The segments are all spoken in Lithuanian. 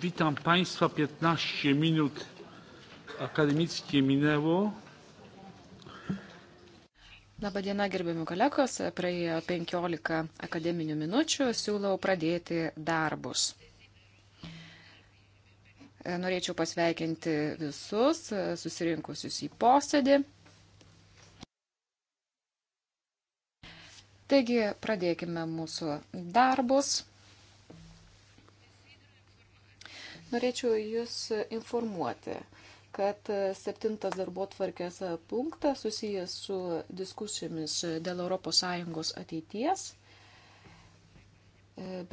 witam państwa piętnaście minut akademickie minęło Labą dieną, gerbiami kolegos. Praėjo 15 akademinių minučių, siūlau pradėti darbus. Norėčiau pasveikinti visus susirinkusius į posėdį. Taigi, pradėkime mūsų darbus. Norėčiau Jūs informuoti, kad septintas darbo tvarkės punktas susijęs su diskusijomis dėl ES ateities.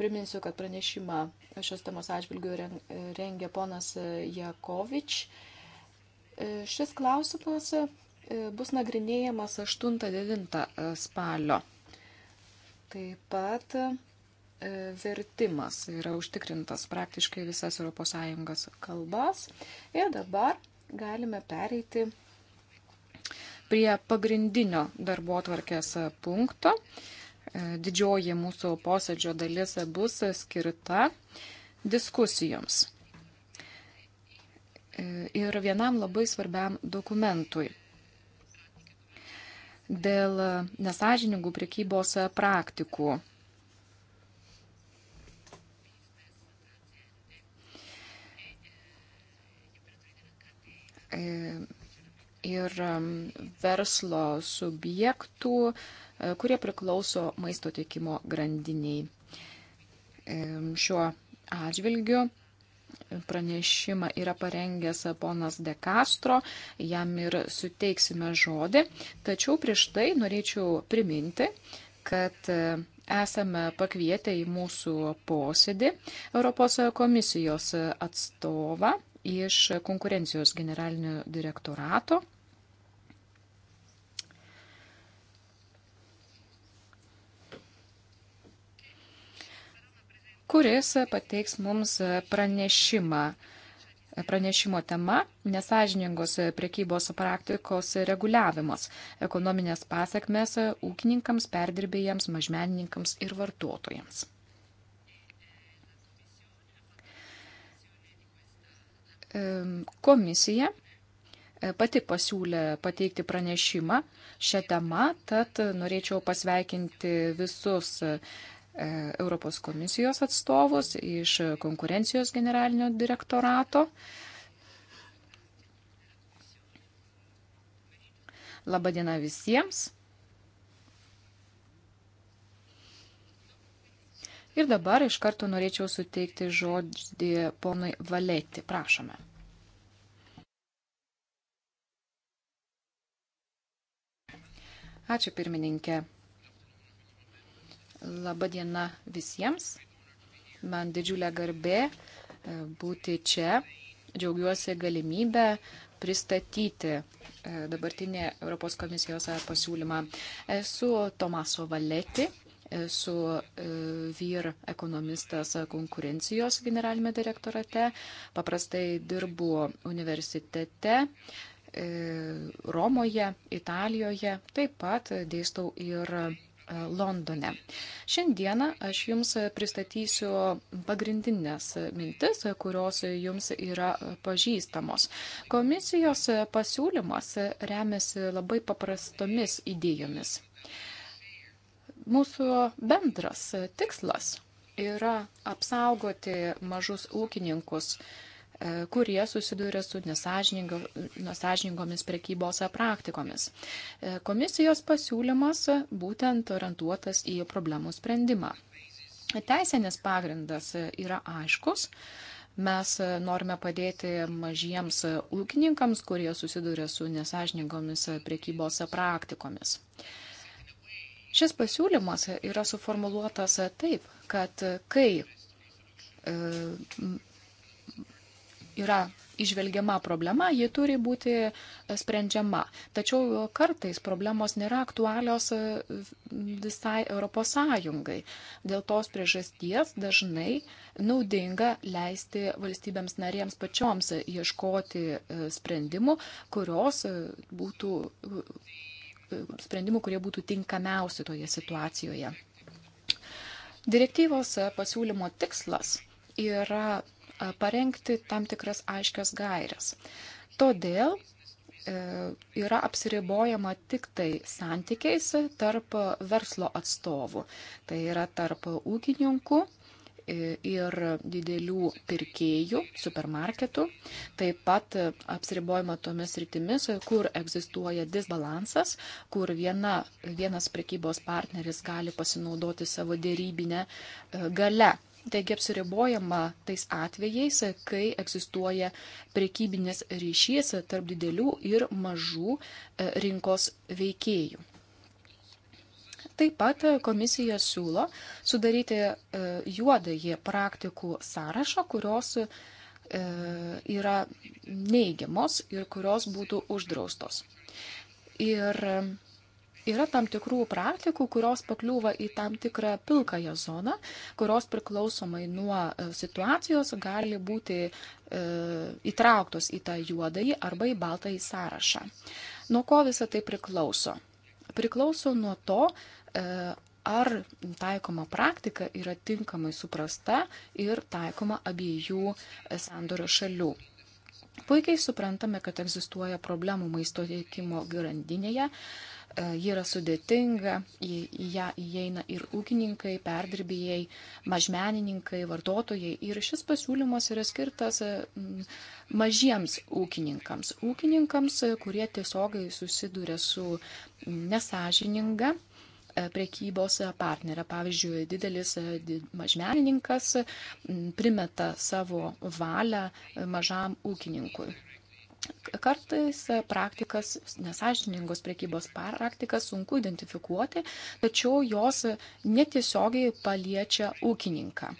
Priminsiu, kad pranešimą šios temos atžvilgių rengia ponas Jakovič. Šis klausimas bus nagrinėjamas 8-9 spalio. Taip pat E, vertimas yra užtikrintas praktiškai visas ES kalbas. Ir dabar galime pereiti prie pagrindinio darbo atvarkės punkto. E, didžioji mūsų posėdžio dalis bus skirta diskusijoms e, ir vienam labai svarbiam dokumentui dėl nesažiningų prekybos praktikų E, ir verslo subjektų, e, kurie priklauso maisto tiekimo grandiniai. Šiuo atžvilgiu pranešimą yra parengęs ponas De Castro, jam ir suteiksime žodį. Tačiau prieš tai norėčiau priminti, kad e, esame pakvietę į mūsų posėdį Europos komisijos atstovą iš konkurencijos generalinio direktorato. kuris pateiks mums pranešimą pranešimo tema - nesažiningos priekybos praktikos reguliavimas - ekonominės pasiekmes ūkininkams, perdirbėjams, mažmenininkams ir vartotojams. Komisija e, pati pasiūlė pateikti pranešimą šią temą, tad norėčiau pasveikinti visus e, Europos komisijos atstovus iš konkurencijos generalinio direktorato. Labadiena visiems. Ir dabar iš karto norėčiau suteikti žodį ponui Valėti. Prašome. Ačiū pirmininkė. Labadiena visiems. Man didžiulė garbė e, būti čia. Džiaugiuosi galimybę pristatyti e, dabartinį Europos komisijos pasiūlymą. Esu Tomaso Valeti, su e, vyr ekonomistas konkurencijos generalinėme direktorate. Paprastai dirbu universitete. E, Romoje, Italijoje, taip pat dėstau ir e, Londone. Šiandieną aš jums pristatysiu pagrindinės mintis, kurios jums yra pažįstamos. Komisijos pasiūlymas remiasi labai paprastomis idėjomis. Mūsų bendras tikslas yra apsaugoti mažus ūkininkus, e, kurie susiduria su nesažiningomis prekybos praktikomis. E, komisijos pasiūlymas būtent orientuotas į problemų sprendimą. Teisinės pagrindas yra aiškus. Mes norime padėti mažiems ūkininkams, kurie susiduria su nesažiningomis prekybos praktikomis. Šis pasiūlymas yra suformuluotas taip, kad kai e, yra išvelgiama problema, ji turi būti sprendžiama. Tačiau kartais problemos nėra aktualios e, visai ES. Dėl tos priežasties dažnai naudinga leisti valstybėms narėms pačioms ieškoti e, sprendimų, kurios būtų sprendimų, kurie būtų tinkamiausi toje situacijoje. Direktyvos e, pasiūlymo tikslas yra e, parengti tam tikras aiškias gairias. Todėl e, yra apsiribojama tik tai santykiais tarp verslo atstovų, tai yra tarp ūkininkų ir didelių pirkėjų, supermarketų, taip pat apsiribojama tomis rytimis, kur egzistuoja disbalansas, kur viena, vienas prekybos partneris gali pasinaudoti savo dėrybinę e, gale. Taigi apsiribojama tais atvejais, kai egzistuoja prekybinis ryšys tarp didelių ir mažų e, rinkos veikėjų. Taip pat komisija siūlo sudaryti e, juodąjį praktikų sąrašą, kurios e, yra neigiamos ir kurios būtų uždraustos. Ir yra tam tikrų praktikų, kurios pakliūva į tam tikrą pilkąją zoną, kurios priklausomai nuo e, situacijos gali būti e, įtrauktos į tą juodąjį arba į baltąjį sąrašą. Nuo ko visa tai priklauso? Priklauso nuo to, E, ar taikoma praktika yra tinkamai suprasta ir taikoma abiejų sandorio šalių. Puikiai suprantame, kad egzistuoja problemų maisto tiekimo grandinėje, e, ji yra sudėtinga, į ją įeina ir ūkininkai, perdirbėjai, mažmenininkai, vartotojai. Ir šis pasiūlymas yra skirtas mažiems ūkininkams, ūkininkams, kurie tiesiogai susiduria su nesažininga prekybos partnerę. Pavyzdžiui, didelis e, mažmenininkas primeta savo valią e, mažam ūkininkui. Kartais e, praktikas, nesažiningos priekybos praktikas sunku identifikuoti, tačiau jos netiesiogiai paliečia ūkininką.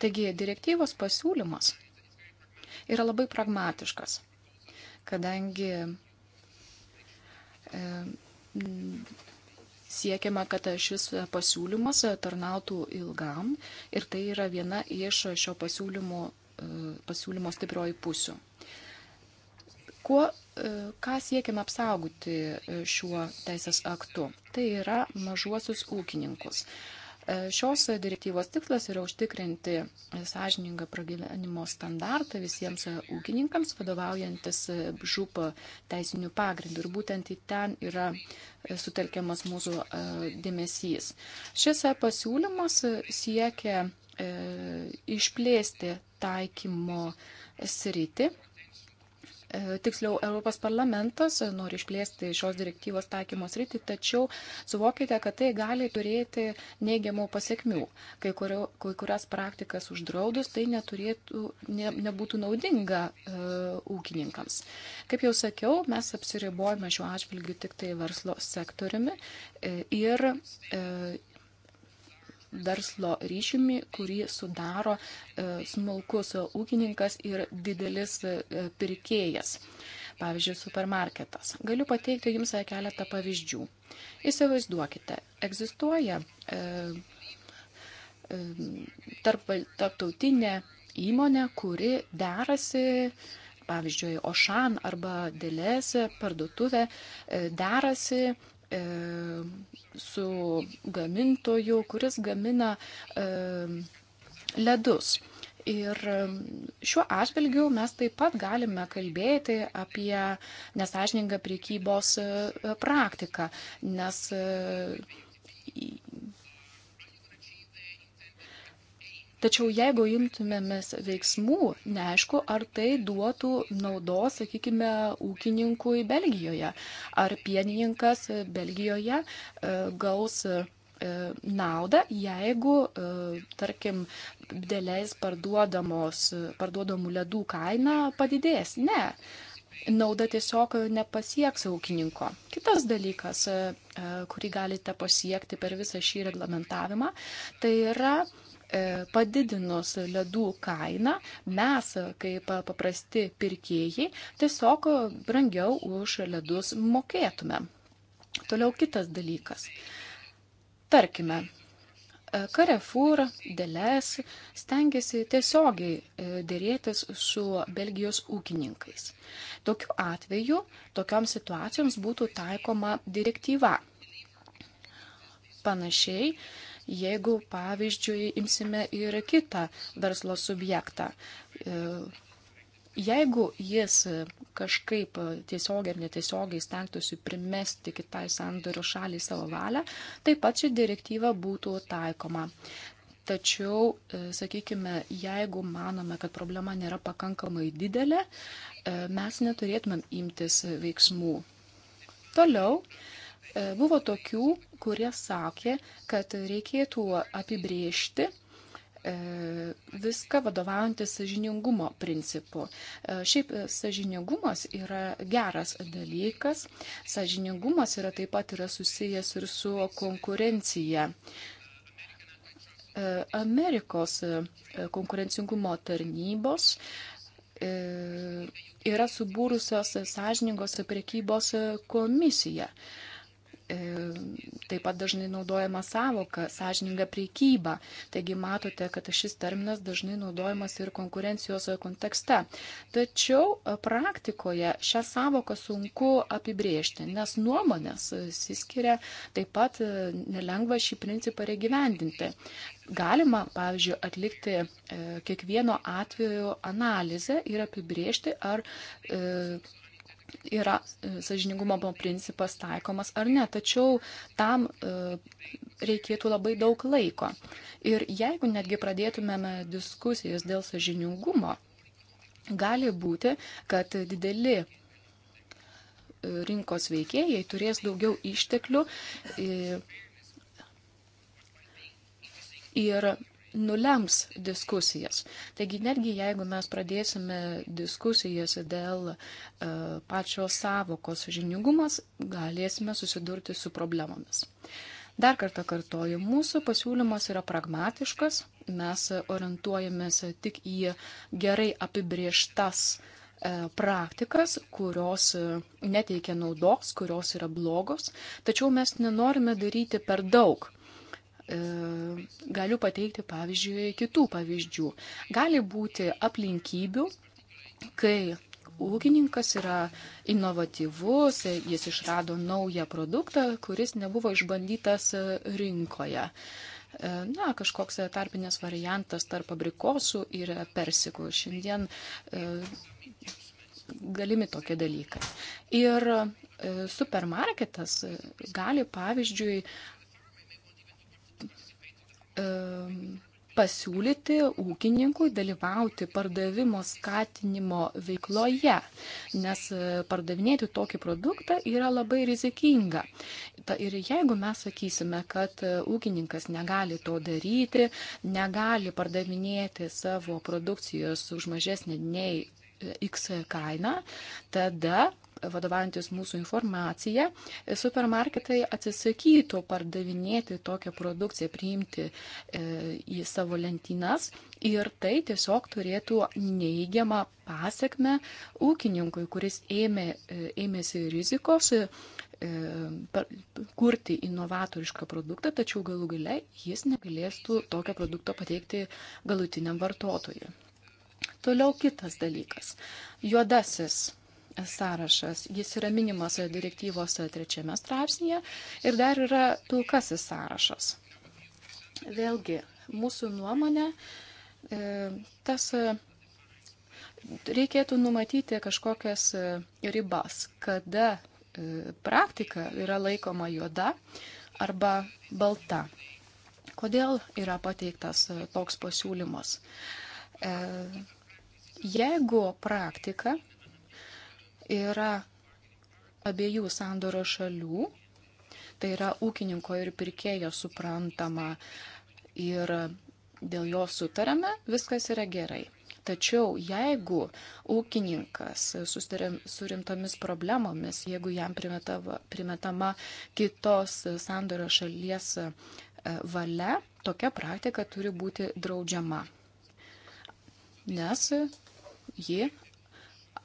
Taigi direktyvos pasiūlymas yra labai pragmatiškas, kadangi e, siekiama, kad šis pasiūlymas tarnautų ilgam ir tai yra viena iš šio pasiūlymo, e, pasiūlymo stiprioji pusių. Kuo, e, ką siekiama apsaugoti šiuo teisės aktu? Tai yra mažuosius ūkininkus. Šios direktyvos tikslas yra užtikrinti sąžiningą pragyvenimo standartą visiems ūkininkams, vadovaujantis žūp teisinių pagrindų. Ir būtent į ten yra sutelkiamas mūsų e, dėmesys. Šis pasiūlymas siekia e, išplėsti taikymo sritį E, tiksliau, Europos parlamentas e, nori išplėsti šios direktyvos taikymos rytį, tačiau suvokite, kad tai gali turėti neigiamų pasiekmių. Kai, kurio, kai kurias praktikas uždraudus, tai neturėtų, ne, nebūtų naudinga e, ūkininkams. Kaip jau sakiau, mes apsiribojame šiuo atžvilgiu tik tai verslo sektoriumi e, ir e, verslo ryšiumi, kurį sudaro e, smulkus e, ūkininkas ir didelis e, pirkėjas. Pavyzdžiui, supermarketas. Galiu pateikti Jums keletą pavyzdžių. Įsivaizduokite, egzistuoja e, e, tarp, tarptautinė įmonė, kuri derasi pavyzdžiui, Ošan arba Dėlėse parduotuvė derasi e, su gamintoju, kuris gamina e, ledus. Ir e, šiuo atžvilgiu mes taip pat galime kalbėti apie nesažiningą priekybos e, praktiką, nes e, Tačiau jeigu imtumėmės veiksmų, neaišku, ar tai duotų naudos, sakykime, ūkininkui Belgijoje, ar pienininkas Belgijoje e, gaus e, naudą, jeigu, e, tarkim, dėliais parduodamų ledų kaina padidės. Ne, nauda tiesiog nepasieks ūkininko. Kitas dalykas, kurį galite pasiekti per visą šį reglamentavimą, tai yra E, padidinus ledų kainą, mes kaip paprasti pirkėjai tiesiog brangiau už ledus mokėtume. Toliau kitas dalykas. Tarkime, e, Carrefour, Deles stengiasi tiesiogiai e, dėrėtis su Belgijos ūkininkais. Tokiu atveju, tokioms situacijoms būtų taikoma direktyva. Panašiai, jeigu, pavyzdžiui, imsime ir kitą verslo subjektą. E, jeigu jis kažkaip tiesiogiai ar netiesiogiai stengtųsi primesti kitai sandorio šaliai savo valią, taip pat ši direktyva būtų taikoma. Tačiau, e, sakykime, jeigu manome, kad problema nėra pakankamai didelė, e, mes neturėtumėm imtis veiksmų. Toliau E, buvo tokių, kurie sakė, kad reikėtų apibriežti e, viską vadovaujantis sažiningumo principu. E, šiaip sažiningumas yra geras dalykas. Sažiningumas yra taip pat yra susijęs ir su konkurencija. Amerikos konkurencingumo tarnybos yra subūrusios sąžiningos prekybos komisiją. E, taip pat dažnai naudojama savoka sąžininga priekyba. Taigi matote, kad šis terminas dažnai naudojamas ir konkurencijos kontekste. Tačiau e, praktikoje šią savoką sunku apibriežti, nes nuomonės siskiria, taip pat e, nelengva šį principą regyvendinti. Galima, pavyzdžiui, atlikti kiekvieno atveju analizę ir apibriežti, ar yra e, sažiningumo principas taikomas ar ne, tačiau tam e, reikėtų labai daug laiko. Ir jeigu netgi pradėtumėme diskusijas dėl sažiningumo, gali būti, kad dideli e, rinkos veikėjai turės daugiau išteklių ir nulems diskusijas. Taigi netgi jeigu mes pradėsime diskusijas dėl e, pačios savokos žiningumas, galėsime susidurti su problemomis. Dar kartą kartoju, mūsų pasiūlymas yra pragmatiškas, mes orientuojamės tik į gerai apibrieštas e, praktikas, kurios e, neteikia naudos, kurios yra blogos, tačiau mes nenorime daryti per daug. E, galiu pateikti pavyzdžiui kitų pavyzdžių. Gali būti aplinkybių, kai ūkininkas yra inovatyvus, jis išrado naują produktą, kuris nebuvo išbandytas rinkoje. E, na, kažkoks tarpinės variantas tarp abrikosų ir persikų. Šiandien e, galimi tokie dalykai. Ir supermarketas gali, pavyzdžiui, pasiūlyti ūkininkui dalyvauti pardavimo skatinimo veikloje, nes e, pardavinėti tokį produktą yra labai rizikinga. Ta, ir jeigu mes sakysime, kad e, ūkininkas negali to daryti, negali pardavinėti savo produkcijos už mažesnį nei e, X kainą, tada vadovantis mūsų informacija, supermarketai atsisakytų pardavinėti tokią produkciją, priimti e, į savo lentynas ir tai tiesiog turėtų neįgiamą pasiekme ūkininkui, kuris ėmė, e, ėmėsi rizikos e, kurti inovatorišką produktą, tačiau galų gale jis negalėstų tokio produkto pateikti galutiniam vartotojui. Toliau kitas dalykas. Juodasis sąrašas. Jis yra minimas direktyvos trečiame straipsnėje ir dar yra pilkasis sąrašas. Vėlgi, mūsų nuomonė, e, tas e, reikėtų numatyti kažkokias e, ribas, kada praktika yra laikoma juoda arba balta. Kodėl yra pateiktas toks pasiūlymas? Jeigu praktika yra abiejų sandoro šalių, tai yra ūkininko ir pirkėjo suprantama ir dėl jo sutarame, viskas yra gerai. Tačiau jeigu ūkininkas susitarė su rimtomis problemomis, jeigu jam primetava, primetama kitos sandorio šalies e, valia, tokia praktika turi būti draudžiama, nes ji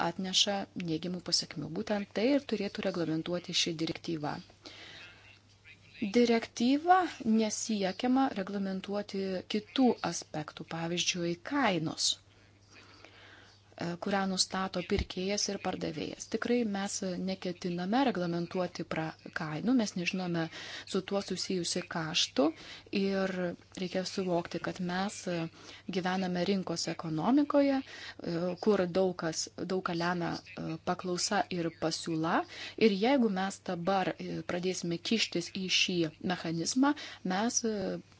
atneša neigiamų pasiekmių. Būtent tai ir turėtų reglamentuoti šį direktyvą. Direktyva nesiekiama reglamentuoti kitų aspektų, pavyzdžiui, kainos. E, kurią nustato pirkėjas ir pardavėjas. Tikrai mes neketiname reglamentuoti pra, kainų, mes nežinome su tuo susijusi kaštų ir reikia suvokti, kad mes e, gyvename rinkos ekonomikoje, e, kur daug, kas, daug ką lemia paklausa ir pasiūla. Ir jeigu mes dabar pradėsime kištis į šį mechanizmą, mes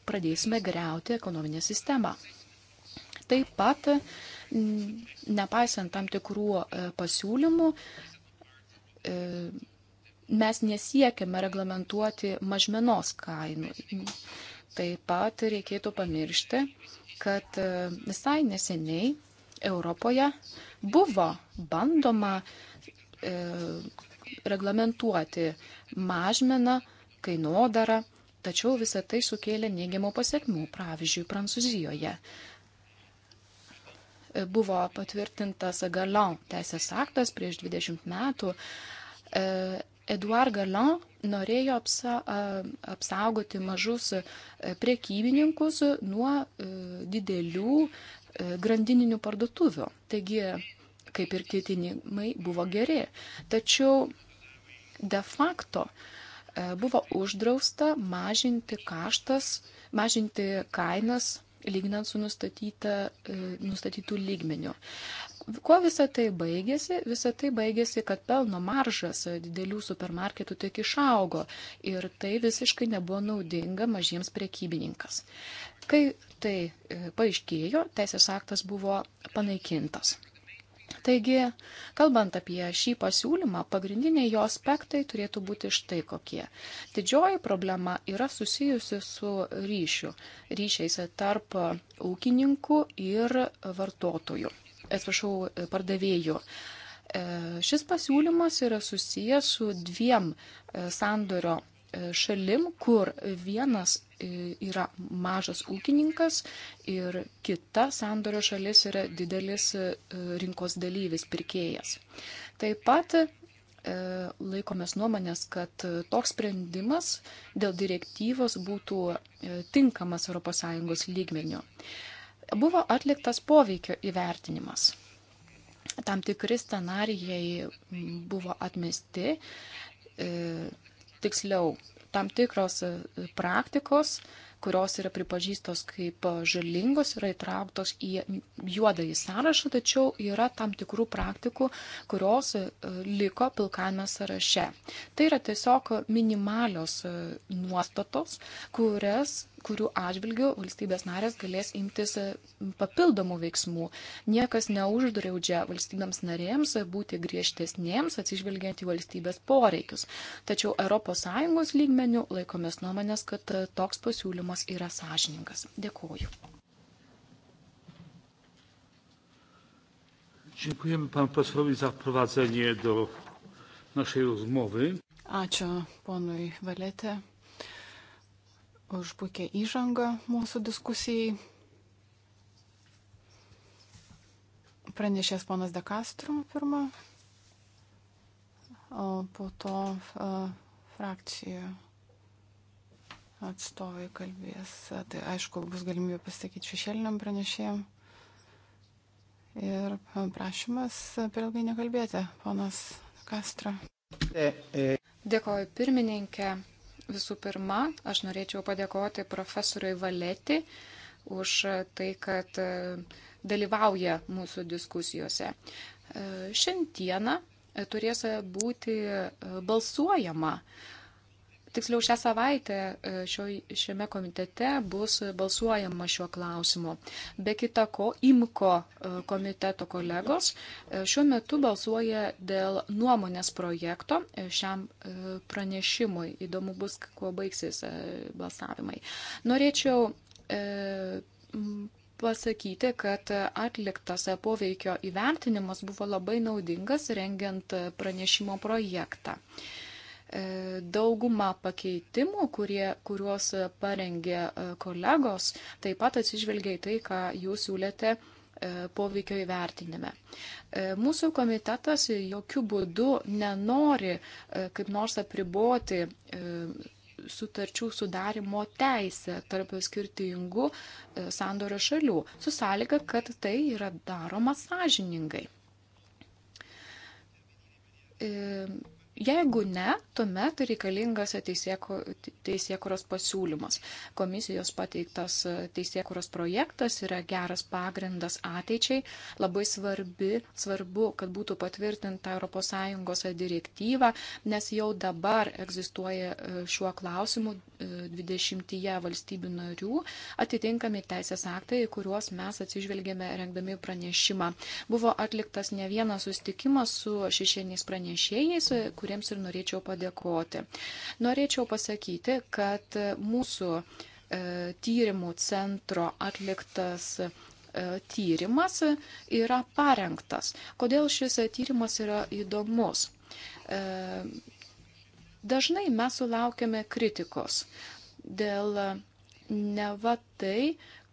pradėsime greuti ekonominę sistemą. Taip pat uh, nepaisant tam tikrų e, pasiūlymų, e, mes nesiekime reglamentuoti mažmenos kainų. Taip pat reikėtų pamiršti, kad e, visai neseniai Europoje buvo bandoma reglamentuoti mažmeną, kainodarą, tačiau visa tai sukėlė neigiamų pasiekmių, pavyzdžiui, Prancūzijoje buvo patvirtintas Galon teisės aktas prieš 20 metų. E, Eduard Galon norėjo apsa, apsaugoti mažus e, prekybininkus nuo e, didelių grandininių parduotuvių. Taigi, kaip ir ketinimai buvo geri. Tačiau de facto buvo uždrausta mažinti kaštas, mažinti kainas lyginant su e, nustatytų lygmeniu. Kuo visa tai baigėsi? Visa tai baigėsi, kad pelno maržas didelių supermarketų tik išaugo ir tai visiškai nebuvo naudinga mažiems prekybininkas. Kai tai e, paaiškėjo, teisės aktas buvo panaikintas. Taigi, kalbant apie šį pasiūlymą, pagrindiniai jo aspektai turėtų būti štai kokie. Didžioji problema yra susijusi su ryšiu, ryšiais tarp ūkininkų ir vartotojų, atsiprašau, pardavėjų. E, šis pasiūlymas yra susijęs su dviem e, sandorio e, šalim, kur vienas yra mažas ūkininkas ir kita sandorio šalis yra didelis e, rinkos dalyvis, pirkėjas. Taip pat e, laikomės nuomonės, kad toks sprendimas dėl direktyvos būtų e, tinkamas ES lygmeniu. Buvo atliktas poveikio įvertinimas. Tam tikri scenarijai buvo atmesti, tiksliau tam tikros e, praktikos, kurios yra pripažįstos kaip e, žalingos, yra įtrauktos į juodąjį sąrašą, tačiau yra tam tikrų praktikų, kurios e, liko pilkame sąraše. Tai yra tiesiog minimalios nuostatos, kurias kurių atžvilgių valstybės narės galės imtis e, papildomų veiksmų. Niekas neuždraudžia valstybėms narėms būti griežtesnėms atsižvelgiant į valstybės poreikius. Tačiau ES lygmenių laikomės nuomonės, kad e, toks pasiūlymas yra sąžiningas. Dėkuoju. Dziękujemy panu posłowi za wprowadzenie do naszej rozmowy. Ačiū ponui Valete už puikią įžangą mūsų diskusijai. Pranešės ponas De Castro pirmą, o po to uh, frakcija atstovai kalbės. Tai aišku, bus galimybė pasakyti šešėliniam pranešėjim. Ir prašymas per ilgai nekalbėti, ponas Kastra. E, e. Dėkoju pirmininkė. Visų pirma, aš norėčiau padėkoti profesoriui Valeti už tai, kad e, dalyvauja mūsų diskusijose. E, šiandieną turės būti e, balsuojama Tiksliau šią savaitę e, šio, šiame komitete bus balsuojama šiuo klausimu. Be kita ko, IMKO e, komiteto kolegos e, šiuo metu balsuoja dėl nuomonės projekto šiam pranešimui. Įdomu bus, kuo baigsis balsavimai. Norėčiau pasakyti, kad atliktas poveikio įvertinimas buvo labai naudingas rengiant pranešimo projektą. E, dauguma pakeitimų, kurie, kuriuos parengė e, kolegos, taip pat atsižvelgia į tai, ką jūs siūlėte e, poveikio įvertinime. Mūsų komitetas jokių būdų nenori kaip nors apriboti sutarčių sudarimo teisę tarp skirtingų sandorio šalių, su sąlyga, kad tai yra daroma sąžiningai Jeigu ne, tuomet reikalingas teisėkuros pasiūlymas. Komisijos pateiktas teisėkuros projektas yra geras pagrindas ateičiai. Labai svarbi, svarbu, kad būtų patvirtinta ES direktyva, nes jau dabar egzistuoja e, šiuo klausimu 20 e, valstybių narių atitinkami teisės aktai, kuriuos mes atsižvelgėme rengdami pranešimą. Buvo atliktas ne vienas sustikimas su šešieniais pranešėjais, kuriems ir norėčiau padėkoti. Norėčiau pasakyti, kad mūsų e, tyrimų centro atliktas e, tyrimas yra parengtas. Kodėl šis tyrimas yra įdomus? E, dažnai mes sulaukiame kritikos dėl neva tai,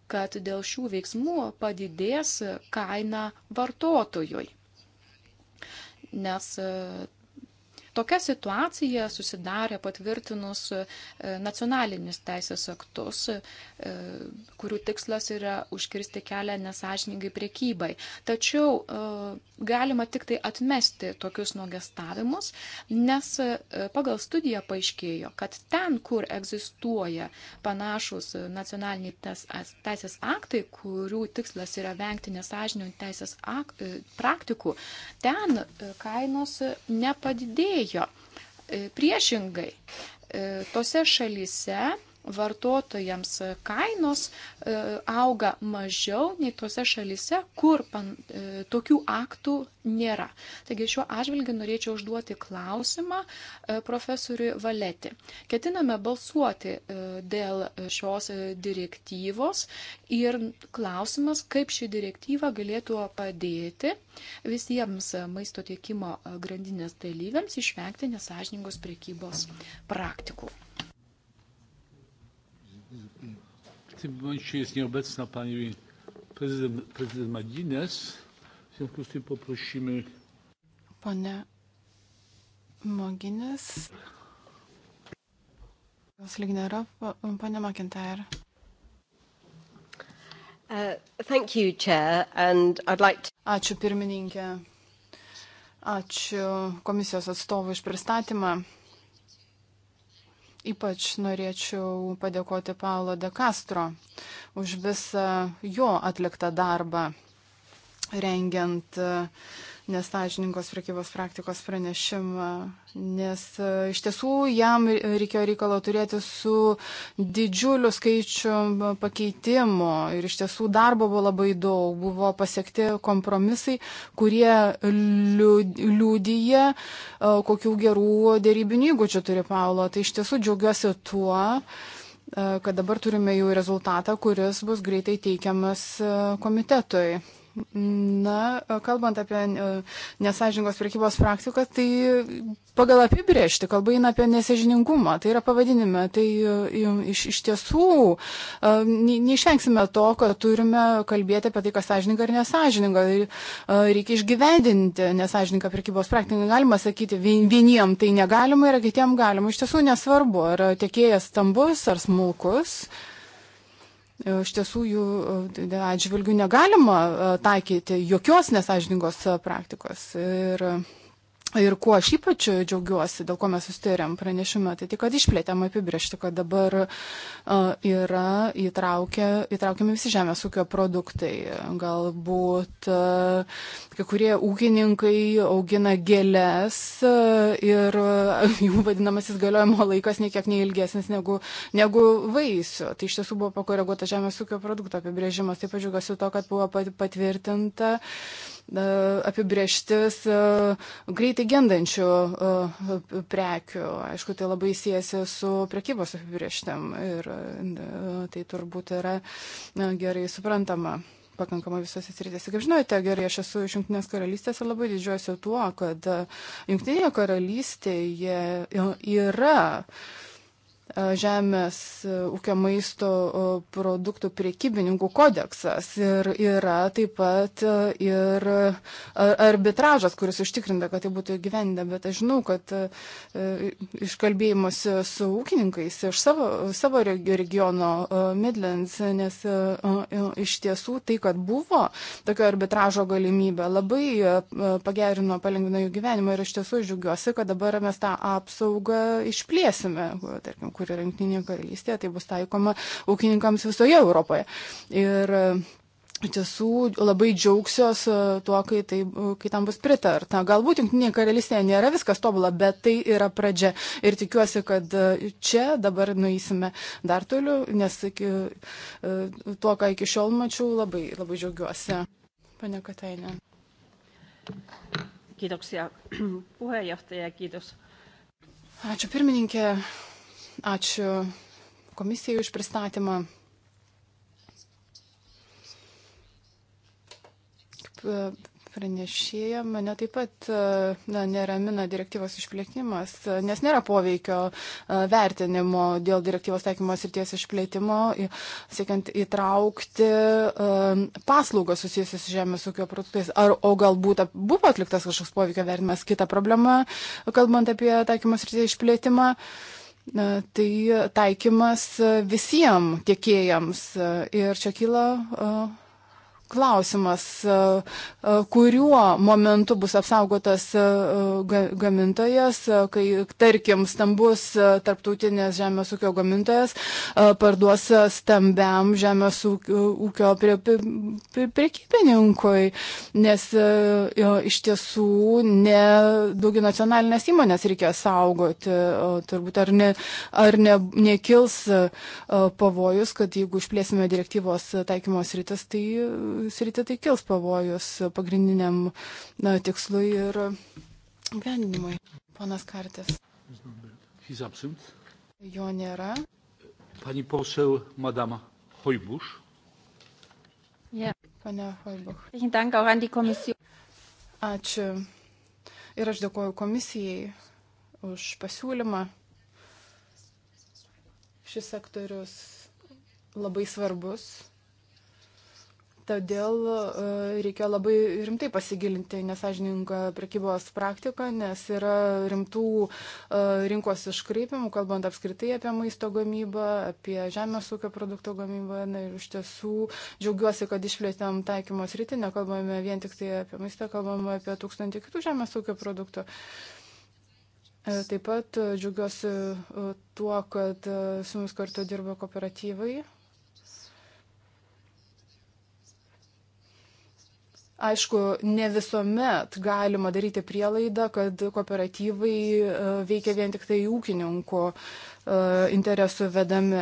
kad dėl šių veiksmų padidės kaina vartotojui. Nes Tokia situacija susidarė patvirtinus e, nacionalinius teisės aktus, e, kurių tikslas yra užkirsti kelią nesažiningai priekybai. Tačiau e, galima tik tai atmesti tokius nuogestavimus, nes pagal studiją paaiškėjo, kad ten, kur egzistuoja panašus nacionaliniai teisės aktai, kurių tikslas yra vengti nesažinių teisės ak, praktikų, ten kainos nepadidėjo mažėjo. E, priešingai, e, tose šalyse vartotojams kainos e, auga mažiau nei tose šalise, kur pan, e, tokių aktų nėra. Taigi šiuo atžvilgiu norėčiau užduoti klausimą e, profesoriui Valeti. Ketiname balsuoti dėl šios direktyvos ir klausimas, kaip ši direktyva galėtų padėti visiems maisto tiekimo grandinės dalyviams išvengti nesažiningos prekybos praktikų. tym momencie jest nieobecna pani prezydent, prezydent Magines. W związku z tym poprosimy. Panie Magines. Lignerow, panie McIntyre. Uh, thank you, Chair, and I'd like to... Ačiū pirmininkė. Ačiū komisijos atstovui iš pristatymą. Ypač norėčiau padėkoti Paulo de Castro už visą jo atliktą darbą, rengiant uh, nesažiningos prekybos praktikos pranešimą, nes e, iš tiesų jam reikėjo reikalo turėti su didžiuliu skaičiu pakeitimų ir iš tiesų darbo buvo labai daug, buvo pasiekti kompromisai, kurie liūdyje, kokių gerų dėrybinių įgūdžių turi Paulo. Tai iš tiesų džiaugiuosi tuo e, kad dabar turime jau rezultatą, kuris bus greitai teikiamas e, komitetui. Na, kalbant apie e, nesažingos priekybos praktikas, tai pagal apibriežti, kalba eina apie nesažiningumą, tai yra pavadinime, tai e, iš, iš tiesų e, neišvengsime to, kad turime kalbėti apie tai, kas sąžininga ir nesažininga. Reikia išgyvendinti nesažininką priekybos praktiką. Galima sakyti, vieniem tai negalima ir kitiem galima. Iš tiesų nesvarbu, ar tiekėjas stambus ar smulkus. Uh, E, iš tiesų jų e, atžvilgių negalima e, taikyti jokios nesažiningos praktikos. Ir Ir kuo aš ypač džiaugiuosi, dėl ko mes sustarėm pranešime, tai tik, kad išplėtėm apibriežti, kad dabar uh, yra įtraukia, įtraukiami visi žemės ūkio produktai. Galbūt uh, kai kurie ūkininkai augina gėlės uh, ir uh, jų vadinamasis galiojimo laikas niekiek neilgesnis negu, negu vaisių. Tai iš tiesų buvo pakoreguota žemės ūkio produkto apibrėžimas. Taip pat džiaugiuosi to, kad buvo pat, patvirtinta. Uh, E, apibrieštis e, greitai gendančių e, prekių. Aišku, tai labai siejasi su prekybos apibrieštim ir tai turbūt yra gerai suprantama pakankamai visose srityse. Kaip žinote, gerai, aš esu iš Junktinės karalystės ir labai didžiuojuosi tuo, kad Junktinėje karalystėje yra uh, E, žemės e, ūkio maisto e, produktų priekybininkų kodeksas ir yra taip pat ir arbitražas, kuris užtikrinta, kad tai būtų gyvendinta, bet aš žinau, kad iš kalbėjimuose su ūkininkais iš savo, savo regiono Midlands, nes iš tiesų tai, kad buvo tokia arbitražo galimybė, labai pagerino, palengvino jų gyvenimą ir iš tiesų džiugiuosi, kad dabar mes tą apsaugą išplėsime, tarkim, kur yra Junktinėje karalystėje, tai bus taikoma ūkininkams visoje Europoje. Ir e, iš tiesų labai džiaugsiuos e, tuo, kai, tai, e, kai tam bus pritarta. Galbūt Junktinėje karalystėje nėra viskas tobula, bet tai yra pradžia. Ir tikiuosi, kad čia dabar nueisime dar toliau, nes iki, tuo, ką iki šiol mačiau, labai, labai džiaugiuosi. Pane Katainė. Kiitoksia puheenjohtaja ja kiitos. Ačiū pirmininkė, Ačiū komisijai už pristatymą. Pranešėja mane taip pat na, neramina direktyvos išplėtimas, nes nėra poveikio vertinimo dėl direktyvos taikymos ir ties išplėtimo, siekiant įtraukti paslaugas susijusias su žemės ūkio produktais. Ar, o galbūt buvo atliktas kažkoks poveikio vertinimas, kita problema, kalbant apie taikymos ir ties išplėtimą. Uh, Tai taikymas visiems tiekėjams ir čia kyla klausimas, e, e, kuriuo momentu bus apsaugotas e, gamintojas, kai, tarkim, stambus tarptautinės žemės ūkio gamintojas parduos stambiam žemės ūkio prekybininkui, nes iš tiesų ne daugi nacionalinės įmonės reikia saugoti, turbūt ar, ne, ar ne, nekils pavojus, kad jeigu išplėsime direktyvos taikymos rytas, tai sritį, tai kils pavojus pagrindiniam na, tikslui ir gyvenimui. Ponas Kartis. Jo nėra. Pani posel, madama Hoibuš. Yeah. Pane Hoibuch. Ačiū. Ir aš dėkoju komisijai už pasiūlymą. Šis sektorius labai svarbus Todėl e, reikia labai rimtai pasigilinti nesažininką prekybos praktiką, nes yra rimtų e, rinkos iškreipimų, kalbant apskritai apie maisto gamybą, apie žemės ūkio produktų gamybą. Na, ir iš tiesų džiaugiuosi, kad išplėtėm taikymos rytį, nekalbame vien tik tai apie maistą, kalbame apie tūkstantį kitų žemės ūkio produktų. E, taip pat džiaugiuosi tuo, kad su mumis kartu dirba kooperatyvai Aišku, ne visuomet galima daryti prielaidą, kad kooperatyvai e, veikia vien tik tai ūkininkų e, interesų vedami.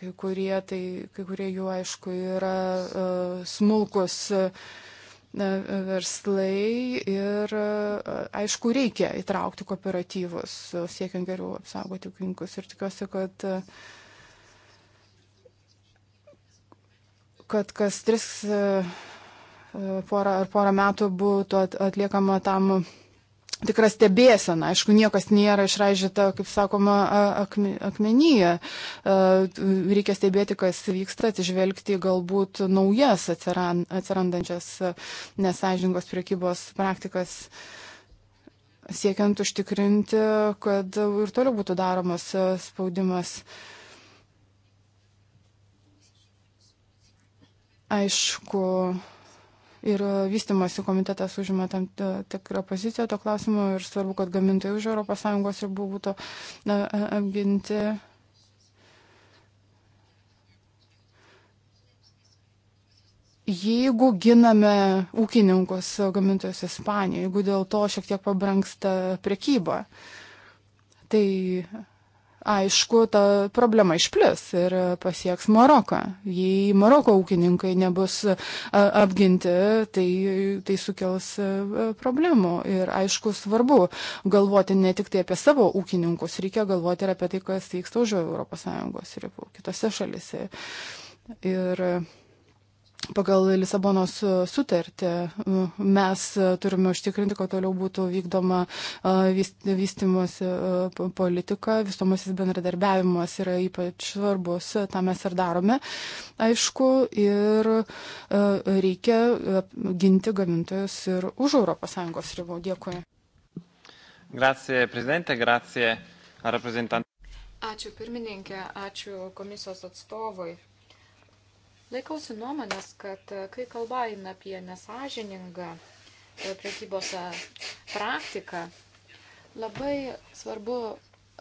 Kai kurie, tai, kai kurie jų, aišku, yra e, smulkus verslai ir, aišku, reikia įtraukti kooperatyvus, siekiant geriau apsaugoti ūkininkus. Ir tikiuosi, kad kad kas tris porą ar porą metų būtų atliekama tam tikra stebėsena. Aišku, niekas nėra išraižyta, kaip sakoma, akmenyje. Reikia stebėti, kas vyksta, atsižvelgti galbūt naujas atsirandančias nesažingos priekybos praktikas siekiant užtikrinti, kad ir toliau būtų daromas spaudimas. Aišku, ir e, vystimasi komitetas užima tam e, tikrą poziciją to klausimo ir svarbu, kad gamintojai už ES ribų būtų na, apginti. Jeigu giname ūkininkus e, gamintojus Ispanijoje, jeigu dėl to šiek tiek pabranksta prekyba, tai aišku, ta problema išplis ir pasieks Maroką. Jei Maroko ūkininkai nebus apginti, tai, tai sukels problemų. Ir aišku, svarbu galvoti ne tik tai apie savo ūkininkus, reikia galvoti ir apie tai, kas vyksta už ES ribų, kitose šalise. Ir pagal Lisabonos e, sutartį mes e, turime užtikrinti, kad toliau būtų vykdoma e, vystimosi politika, vystomasis bendradarbiavimas yra ypač svarbus, tą mes ir darome, aišku, ir reikia ginti gamintojus ir už ES ribų. Dėkui. Grazie, prezidente, grazie, reprezentant. Ačiū pirmininkė, ačiū komisijos atstovui. Laikausi nuomonės, kad e, kai kalba eina apie nesažiningą e, prekybos e, praktiką, labai svarbu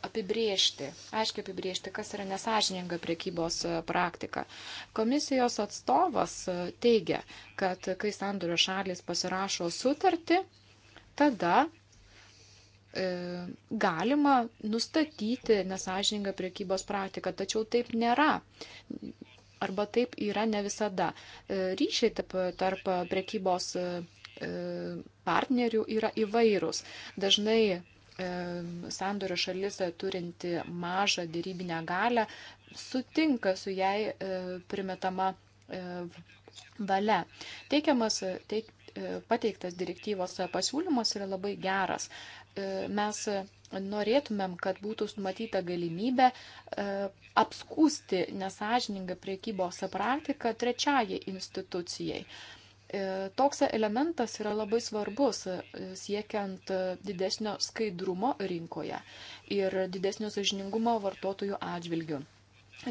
apibriežti, aiškiai apibriežti, kas yra nesažininga priekybos praktika. Komisijos atstovas teigia, kad kai sandorio šalis pasirašo sutartį, tada e, galima nustatyti nesažiningą priekybos praktiką, tačiau taip nėra arba taip yra ne visada. E, ryšiai tarp, tarp prekybos e, e, partnerių yra įvairūs. Dažnai sandorio šalis turinti mažą dėrybinę galę sutinka su jai primetama valia. Teikiamas, teik, pateiktas direktyvos pasiūlymas yra labai geras. E, mes norėtumėm, kad būtų numatyta galimybė e, apskūsti nesažiningą priekybos praktiką trečiajai institucijai. E, toks elementas yra labai svarbus siekiant didesnio skaidrumo rinkoje ir didesnio sažiningumo vartotojų atžvilgių.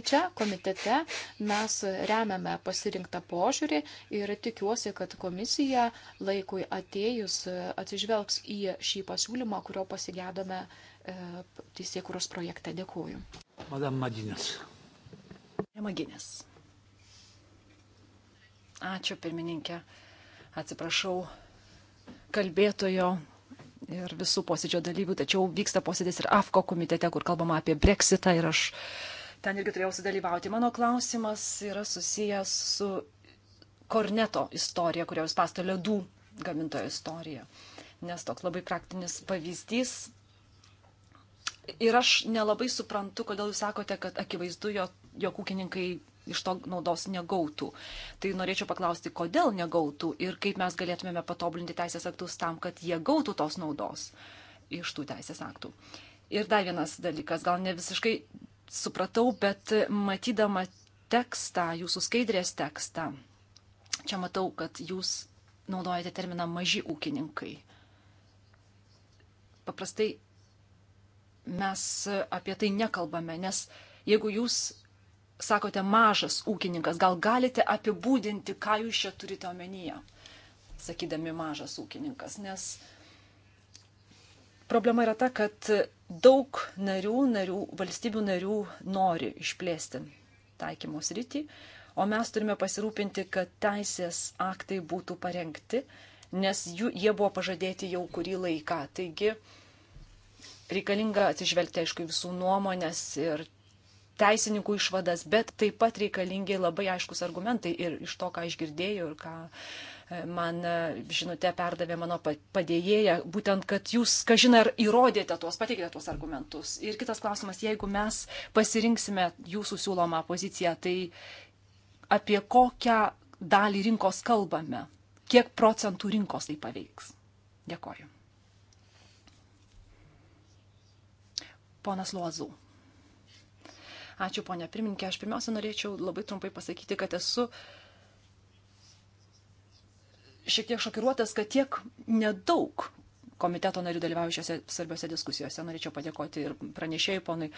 Čia komitete mes remiame pasirinktą požiūrį ir tikiuosi, kad komisija laikui atėjus atsižvelgs į šį pasiūlymą, kurio pasigėdome e, teisėkuros projekte. Dėkuoju. Madam Maginės. Maginės. Ačiū, pirmininkė. Atsiprašau kalbėtojo ir visų posėdžio dalyvių, tačiau vyksta posėdis ir AFKO komitete, kur kalbama apie breksitą ir aš ten irgi turėjau sudalyvauti. Mano klausimas yra susijęs su Korneto istorija, kurios pasto ledų gamintojo istorija. Nes toks labai praktinis pavyzdys. Ir aš nelabai suprantu, kodėl jūs sakote, kad akivaizdu, jog, jog ūkininkai iš to naudos negautų. Tai norėčiau paklausti, kodėl negautų ir kaip mes galėtumėme patobulinti teisės aktus tam, kad jie gautų tos naudos iš tų teisės aktų. Ir dar vienas dalykas, gal ne visiškai supratau, bet matydama tekstą, jūsų skaidrės tekstą, čia matau, kad jūs naudojate terminą maži ūkininkai. Paprastai mes apie tai nekalbame, nes jeigu jūs sakote mažas ūkininkas, gal galite apibūdinti, ką jūs čia turite omenyje, sakydami mažas ūkininkas, nes problema yra ta, kad daug narių, narių, valstybių narių nori išplėsti taikymos rytį, o mes turime pasirūpinti, kad teisės aktai būtų parengti, nes jų, jie buvo pažadėti jau kurį laiką. Taigi reikalinga atsižvelgti, aišku, visų nuomonės ir teisininkų išvadas, bet taip pat reikalingi labai aiškus argumentai ir iš to, ką išgirdėjau ir ką man e, žinutę perdavė mano padėjėja, būtent, kad jūs, kažin ar įrodėte tuos, pateikėte tuos argumentus. Ir kitas klausimas, jeigu mes pasirinksime jūsų siūlomą poziciją, tai apie kokią dalį rinkos kalbame, kiek procentų rinkos tai paveiks. Dėkoju. Ponas Luozų. Ačiū, ponė pirmininkė. Aš pirmiausia norėčiau labai trumpai pasakyti, kad esu uh, šiek tiek šokiruotas, kad tiek nedaug komiteto narių dalyvauja šiuose svarbiuose diskusijose. Norėčiau padėkoti ir pranešėjai ponui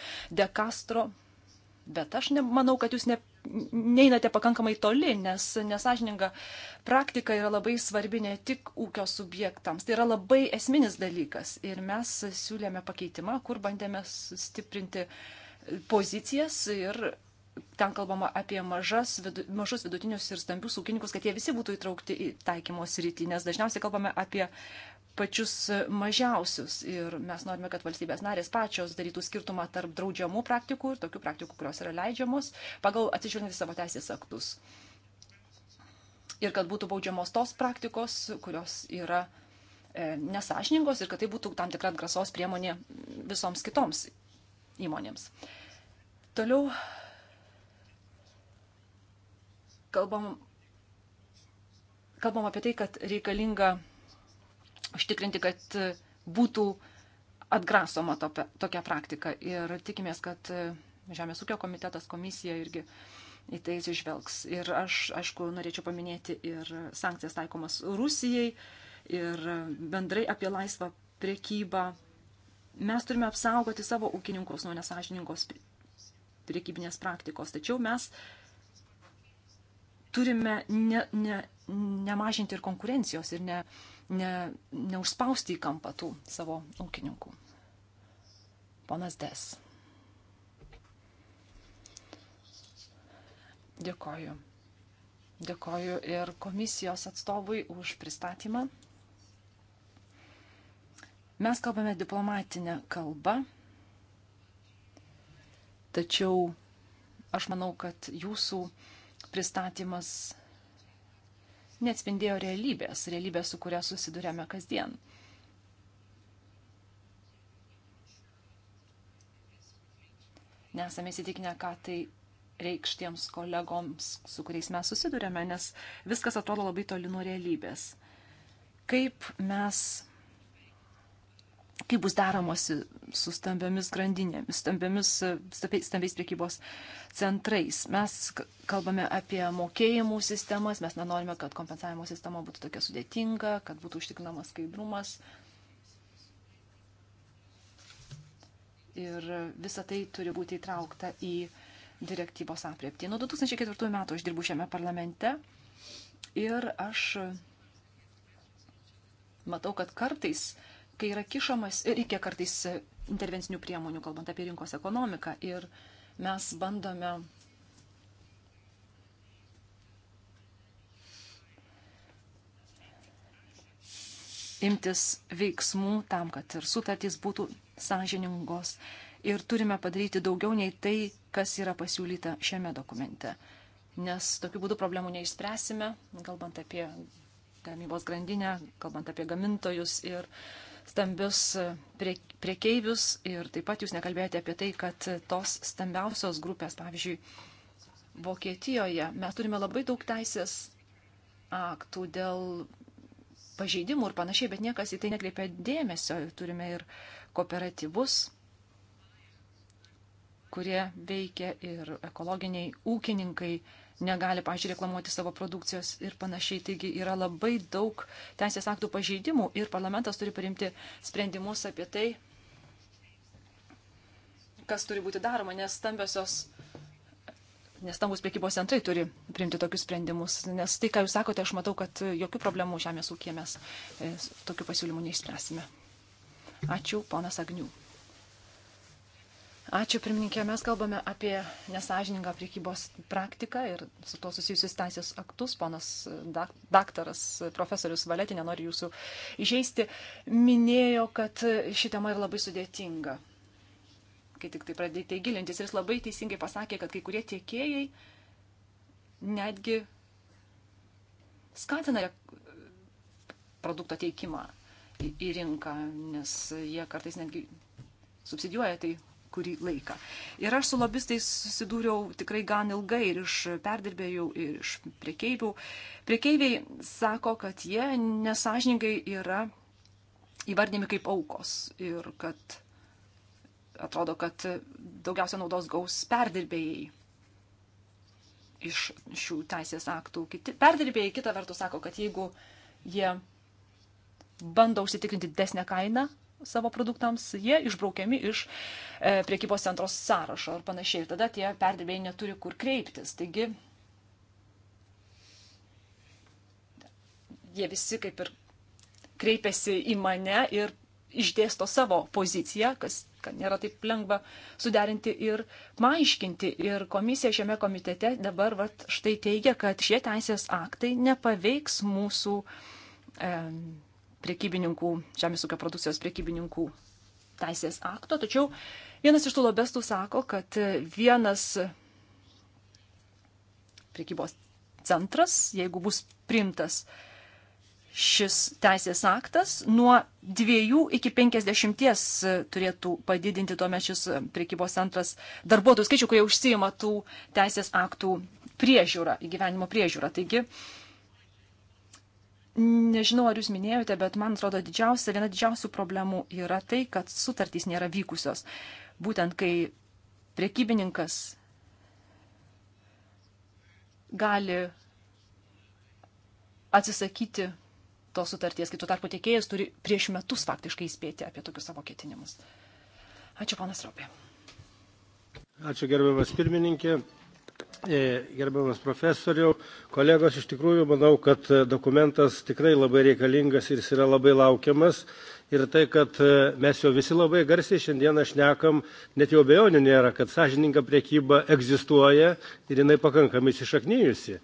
De Castro, bet aš ne, manau, kad jūs ne, neinate pakankamai toli, nes nesažininga praktika yra labai svarbi ne tik ūkio subjektams. Tai yra labai esminis dalykas ir mes siūlėme pakeitimą, kur bandėme sustiprinti pozicijas ir ten kalbama apie mažas, vidu, mažus vidutinius ir stambius ūkininkus, kad jie visi būtų įtraukti į taikymo sritį, nes dažniausiai kalbame apie pačius mažiausius ir mes norime, kad valstybės narės pačios darytų skirtumą tarp draudžiamų praktikų ir tokių praktikų, kurios yra leidžiamos pagal atsižvelgiant į savo teisės aktus. Ir kad būtų baudžiamos tos praktikos, kurios yra e, nesažiningos ir kad tai būtų tam tikra atgrasos priemonė visoms kitoms įmonėms. Toliau kalbam, kalbam apie tai, kad reikalinga užtikrinti, kad būtų atgrasoma tope, tokia praktika. Ir tikimės, kad Žemės ūkio komitetas, komisija irgi į tai išvelgs. Ir aš, aišku, norėčiau paminėti ir sankcijas taikomas Rusijai ir bendrai apie laisvą priekybą. Mes turime apsaugoti savo ūkininkus nuo nesažiningos priekybinės praktikos, tačiau mes turime ne, ne, nemažinti ir konkurencijos ir ne, ne, neužspausti į kampą tų savo ūkininkų. Ponas Des. Dėkoju. Dėkoju ir komisijos atstovui už pristatymą. Mes kalbame diplomatinę kalbą, tačiau aš manau, kad jūsų uh, pristatymas neatspindėjo realybės, realybės, su kuria susidurėme kasdien. Nesame įsitikinę, ką tai reikš tiems kolegoms, su kuriais mes susidurėme, nes viskas atrodo labai toli nuo realybės. Kaip mes kaip bus daromosi su stambiomis grandinėmis, stambiomis, stambiais priekybos centrais. Mes kalbame apie mokėjimų sistemas, mes nenorime, kad kompensavimo sistema būtų tokia sudėtinga, kad būtų užtikrinamas skaidrumas. Ir visa tai turi būti įtraukta į direktyvos apriepti. Nuo 2004 metų aš dirbu šiame parlamente ir aš matau, kad kartais uh, kai yra kišamas, reikia kartais intervencinių priemonių, kalbant apie rinkos ekonomiką. Ir mes bandome imtis veiksmų tam, kad ir sutartys būtų sąžiningos. Ir turime padaryti daugiau nei tai, kas yra pasiūlyta šiame dokumente. Nes tokiu būdu problemų neišspręsime, kalbant apie gamybos grandinę, kalbant apie gamintojus ir uh, stambius e, prie, priekeivius ir taip pat jūs nekalbėjote apie tai, kad tos stambiausios grupės, pavyzdžiui, Vokietijoje mes turime labai daug teisės aktų dėl pažeidimų ir panašiai, bet niekas į tai nekreipia dėmesio. Turime ir kooperatyvus, kurie veikia ir ekologiniai ūkininkai negali, pažiūrėjau, reklamuoti savo produkcijos ir panašiai. Taigi yra labai daug teisės aktų pažeidimų ir parlamentas turi priimti sprendimus apie tai, kas turi būti daroma, nes stambiosios. Nes stambus priekybos centrai turi priimti tokius sprendimus. Nes tai, ką jūs sakote, aš matau, kad jokių problemų žemės ūkėmės e, tokių pasiūlymų neišspręsime. Ačiū, ponas Agnių. Ačiū, pirmininkė. Mes kalbame apie nesažiningą priekybos praktiką ir su tuo susijusius teisės aktus. Ponas daktaras, profesorius Valetinė, nori jūsų įžeisti, minėjo, kad ši tema yra labai sudėtinga. Kai tik tai pradėjote gilintis, jis labai teisingai pasakė, kad kai kurie tiekėjai netgi skatina produkto teikimą į rinką, nes jie kartais netgi subsidijuoja tai kurį laiką. Ir aš su lobistais susidūriau tikrai gan ilgai ir iš perdirbėjų, ir iš priekeivių. Priekeiviai sako, kad jie nesažiningai yra įvardinami kaip aukos ir kad atrodo, kad daugiausia naudos gaus perdirbėjai iš šių teisės aktų. Kiti, perdirbėjai kitą vertus sako, kad jeigu jie bando užsitikrinti didesnę kainą, savo produktams, jie išbraukiami iš e, priekybos centros sąrašo ir panašiai. Ir tada tie perdirbėjai neturi kur kreiptis. Taigi jie visi kaip ir kreipiasi į mane ir išdėsto savo poziciją, kas nėra taip lengva suderinti ir paaiškinti. Ir komisija šiame komitete dabar vat, štai teigia, kad šie teisės aktai nepaveiks mūsų e, priekybininkų, žemės ūkio produkcijos priekybininkų teisės akto, tačiau vienas iš tų lobestų sako, kad vienas priekybos centras, jeigu bus priimtas šis teisės aktas, nuo 2 iki 50 turėtų padidinti tuomet šis priekybos centras darbuotojų skaičių, kurie užsijima tų teisės aktų priežiūrą, įgyvenimo priežiūrą. Taigi, uh, Nežinau, ar jūs minėjote, bet man atrodo, didžiausia, viena didžiausių problemų yra tai, kad sutartys nėra vykusios. Būtent kai priekybininkas gali atsisakyti tos sutarties, kai tuo tarpu tiekėjas turi prieš metus faktiškai įspėti apie tokius savo ketinimus. Ačiū, panas Ropė. Ačiū, gerbiamas pirmininkė. E, gerbiamas profesoriau kolegos iš tikrųjų manau kad e, dokumentas tikrai labai reikalingas ir jis yra labai laukiamas ir tai kad e, mes jau visi labai garsiai šiandieną šnekam net jau abejonių nėra kad sąžininga prekyba egzistuoja ir jinai pakankamai įsišaknijusi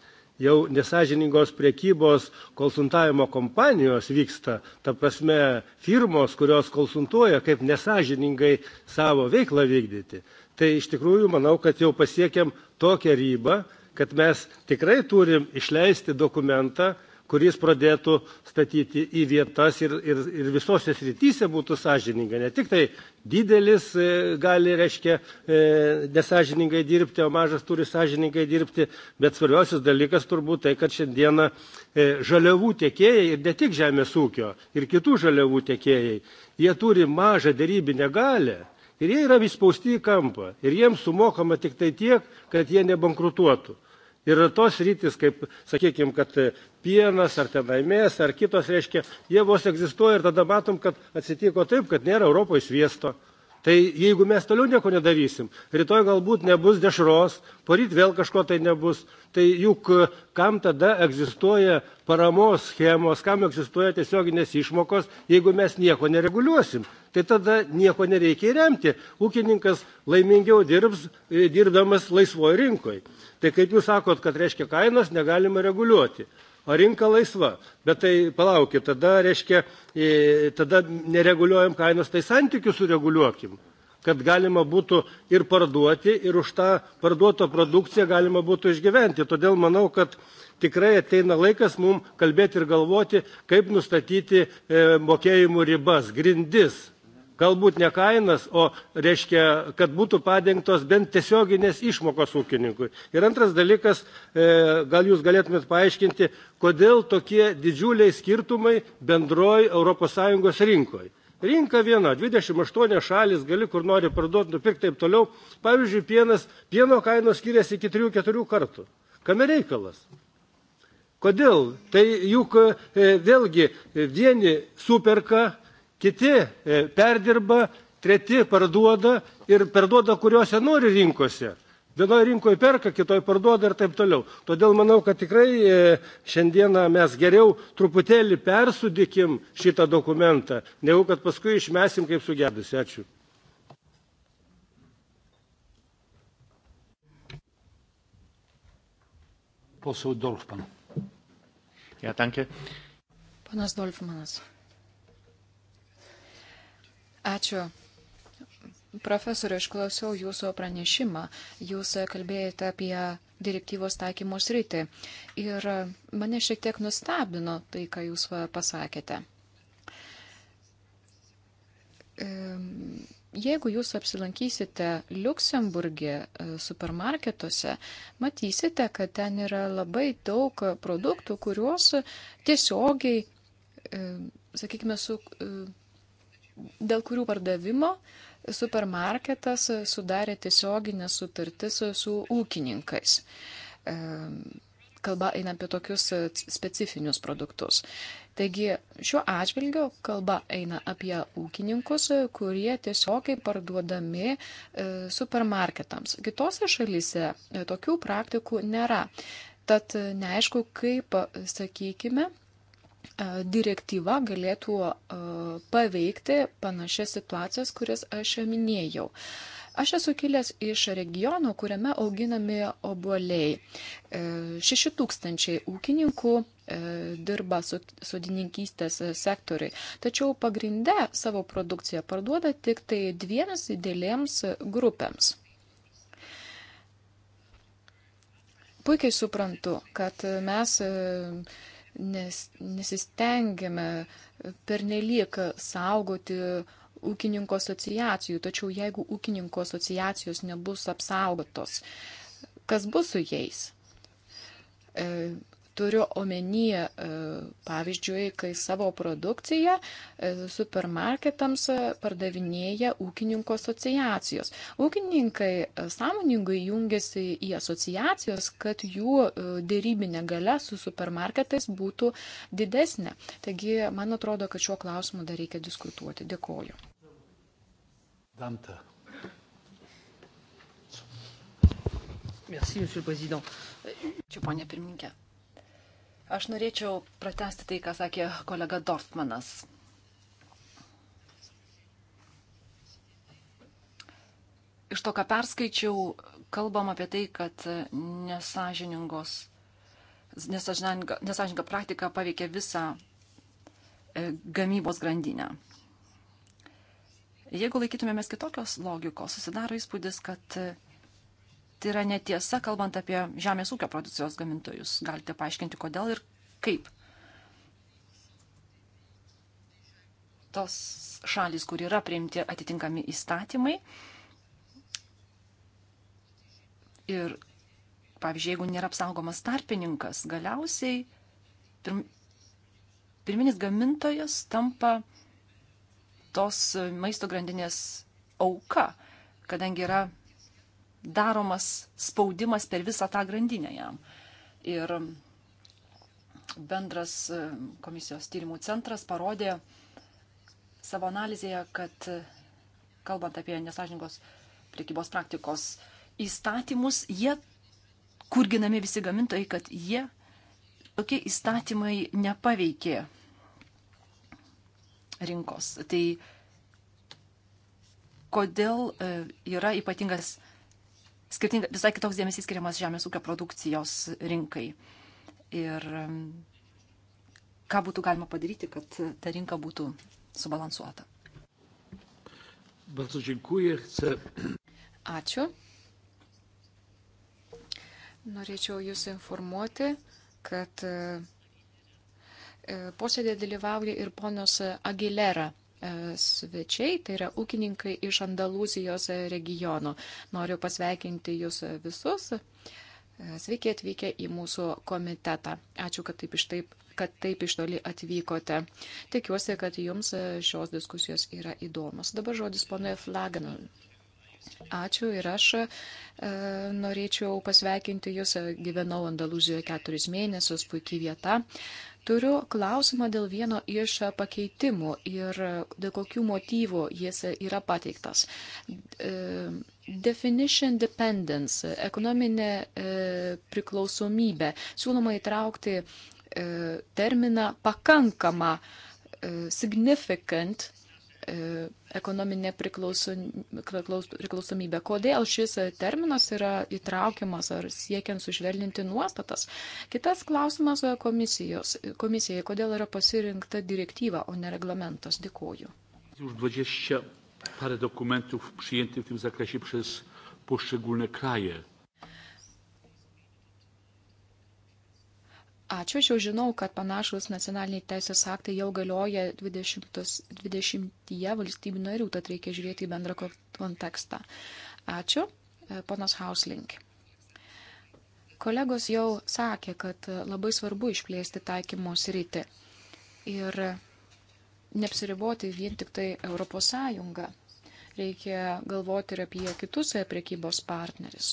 jau nesąžiningos prekybos konsultavimo kompanijos vyksta ta prasme firmos kurios konsultuoja kaip nesąžiningai savo veiklą vykdyti tai iš tikrųjų manau, kad jau pasiekėm tokią ribą, kad mes tikrai turim išleisti dokumentą, kuris pradėtų statyti į vietas ir, ir, ir visose srityse būtų sąžininga. Ne tik tai didelis e, gali, reiškia, e, nesažiningai dirbti, o mažas turi sąžiningai dirbti, bet svarbiausias dalykas turbūt tai, kad šiandieną e, žaliavų tiekėjai ir ne tik žemės ūkio, ir kitų žaliavų tiekėjai, jie turi mažą dėrybinę galę ir jie yra įspausti į kampą ir jiems sumokama tik tai tiek, kad jie nebankrutuotų. Ir tos rytis, kaip, sakykime, kad pienas ar tenaimės ar kitos, reiškia, jie vos egzistuoja ir tada matom, kad atsitiko taip, kad nėra Europoje sviesto, Tai jeigu mes toliau nieko nedarysim, rytoj galbūt nebus dešros, poryt vėl kažko tai nebus. Tai juk e, kam tada egzistuoja paramos schemos, kam egzistuoja tiesioginės išmokos, jeigu mes nieko nereguliuosim. Tai tada nieko nereikia remti. Ūkininkas laimingiau dirbs, e, dirbdamas laisvoje rinkoje. Tai kaip jūs sakot, kad reiškia kainos negalima reguliuoti o rinka laisva. Bet tai palaukit, tada, reiškia, tada nereguliuojam kainos, tai santykių sureguliuokim kad galima būtų ir parduoti, ir už tą parduotą produkciją galima būtų išgyventi. Todėl manau, kad tikrai ateina laikas mums kalbėti ir galvoti, kaip nustatyti e, mokėjimų ribas, grindis, galbūt ne kainas, o reiškia, kad būtų padengtos bent tiesioginės išmokos ūkininkui. Ir antras dalykas, e, gal jūs galėtumėt paaiškinti, kodėl tokie didžiuliai skirtumai bendroji ES rinkoje. Rinka viena, 28 šalis, gali kur nori parduoti, nupirkti taip toliau. Pavyzdžiui, pienas, pieno kainos skiriasi iki 3-4 kartų. Kame reikalas? Kodėl? Tai juk e, vėlgi vieni superka kiti e, perdirba, treti parduoda ir parduoda, kuriuose nori rinkose. Vienoje rinkoje perka, kitoje parduoda ir taip toliau. Todėl manau, kad tikrai e, šiandieną mes geriau truputėlį persudikim šitą dokumentą, negu kad paskui išmesim kaip sugedusi. Ačiū. Ponas Dolfmanas. Ačiū. Profesoriu, išklausiau jūsų pranešimą. Jūs kalbėjote apie direktyvos taikymos rytį. Ir mane šiek tiek nustebino tai, ką jūs pasakėte. Jeigu jūs apsilankysite Luksemburgė e, supermarketuose, matysite, kad ten yra labai daug produktų, kuriuos tiesiogiai, sakykime, su e, dėl kurių pardavimo supermarketas sudarė tiesioginę sutartį su ūkininkais. E, kalba eina apie tokius specifinius produktus. Taigi šiuo atžvilgiu kalba eina apie ūkininkus, kurie tiesiogiai parduodami e, supermarketams. Kitose šalyse e, tokių praktikų nėra. Tad neaišku, kaip, sakykime, E, direktyva galėtų e, paveikti panašias situacijas, kurias aš minėjau. Aš esu kilęs iš regiono, kuriame auginami obuoliai. 6 e, tūkstančiai ūkininkų dirba sodininkystės sektoriui. Tačiau pagrindę savo produkciją parduoda tik tai dviems didelėms grupėms. Puikiai suprantu, kad mes nes, nesistengiame pernelyk saugoti ūkininko asociacijų, tačiau jeigu ūkininko asociacijos nebus apsaugotos, kas bus su jais? E, Turiu omenyje, e, pavyzdžiui, kai savo produkciją e, supermarketams e, pardavinėja ūkininkų asociacijos. Ūkininkai sąmoningai jungiasi į asociacijos, kad jų dėrybinė gale su supermarketais būtų didesnė. Taigi, man atrodo, kad šiuo klausimu dar reikia diskutuoti. Dėkoju. Danta. Merci, monsieur le président. Čia, ponė pirmininkė. Aš norėčiau pratesti tai, ką sakė kolega Dorfmanas. Iš to, ką perskaičiau, kalbam apie tai, kad nesažiningos, nesažininga, nesažininga praktika paveikia visą e, gamybos grandinę. Jeigu laikytumėmės kitokios logikos, susidaro įspūdis, kad e, tai yra netiesa, kalbant apie žemės ūkio produkcijos gamintojus. Galite paaiškinti, kodėl ir kaip. Tos šalis, kur yra priimti atitinkami įstatymai ir, pavyzdžiui, jeigu nėra apsaugomas tarpininkas, galiausiai pirm, pirminis gamintojas tampa tos maisto grandinės auka, kadangi yra daromas spaudimas per visą tą grandinę jam. Ir bendras e, komisijos tyrimų centras parodė savo analizėje, kad e, kalbant apie nesažingos priekybos praktikos įstatymus, jie kurginami visi gamintojai, kad jie tokie įstatymai nepaveikė rinkos. Tai kodėl e, yra ypatingas skirtinga, visai kitoks dėmesys skiriamas žemės ūkio produkcijos rinkai. Ir ką būtų galima padaryti, kad ta rinka būtų subalansuota. Bardzo dziękuję. Chcę... Ačiū. Norėčiau Jūs informuoti, kad e, posėdė dalyvauja ir ponios Agilera. E, svečiai, tai yra ūkininkai iš Andalūzijos regiono. Noriu pasveikinti jūs visus. E, sveiki atvykę į mūsų komitetą. Ačiū, kad taip iš, taip, kad taip iš toli atvykote. Tikiuosi, kad jums šios diskusijos yra įdomus. Dabar žodis ponui Flaganui. Ačiū ir aš e, norėčiau pasveikinti Jūs. E, gyvenau Andaluzijoje keturis mėnesius, puikiai vieta. Turiu klausimą dėl vieno iš pakeitimų ir dėl kokių motyvų jis yra pateiktas. E, Definition dependence, ekonominė e, priklausomybė. Siūloma įtraukti e, terminą pakankama, e, significant E, ekonominė priklausomybė. Kodėl šis terminas yra įtraukiamas ar siekiant sušvelninti nuostatas? Kitas klausimas e, komisijos. komisijai, kodėl yra pasirinkta direktyva, o ne reglamentas. Dėkuoju. Už 20 parę dokumentów przyjętych w tym zakresie przez poszczególne kraje. Ačiū, aš jau žinau, kad panašus nacionaliniai teisės aktai jau galioja 20, 20 valstybių narių, tad reikia žiūrėti į bendrą kontekstą. Ačiū, e, ponas Hauslink. Kolegos jau sakė, kad labai svarbu išplėsti taikymo sritį ir neapsiriboti vien tik tai ES. Reikia galvoti ir apie kitus e, prekybos partneris.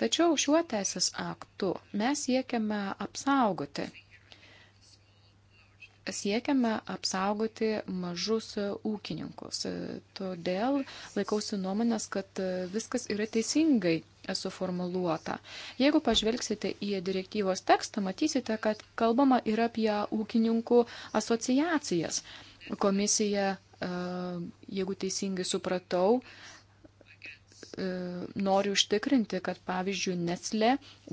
Tačiau šiuo teisės aktu mes siekiame apsaugoti. Siekiame apsaugoti mažus ūkininkus. Todėl laikausi nuomonės, kad viskas yra teisingai suformuluota. Jeigu pažvelgsite į direktyvos tekstą, matysite, kad kalbama yra apie ūkininkų asociacijas. Komisija e, jeigu teisingai supratau, E, nori užtikrinti, kad pavyzdžiui Nestle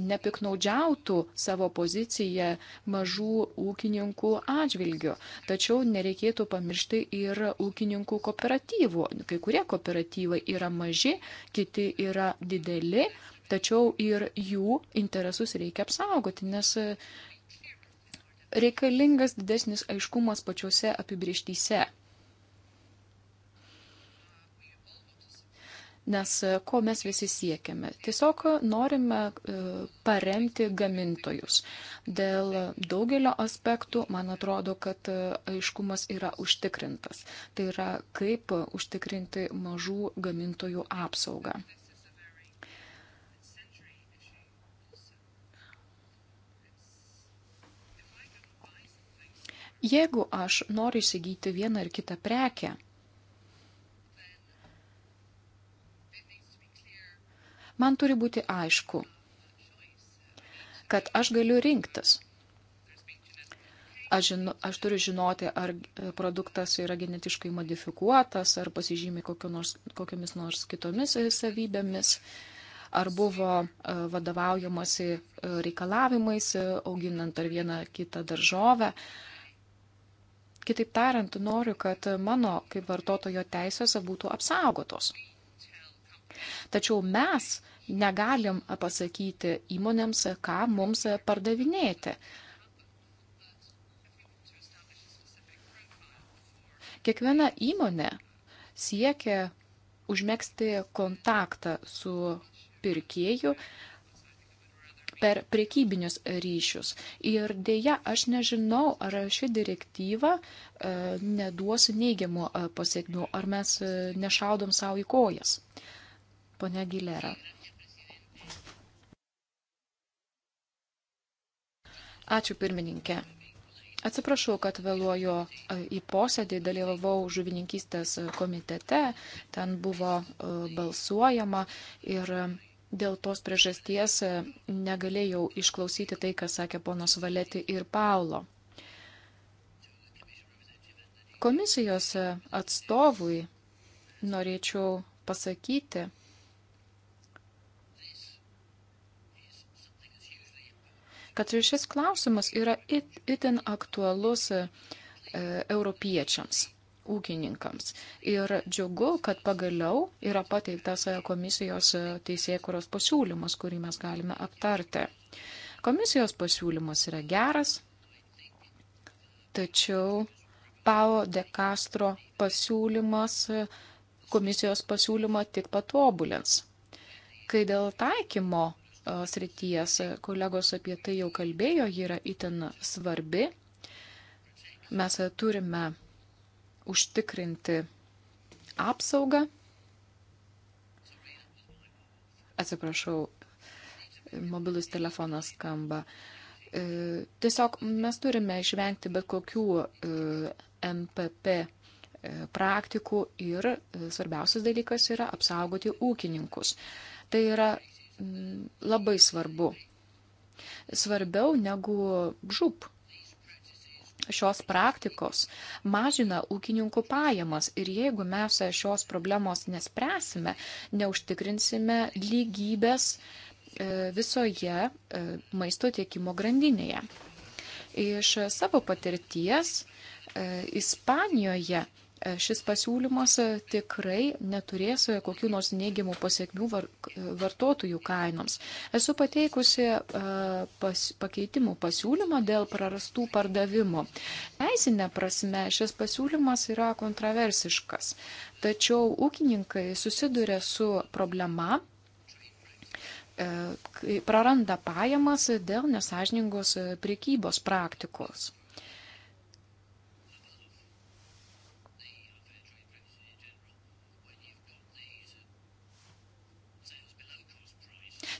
nepiknaudžiautų savo poziciją mažų ūkininkų atžvilgiu. Tačiau nereikėtų pamiršti ir ūkininkų kooperatyvų. Kai kurie kooperatyvai yra maži, kiti yra dideli, tačiau ir jų interesus reikia apsaugoti, nes reikalingas didesnis aiškumas pačiuose apibrieštyse. Nes e, ko mes visi siekiame? Tiesiog norime e, paremti gamintojus. Dėl daugelio aspektų, man atrodo, kad e, aiškumas yra užtikrintas. Tai yra, kaip užtikrinti mažų gamintojų apsaugą. Jeigu aš noriu įsigyti vieną ar kitą prekę, Man turi būti aišku, kad aš galiu rinktis. Aš, žinu, aš turiu žinoti, ar e, produktas yra genetiškai modifikuotas, ar pasižymi nors, kokiamis nors kitomis e, savybėmis, ar buvo e, vadovaujamasi reikalavimais, auginant ar vieną kitą daržovę. Kitaip tariant, noriu, kad mano kaip vartotojo teisėse būtų apsaugotos. Tačiau mes negalim pasakyti įmonėms, ką mums pardavinėti. Kiekviena įmonė siekia užmėgsti kontaktą su pirkėju per priekybinius ryšius. Ir dėja, aš nežinau, ar ši direktyva e, neduos neigiamų e, pasiekmių, ar mes e, nešaudom savo į kojas. Pone Gilera. Ačiū pirmininkė. Atsiprašau, kad vėluoju e, į posėdį, dalyvavau žuvininkystės komitete, ten buvo e, balsuojama ir dėl tos priežasties e, negalėjau išklausyti tai, ką sakė ponos Valeti ir Paulo. Komisijos atstovui norėčiau pasakyti, kad šis klausimas yra it, itin aktualus e, europiečiams, ūkininkams. Ir džiugu, kad pagaliau yra pateiktas e, komisijos e, teisėkuros pasiūlymas, kurį mes galime aptarti. Komisijos pasiūlymas yra geras, tačiau Pao de Castro pasiūlymas e, komisijos pasiūlymą tik patobulins. Kai dėl taikymo srities. Kolegos apie tai jau kalbėjo, ji yra itin svarbi. Mes turime užtikrinti apsaugą. Atsiprašau, mobilus telefonas skamba. E, tiesiog mes turime išvengti bet kokių MPP e, e, praktikų ir svarbiausias dalykas yra apsaugoti ūkininkus. Tai yra Mm, labai svarbu. Svarbiau negu žūp. Šios praktikos mažina ūkininkų pajamas ir jeigu mes šios problemos nespręsime, neužtikrinsime lygybės e, visoje e, maisto tiekimo grandinėje. Iš savo patirties e, Ispanijoje E, šis pasiūlymas e, tikrai neturės e, kokių nors neigiamų pasiekmių var, vartotojų kainoms. Esu pateikusi pas, pakeitimų pasiūlymą dėl prarastų pardavimų. Teisinė prasme šis pasiūlymas yra kontroversiškas, tačiau ūkininkai susiduria su problema praranda pajamas dėl nesažningos priekybos praktikos.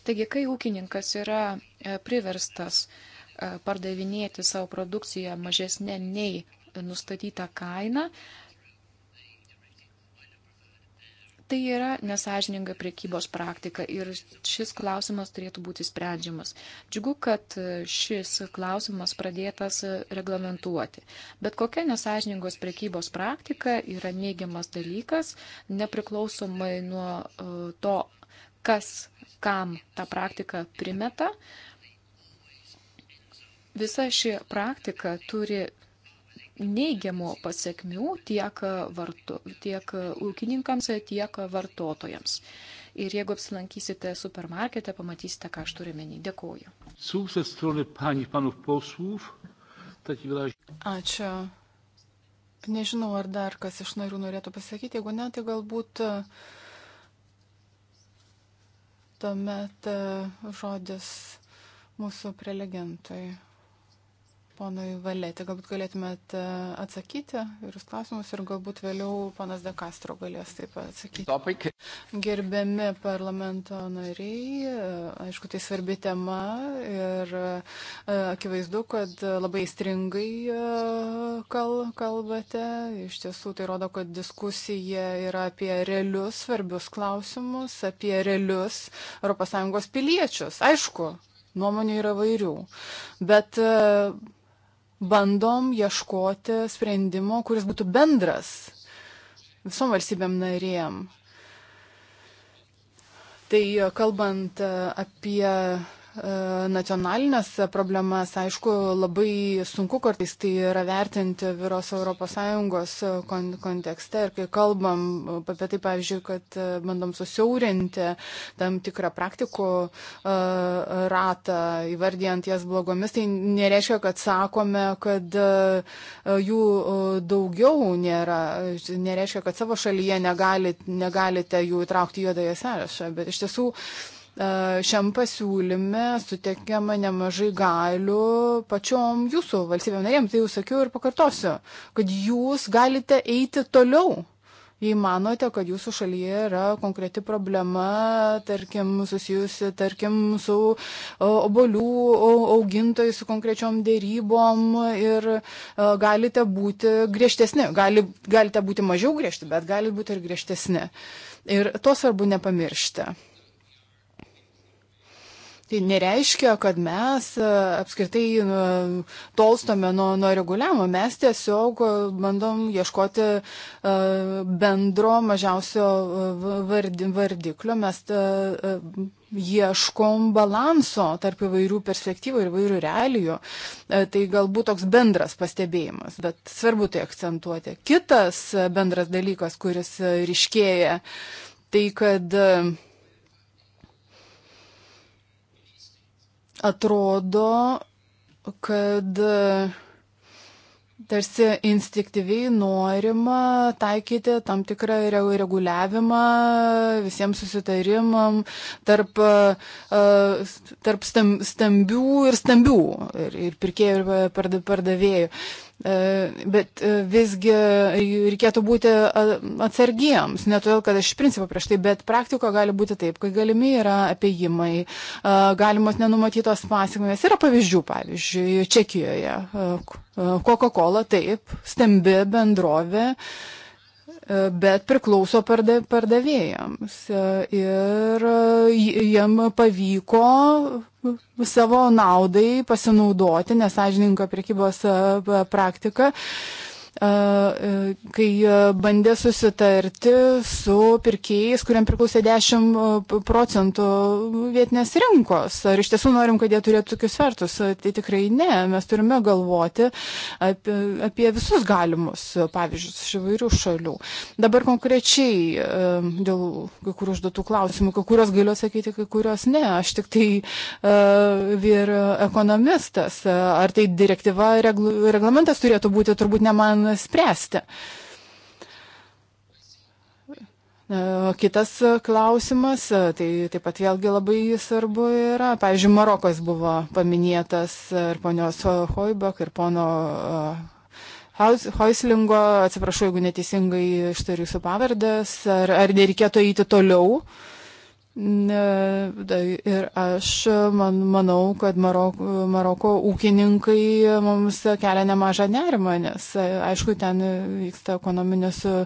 Taigi, kai ūkininkas yra e, priverstas e, pardavinėti savo produkciją mažesnė nei nustatyta kaina, tai yra nesažininga priekybos praktika ir šis klausimas turėtų būti sprendžiamas. Džiugu, kad e, šis klausimas pradėtas reglamentuoti. Bet kokia nesažiningos priekybos praktika yra neigiamas dalykas, nepriklausomai nuo to, kas kam tą praktiką primeta. Visa ši praktika turi neigiamų pasiekmių tiek, vartu, tiek ūkininkams, tiek vartotojams. Ir jeigu apsilankysite supermarkete, pamatysite, ką aš turiu menį. Dėkuoju. Ačiū. Nežinau, ar dar kas iš narių norėtų pasakyti. Jeigu ne, tai galbūt uh, Tuomet e, žodis mūsų prelegentui ponui Valėti. Galbūt galėtumėt e, atsakyti ir jūs klausimus ir galbūt vėliau ponas De Castro galės taip atsakyti. Topic. Gerbiami parlamento nariai, e, aišku, tai svarbi tema ir e, akivaizdu, kad labai stringai kal, kalbate. Iš tiesų tai rodo, kad diskusija yra apie realius svarbius klausimus, apie realius ES piliečius. Aišku, nuomonių yra vairių. Bet bandom ieškoti sprendimo, kuris būtų bendras visom valstybėm narėm. Tai kalbant apie nacionalinės problemas, aišku, labai sunku kartais tai yra vertinti viros ES kontekste ir kai kalbam apie tai, pavyzdžiui, kad bandom susiaurinti tam tikrą praktikų ratą, įvardijant jas blogomis, tai nereiškia, kad sakome, kad jų daugiau nėra, nereiškia, kad savo šalyje negalit, negalite jų įtraukti juodąją sąrašą, bet iš tiesų E, šiam pasiūlyme suteikiama nemažai galių pačiom jūsų valstybėm narėm. Tai jau sakiau ir pakartosiu, kad jūs galite eiti toliau. Jei manote, kad jūsų šalyje yra konkreti problema, tarkim, susijusi, tarkim, su obolių augintojais, su konkrečiom dėrybom ir e, galite būti griežtesni, Gali, galite būti mažiau griežti, bet galite būti ir griežtesni. Ir to svarbu nepamiršti. Tai nereiškia, kad mes e, apskritai nu, tolstame nuo, nuo reguliavimo, mes tiesiog e, bandom ieškoti e, bendro mažiausio vardiklio, mes ta, ieškom balanso tarp įvairių perspektyvų ir įvairių realijų. Tai galbūt toks bendras pastebėjimas, bet svarbu tai akcentuoti. Kitas bendras dalykas, kuris ryškėja, tai kad uh, atrodo, kad tarsi instinktyviai norima taikyti tam tikrą reguliavimą visiems susitarimam tarp, tarp stambių ir stambių, ir, ir pirkėjų, ir pardavėjų. E, bet e, visgi e, reikėtų būti atsargiems, ne todėl, kad aš iš principo prieš tai, bet praktikoje gali būti taip, kai galimi yra apiejimai, galimos nenumatytos pasiekmes. Yra pavyzdžių, pavyzdžiui, Čekijoje. Coca-Cola taip, stambi bendrovė. Uh, bet priklauso pardavėjams. Ir jiem pavyko savo naudai pasinaudoti nesažininką prekybos e, praktiką kai bandė susitarti su pirkėjais, kuriam priklausė 10 procentų vietinės rinkos. Ar iš tiesų norim, kad jie turėtų tokius svertus? Tai tikrai ne. Mes turime galvoti apie, apie visus galimus pavyzdžius iš įvairių šalių. Dabar konkrečiai dėl kai kurių užduotų klausimų, kai kurios galiu atsakyti, kai kurios ne. Aš tik tai vyr ekonomistas. Ar tai direktyva, regl reglamentas turėtų būti, turbūt ne man ten spręsti. Kitas klausimas, tai taip pat vėlgi labai svarbu yra, pavyzdžiui, Marokas buvo paminėtas ir ponios Hoibak, ir pono e, Hoislingo, atsiprašau, jeigu neteisingai ištariu jūsų pavardės, ar, ar nereikėtų eiti toliau. Uh, Ir aš man, manau, kad Maroko, Maroko ūkininkai mums kelia nemažą nerimą, nes aišku, ten vyksta ekonominis e,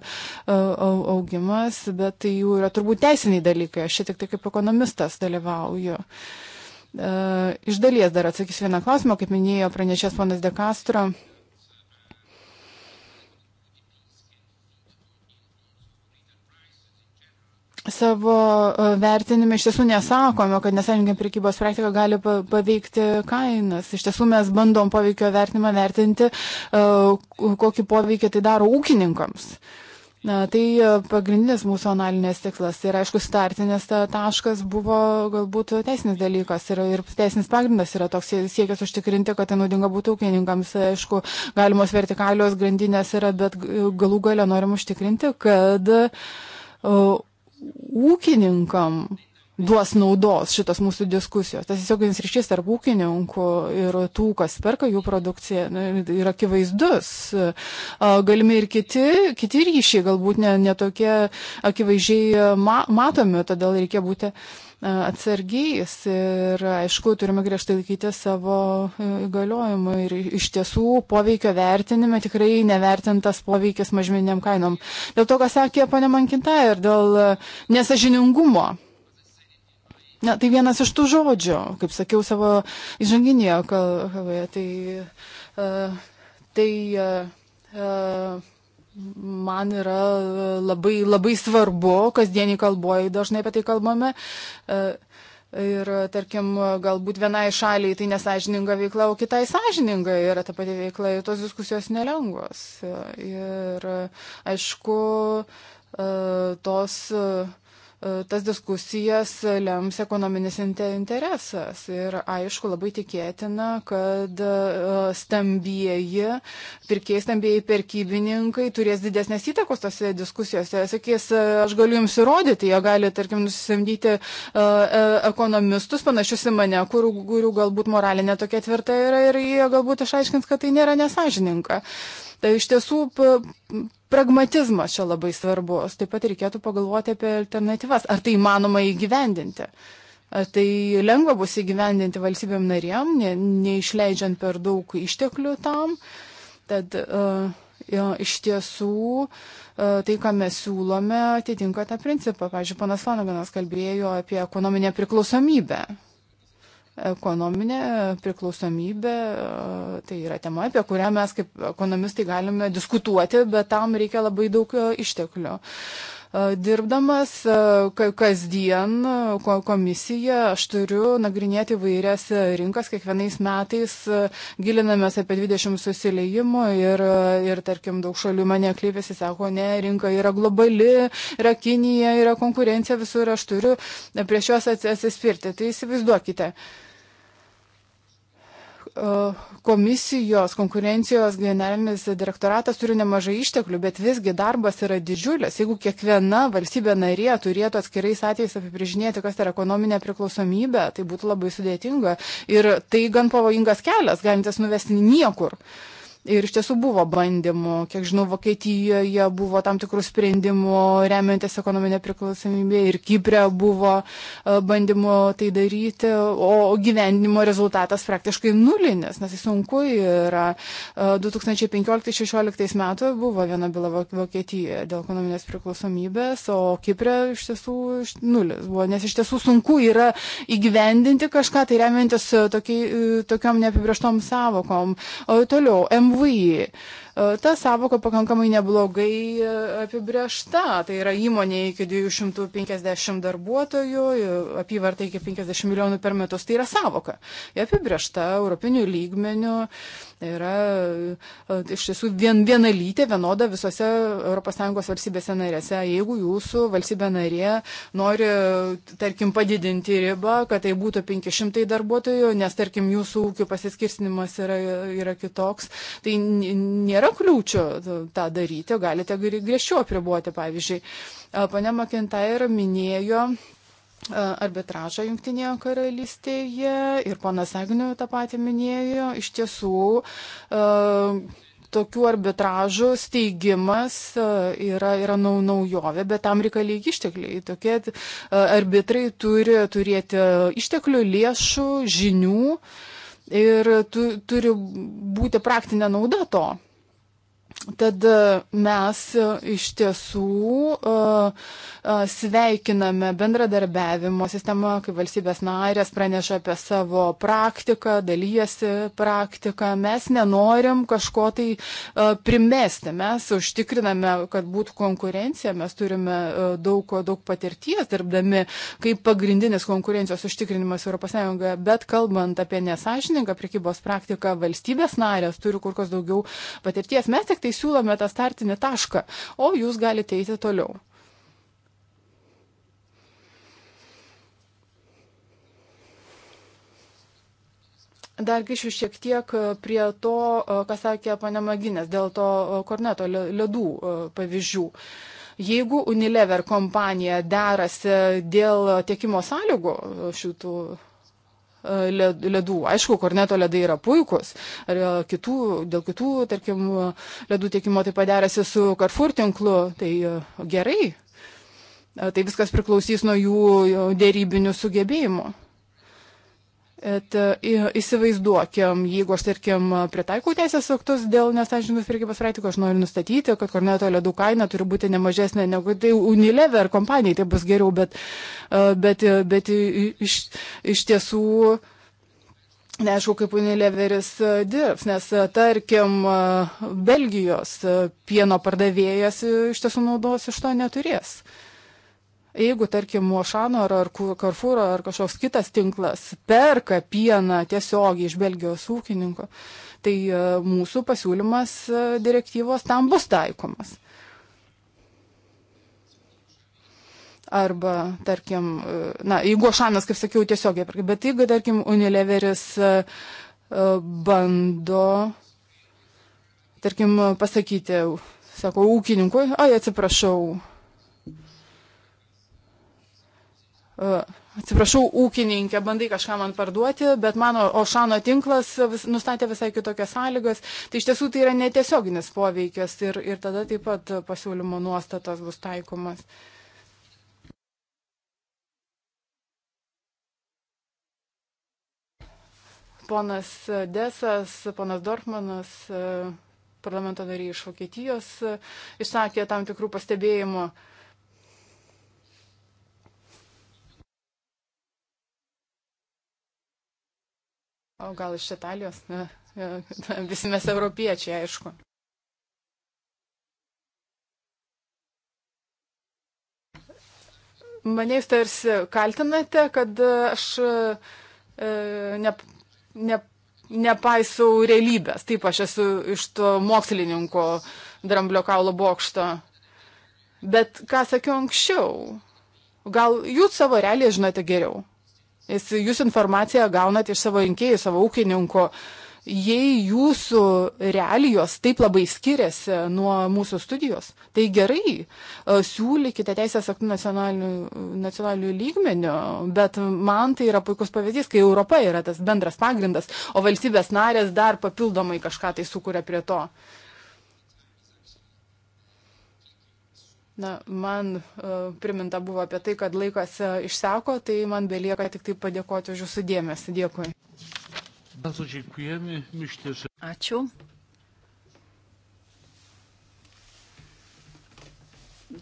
augimas, bet tai jau yra turbūt teisiniai dalykai. Aš čia tik tai kaip ekonomistas dalyvauju. E, iš dalies dar atsakysiu vieną klausimą, kaip minėjo pranešęs ponas De Castro. savo e, vertinime iš tiesų nesakome, kad nesąžininkai prekybos praktika gali paveikti kainas. Iš tiesų mes bandom poveikio vertinimą vertinti, e, kokį poveikį tai daro ūkininkams. Na, tai e, pagrindinis mūsų analinės tikslas. Ir aišku, startinės ta taškas buvo galbūt teisinis dalykas ir, ir teisinis pagrindas yra toks siekis užtikrinti, kad tai naudinga būtų ūkininkams. Aišku, galimos vertikalios grandinės yra, bet galų gale norim užtikrinti, kad uh, ūkininkam duos naudos šitos mūsų diskusijos. Tas tiesioginis ryšys tarp ūkininkų ir tų, kas perka jų produkciją, yra akivaizdus. Galimi ir kiti, kiti ryšiai, galbūt netokie ne, ne akivaizdžiai ma matomi, todėl reikia būti. Uh, E, atsargiais ir, aišku, turime griežtai laikyti savo e, įgaliojimų. Ir iš tiesų poveikio vertinime tikrai nevertintas poveikis mažminėm kainom. Dėl to, ką sakė ponė Mankinta ir dėl nesažiningumo. Na, tai vienas iš tų žodžių, kaip sakiau savo įžanginėje kalboje, tai, uh, tai uh, uh, man yra e, labai, labai svarbu, kasdienį kalboje dažnai apie tai kalbame. E, ir, tarkim, galbūt vienai šaliai tai nesažininga veikla, o kitai sąžininga yra ta pati veikla ir tos diskusijos nelengvos. E, ir, aišku, tos tas diskusijas lems ekonominis interesas. Ir aišku, labai tikėtina, kad e, stambieji, pirkėjai stambieji perkybininkai turės didesnės įtakos tose diskusijose. Sakys, e, aš galiu jums įrodyti, jie gali, tarkim, nusisamdyti e, ekonomistus panašius į mane, kurių, kurių galbūt moralinė tokia tvirta yra ir jie galbūt išaiškins, kad tai nėra nesažininka. Uh, Tai iš tiesų pragmatizmas čia labai svarbus. Taip pat reikėtų pagalvoti apie alternatyvas. Ar tai įmanoma įgyvendinti? Ar tai lengva bus įgyvendinti valstybėm narėm, ne, neišleidžiant per daug išteklių tam? Tad uh, jo, iš tiesų uh, tai, ką mes siūlome, atitinka tą principą. Pavyzdžiui, panas Lanaganas kalbėjo apie ekonominę priklausomybę. Ekonominė priklausomybė e, tai yra tema, apie kurią mes kaip ekonomistai galime diskutuoti, bet tam reikia labai daug e, išteklių. E, dirbdamas kasdien komisiją aš turiu nagrinėti vairias rinkas, kiekvienais metais gilinamės apie 20 susiliejimų ir, ir tarkim, daug šalių mane kreipiasi, sako, ne, rinka yra globali, yra Kinija, yra konkurencija visur, aš turiu prieš juos atsispirti. Tai įsivaizduokite. Uh, E, komisijos konkurencijos generalinis direktoratas turi nemažai išteklių, bet visgi darbas yra didžiulis. Jeigu kiekviena valstybė narė turėtų atskirais atvejais apibrėžinėti, kas yra ekonominė priklausomybė, tai būtų labai sudėtinga ir tai gan pavojingas kelias, galintis nuvesti niekur. Uh, Ir iš tiesų buvo bandymų, kiek žinau, Vokietijoje buvo tam tikrų sprendimų remiantis ekonominė priklausomybė ir Kiprė buvo e, bandymų tai daryti, o gyvenimo rezultatas praktiškai nulinis, nes jis sunku yra. 2015-2016 e, metų buvo viena byla Vokietijoje dėl ekonominės priklausomybės, o Kiprė iš tiesų nulis buvo, nes iš tiesų sunku yra įgyvendinti kažką, tai remiantis e, tokiai, tokiom neapibrieštom savokom. O, toliau, MV lengvai E, ta savoka pakankamai neblogai e, apibriešta. Tai yra įmonė iki 250 darbuotojų, e, apyvarta iki 50 milijonų per metus. Tai yra savoka. Ji apibriešta europinių lygmenių. Tai yra iš tiesų vien, vienalytė, vienoda visose ES valstybėse narėse. Jeigu jūsų valstybė narė nori, tarkim, padidinti ribą, kad tai būtų 500 darbuotojų, nes, tarkim, jūsų ūkių pasiskirstinimas yra, yra kitoks, tai nėra nėra kliūčių e, tą daryti, galite griežčiau apribuoti. Pavyzdžiui, e, ponia Makintaira minėjo e, arbitražą Junktinėje karalystėje ir ponas Agniu tą patį minėjo. Iš tiesų, tokių arbitražų steigimas yra, yra nau, naujovė, bet tam reikalingi ištekliai. Tokie arbitrai turi turėti išteklių, lėšų, žinių ir tu, turi būti praktinė nauda to. Tad e, mes e, iš tiesų e, sveikiname bendradarbiavimo sistemą, kai valstybės narės praneša apie savo praktiką, dalyjasi praktiką. Mes nenorim kažko tai primesti, mes užtikriname, kad būtų konkurencija, mes turime daug, daug patirties dirbdami kaip pagrindinis konkurencijos užtikrinimas ES, bet kalbant apie nesažininką prekybos praktiką, valstybės narės turi kur kas daugiau patirties. Mes tik tik tai siūlome tą startinį tašką, o jūs galite eiti toliau. Dar grįšiu šiek tiek prie to, ką sakė pane Maginės, dėl to korneto ledų e, pavyzdžių. Jeigu Unilever kompanija derasi dėl tiekimo sąlygų e, šitų E, ledų. Aišku, korneto ledai yra puikus. Ar e, kitų, dėl kitų, tarkim, ledų tiekimo taip padarėsi su Carrefour tinklu. Tai e, gerai. Tai viskas priklausys nuo jų dėrybinių sugebėjimų. Et, įsivaizduokim, jeigu aš, tarkim, pritaikau teisės aktus dėl nesažininkos prekybos praeitiko, aš noriu nustatyti, kad korneto ledų kaina turi būti ne mažesnė negu tai Unilever kompanijai, tai bus geriau, bet, e, bet, bet iš, iš tiesų neaišku, kaip Unileveris e, dirbs, nes e, tarkim, Belgijos pieno pardavėjas iš tiesų naudos iš to neturės jeigu, tarkim, Mošano ar, ar Karfūro ar kažkoks kitas tinklas perka pieną tiesiogiai iš Belgijos ūkininko, tai e, mūsų pasiūlymas e, direktyvos tam bus taikomas. arba, tarkim, e, na, jeigu Ošanas, kaip sakiau, tiesiogiai, bet jeigu, tarkim, Unileveris bando, tarkim, pasakyti, sako, ūkininkui, ai, atsiprašau, E, atsiprašau, ūkininkė, bandai kažką man parduoti, bet mano Ošano tinklas vis, nustatė visai kitokias sąlygas. Tai iš tiesų tai yra netiesioginis poveikis ir, ir tada taip pat pasiūlymo nuostatos bus taikomas. Ponas Desas, ponas Dorfmanas, e, parlamento nariai iš Vokietijos, e, išsakė tam tikrų pastebėjimų. Uh, O gal iš Italijos? Visi mes europiečiai, aišku. Mane jūs tarsi kaltinate, kad aš e, ne, ne, nepaisau realybės. Taip, aš esu iš to mokslininko dramblio kaulo bokšto. Bet ką sakiau anksčiau, gal jūs savo realiją žinote geriau? Jūs informaciją gaunat iš savo rinkėjų, savo ūkininko. Jei jūsų realijos taip labai skiriasi nuo mūsų studijos, tai gerai, e, siūlykite teisės aktų nacionalinių, nacionalinių lygmenių, bet man tai yra puikus pavyzdys, kai Europa yra tas bendras pagrindas, o valstybės narės dar papildomai kažką tai sukuria prie to. Uh, Na, man uh, priminta buvo apie tai, kad laikas uh, išseko, tai man belieka tik tai padėkoti už jūsų dėmesį. Dėkui. Ačiū.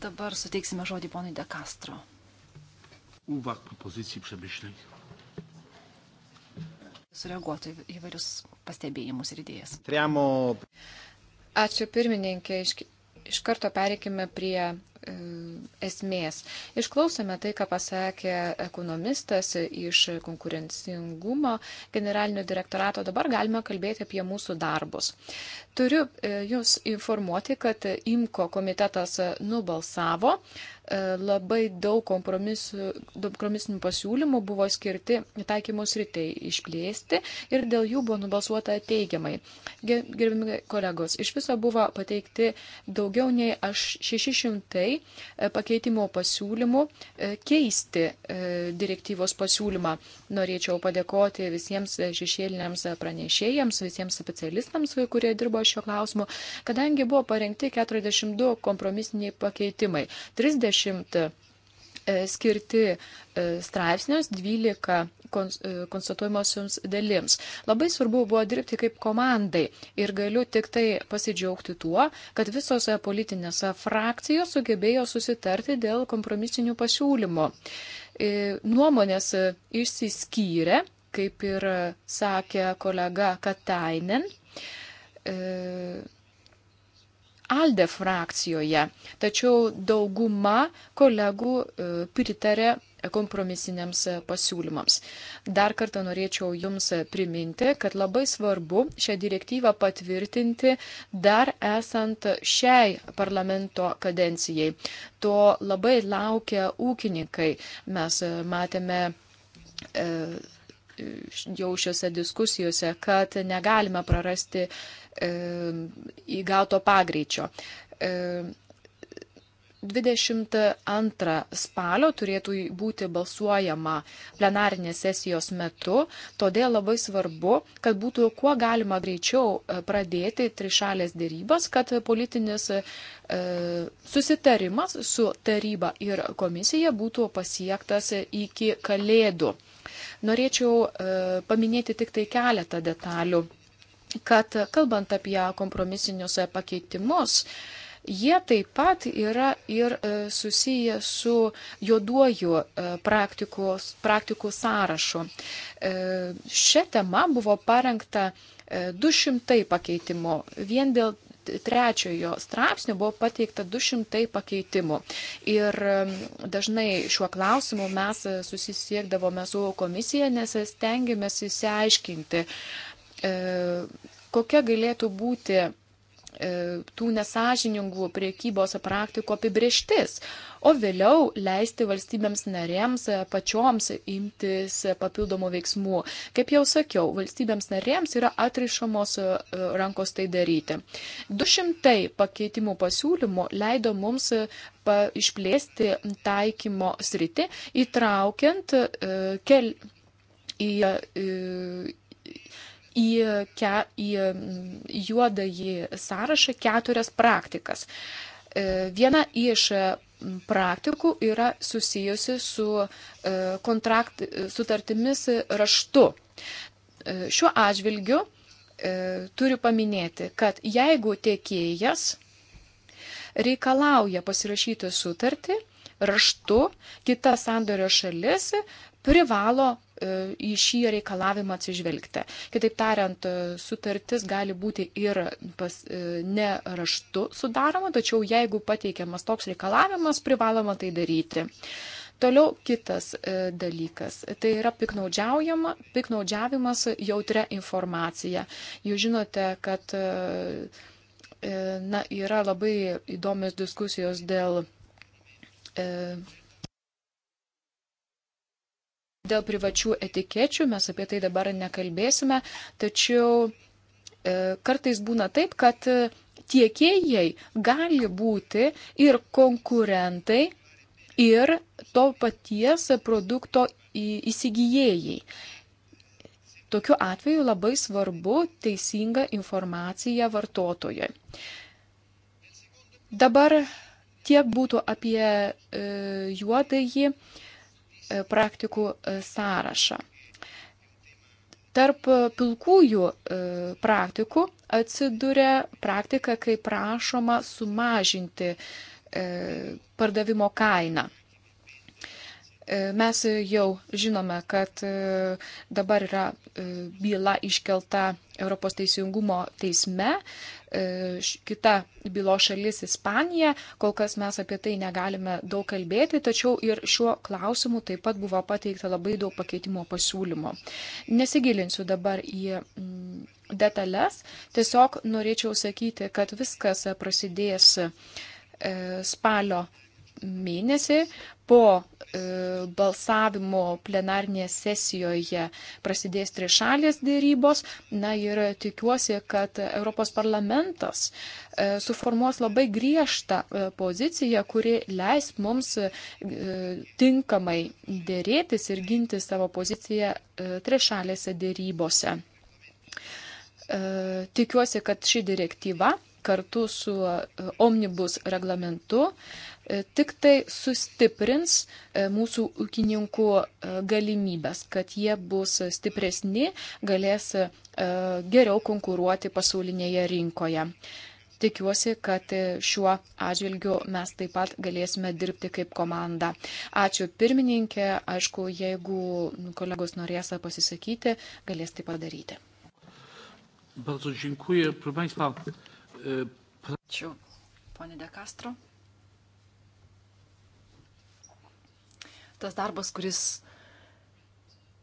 Dabar suteiksime žodį ponui De Castro. Uvak pozicijai prabešliai. Sureaguotų įvairius pastebėjimus ir idėjas. Triamo. Ačiū pirmininkė, iš iš karto pereikime prie E, esmės. Išklausome tai, ką pasakė ekonomistas iš konkurencingumo generalinio direktorato. Dabar galime kalbėti apie mūsų darbus. Turiu e, Jūs informuoti, kad IMKO komitetas nubalsavo. E, labai daug kompromisinių pasiūlymų buvo skirti taikymus rytai išplėsti ir dėl jų buvo nubalsuota teigiamai. Gerbimi kolegos, iš viso buvo pateikti daugiau nei 600 nemažai e, pakeitimo pasiūlymų e, keisti e, direktyvos pasiūlymą. Norėčiau padėkoti visiems šešėliniams pranešėjams, visiems specialistams, kurie dirbo šio klausimu, kadangi buvo parengti 42 kompromisiniai pakeitimai. 30 skirti straipsnius, 12 E, konstatuojamosioms dalims. Labai svarbu buvo dirbti kaip komandai ir galiu tik tai pasidžiaugti tuo, kad visos politinės frakcijos sugebėjo susitarti dėl kompromisinių pasiūlymų. E, nuomonės išsiskyrė, kaip ir sakė kolega Katainen. E, Alde frakcijoje, tačiau dauguma kolegų pritarė kompromisiniams e, pasiūlymams. Dar kartą norėčiau Jums e, priminti, kad labai svarbu šią direktyvą patvirtinti dar esant šiai parlamento kadencijai. To labai laukia ūkininkai. Mes e, matėme. E, jau šiuose diskusijose, kad negalime prarasti e, įgauto pagreičio. E, 22 spalio turėtų būti balsuojama plenarinės sesijos metu, todėl labai svarbu, kad būtų kuo galima greičiau e, pradėti trišalės dėrybas, kad politinis e, susitarimas su taryba ir komisija būtų pasiektas iki kalėdų. Norėčiau e, paminėti tik tai keletą detalių, kad kalbant apie kompromisinius pakeitimus, e, jie taip pat yra ir e, susiję su juoduoju e, praktikų sąrašu. E, Šią temą buvo parengta 200 pakeitimų. Vien dėl trečiojo straipsnio buvo pateikta 200 pakeitimų. Ir dažnai šiuo klausimu mes susisiekdavome su komisija, nes stengiamės įsiaiškinti, kokia galėtų būti E, tų nesažiningų priekybos praktikų apibrieštis, o vėliau leisti valstybėms narėms e, pačioms imtis papildomų veiksmų. Kaip jau sakiau, valstybėms narėms yra atrišamos e, rankos tai daryti. 200 pakeitimų pasiūlymų leido mums išplėsti taikymo sritį, įtraukiant kel į, į į, ke, į mm, juodąjį sąrašą keturias praktikas. E, viena iš e, praktikų yra susijusi su e, kontrakt, sutartimis raštu. Šiuo atžvilgiu turiu paminėti, kad jeigu tiekėjas reikalauja pasirašyti sutartį raštu, kita sandorio šalis privalo E, į šį reikalavimą atsižvelgti. Kitaip tariant, e, sutartis gali būti ir pas, e, ne raštu sudaroma, tačiau jeigu pateikiamas toks reikalavimas, privaloma tai daryti. Toliau kitas dalykas - tai yra piknaudžiavimas jautrė informacija. Jūs žinote, kad na, yra labai įdomios diskusijos dėl Dėl privačių etikečių mes apie tai dabar nekalbėsime, tačiau e, kartais būna taip, kad e, tiekėjai gali būti ir konkurentai, ir to paties produkto įsigijėjai. Tokiu atveju labai svarbu teisinga informacija vartotojui. Dabar tiek būtų apie e, juodąjį. E, E, praktikų e, sąrašą. Tarp e, pilkųjų praktikų atsiduria praktika, kai prašoma sumažinti pardavimo kainą. Mes jau žinome, kad dabar yra byla iškelta Europos teisingumo teisme E, kita bylo šalis Ispanija. Kol kas mes apie tai negalime daug kalbėti, tačiau ir šiuo klausimu taip pat buvo pateikta labai daug pakeitimo pasiūlymo. Nesigilinsiu dabar į mm, detalės, tiesiog norėčiau sakyti, kad viskas prasidės e, spalio mėnesį po e, balsavimo plenarnėje sesijoje prasidės trišalės dėrybos. Na ir tikiuosi, kad Europos parlamentas e, suformuos labai griežtą e, poziciją, kuri leis mums tinkamai dėrėtis ir ginti savo poziciją trišalėse dėrybose. Tikiuosi, kad ši direktyva kartu su omnibus reglamentu E, tik tai sustiprins e, mūsų ūkininkų e, galimybės, kad jie bus stipresni, galės geriau konkuruoti pasaulinėje rinkoje. Tikiuosi, kad šiuo atžvilgiu mes taip pat galėsime dirbti kaip komanda. Ačiū pirmininkė, aišku, jeigu nu, kolegos norės pasisakyti, galės tai padaryti. Bardzo dziękuję. Proszę Państwa. Ačiū, ponė De Castro. tas darbas, kuris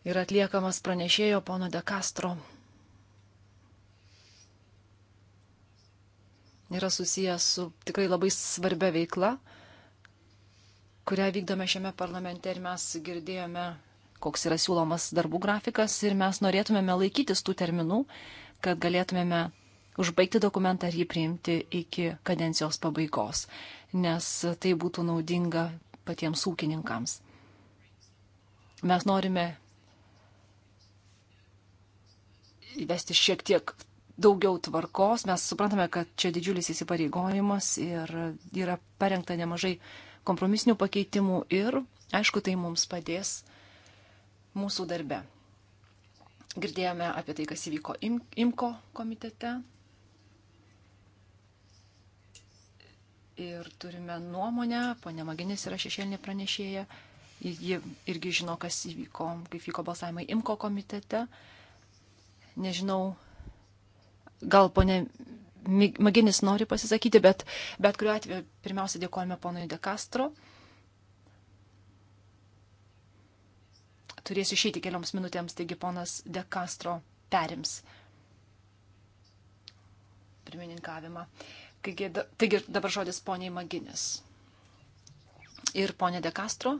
yra atliekamas pranešėjo pono De Castro, yra susijęs su tikrai labai svarbia veikla, kurią vykdome šiame parlamente ir mes girdėjome, koks yra siūlomas darbų grafikas ir mes norėtumėme laikytis tų terminų, kad galėtumėme užbaigti dokumentą ir jį priimti iki kadencijos pabaigos, nes tai būtų naudinga patiems ūkininkams. Mes norime įvesti šiek tiek daugiau tvarkos. Mes suprantame, kad čia didžiulis įsipareigojimas ir yra parengta nemažai kompromisinių pakeitimų ir, aišku, tai mums padės mūsų darbe. Girdėjome apie tai, kas įvyko im, IMKO komitete. Ir turime nuomonę, ponia Maginis yra šešėlinė pranešėja. Ji irgi žino, kas įvyko, kaip vyko balsavimai IMKO komitete. Nežinau, gal ponė Maginis nori pasisakyti, bet bet kuriuo atveju pirmiausia dėkojame ponui De Castro. Turėsiu išeiti kelioms minutėms, taigi ponas De Castro perims pirmininkavimą. Taigi dabar žodis poniai Maginis. Ir ponė De Castro,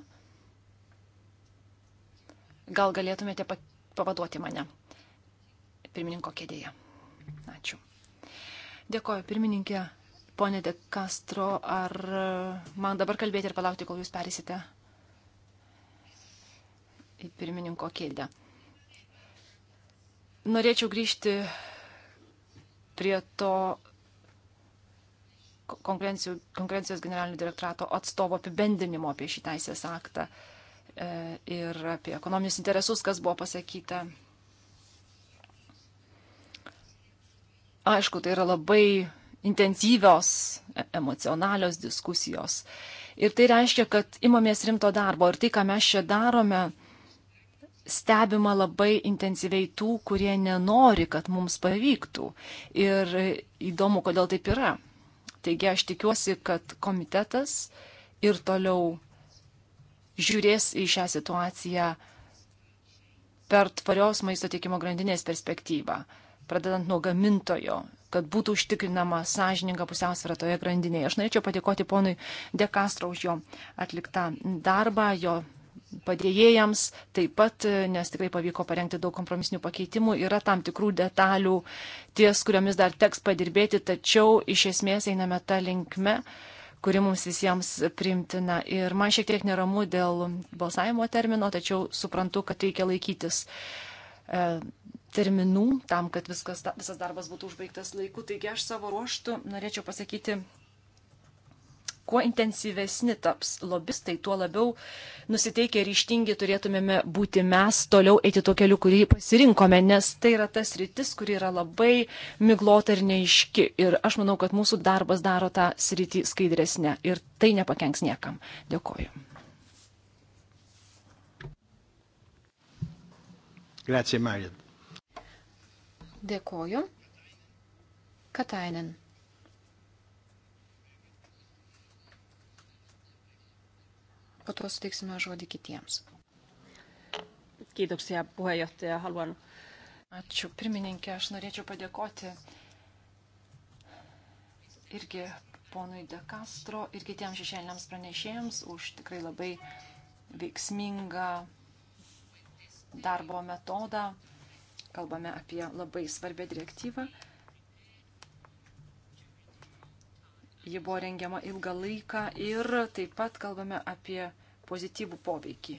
Gal galėtumėte pavaduoti mane pirmininko kėdėje. Ačiū. Dėkoju, pirmininkė. Pone De Castro, ar e, man dabar kalbėti ir palaukti, kol jūs perėsite į pirmininko kėdę? Norėčiau grįžti prie to konkurencijos generalinio direktorato atstovo apibendinimo apie šį teisės aktą. Uh, E, ir apie ekonominius interesus, kas buvo pasakyta. Aišku, tai yra labai intensyvios, e, emocionalios diskusijos. Ir tai reiškia, kad imamės rimto darbo. Ir tai, ką mes čia darome, stebima labai intensyviai tų, kurie nenori, kad mums pavyktų. Ir įdomu, kodėl taip yra. Taigi aš tikiuosi, kad komitetas ir toliau žiūrės į šią situaciją per tvarios maisto tiekimo grandinės perspektyvą, pradedant nuo gamintojo, kad būtų užtikrinama sąžininga pusiausvėra toje grandinėje. Aš norėčiau padėkoti ponui Dekastro už jo atliktą darbą, jo padėjėjams taip pat, nes tikrai pavyko parengti daug kompromisinių pakeitimų, yra tam tikrų detalių, ties kuriomis dar teks padirbėti, tačiau iš esmės einame tą linkmę, kuri mums visiems primtina. Ir man šiek tiek neramu dėl balsavimo termino, tačiau suprantu, kad reikia laikytis e, terminų tam, kad viskas, visas darbas būtų užbaigtas laiku. Taigi aš savo ruoštų norėčiau pasakyti kuo intensyvesni taps lobistai, tuo labiau nusiteikę ryštingi turėtumėme būti mes toliau eiti tuo keliu, kurį pasirinkome, nes tai yra tas rytis, kuri yra labai miglota ir neiški. Ir aš manau, kad mūsų darbas daro tą sritį skaidresnę ir tai nepakenks niekam. Dėkoju. Grazie, Marian. Dėkoju. Katainen. po to suteiksime žodį kitiems. Kiitoksia puheenjohtaja. Haluan... Ačiū pirmininkė, aš norėčiau padėkoti irgi ponui De Castro ir kitiems šešėliniams pranešėjams už tikrai labai veiksmingą darbo metodą. Kalbame apie labai svarbę direktyvą. Ji buvo rengiama ilgą laiką ir taip pat kalbame apie pozityvų poveikį.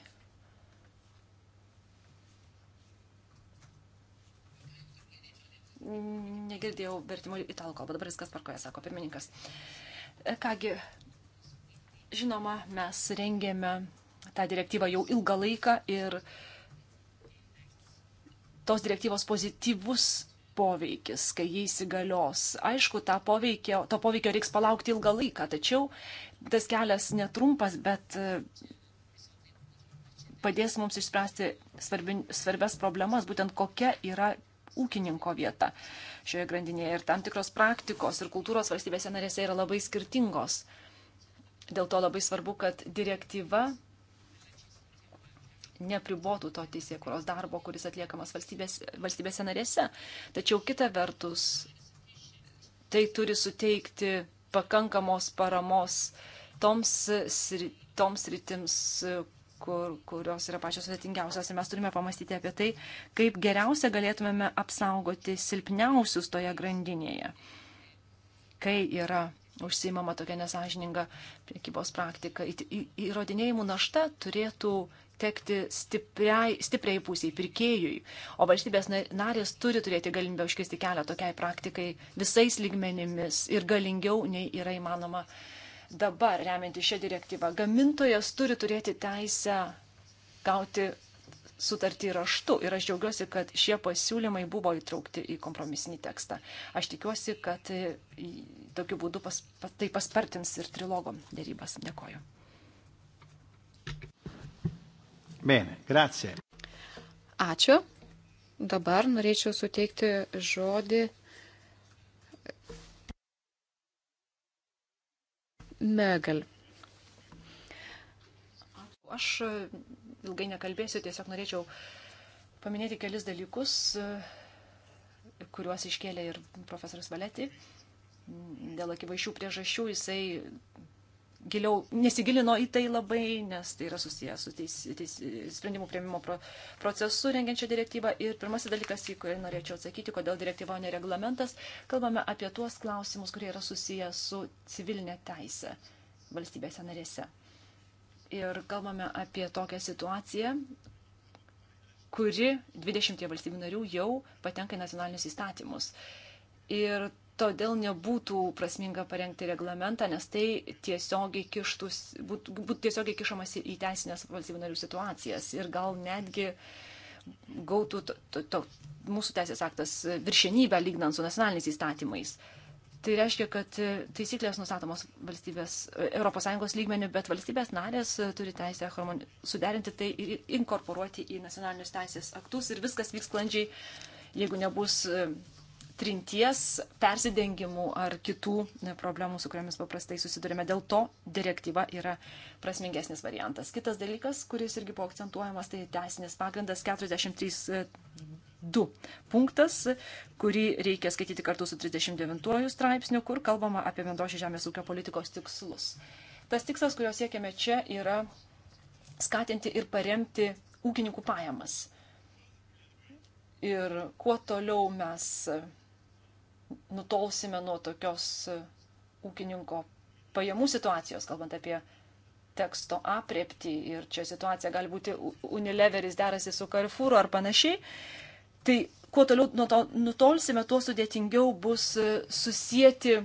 Negirdėjau vertimo italų kalbą, dabar viskas parkoja, sako pirmininkas. E, kągi, žinoma, mes rengėme tą direktyvą jau ilgą laiką ir tos direktyvos pozityvus poveikis, kai jie įsigalios. Aišku, poveikio, to poveikio reiks palaukti ilgą laiką, tačiau tas kelias netrumpas, bet padės mums išspręsti svarbi, svarbias problemas, būtent kokia yra ūkininko vieta šioje grandinėje. Ir tam tikros praktikos ir kultūros valstybėse narėse yra labai skirtingos. Dėl to labai svarbu, kad direktyva nepribotų to teisėkuros darbo, kuris atliekamas valstybės, valstybėse narėse. Tačiau kita vertus, tai turi suteikti pakankamos paramos toms, toms rytims, kur, kurios yra pačios sudėtingiausios ir mes turime pamastyti apie tai, kaip geriausia galėtumėme apsaugoti silpniausius toje grandinėje, kai yra užsimama tokia nesažininga priekybos praktika. Įrodinėjimų našta turėtų tekti stipriai, stipriai pusiai, pirkėjui, o valstybės narės turi turėti galimybę užkisti kelią tokiai praktikai visais lygmenimis ir galingiau nei yra įmanoma uh, dabar, remianti šią direktyvą, gamintojas turi turėti teisę gauti sutartį raštu ir aš džiaugiuosi, kad šie pasiūlymai buvo įtraukti į kompromisinį tekstą. Aš tikiuosi, kad tokiu būdu pas, pas, tai paspartins ir trilogom dėrybas. Dėkoju. Bene, grazie. Ačiū. Dabar norėčiau suteikti žodį Megal. Aš e, ilgai nekalbėsiu, tiesiog norėčiau paminėti kelis dalykus, e, kuriuos iškėlė ir profesorius Valetį. Dėl akivaizdžių priežasčių jisai giliau nesigilino į tai labai, nes tai yra susijęs su teis, teis, sprendimų prieimimo pro, procesu rengiančia direktyva. Ir pirmasis dalykas, į kurį norėčiau atsakyti, kodėl direktyva, o ne reglamentas, kalbame apie tuos klausimus, kurie yra susijęs su civilinė teisė valstybėse narėse. Ir kalbame apie tokią situaciją, kuri 20 valstybių narių jau patenka į nacionalinius įstatymus. Ir todėl nebūtų prasminga parengti reglamentą, nes tai tiesiogiai kištus, būtų būt tiesiogiai kišamasi į teisinės valstybių narių situacijas ir gal netgi gautų to, to, to, mūsų teisės aktas viršenybę lygnant su nacionaliniais įstatymais. Tai reiškia, kad taisyklės nustatomos valstybės, ES lygmenių, bet valstybės narės turi teisę suderinti tai ir inkorporuoti į nacionalinius teisės aktus ir viskas vyks sklandžiai, jeigu nebus trinties, persidengimų ar kitų problemų, su kuriamis paprastai susidurime. Dėl to direktyva yra prasmingesnis variantas. Kitas dalykas, kuris irgi buvo akcentuojamas, tai teisinis pagrindas 43.2 punktas, kurį reikia skaityti kartu su 39 straipsniu, kur kalbama apie bendros žemės ūkio politikos tikslus. Tas tikslas, kurio siekiame čia, yra skatinti ir paremti ūkininkų pajamas. Ir kuo toliau mes nutolsime nuo tokios e, ūkininko pajamų situacijos, kalbant apie teksto apriepti ir čia situacija gali būti Unileveris derasi su Carrefour ar panašiai. Tai kuo toliau nuo to nutolsime, tuo sudėtingiau bus e, susijęti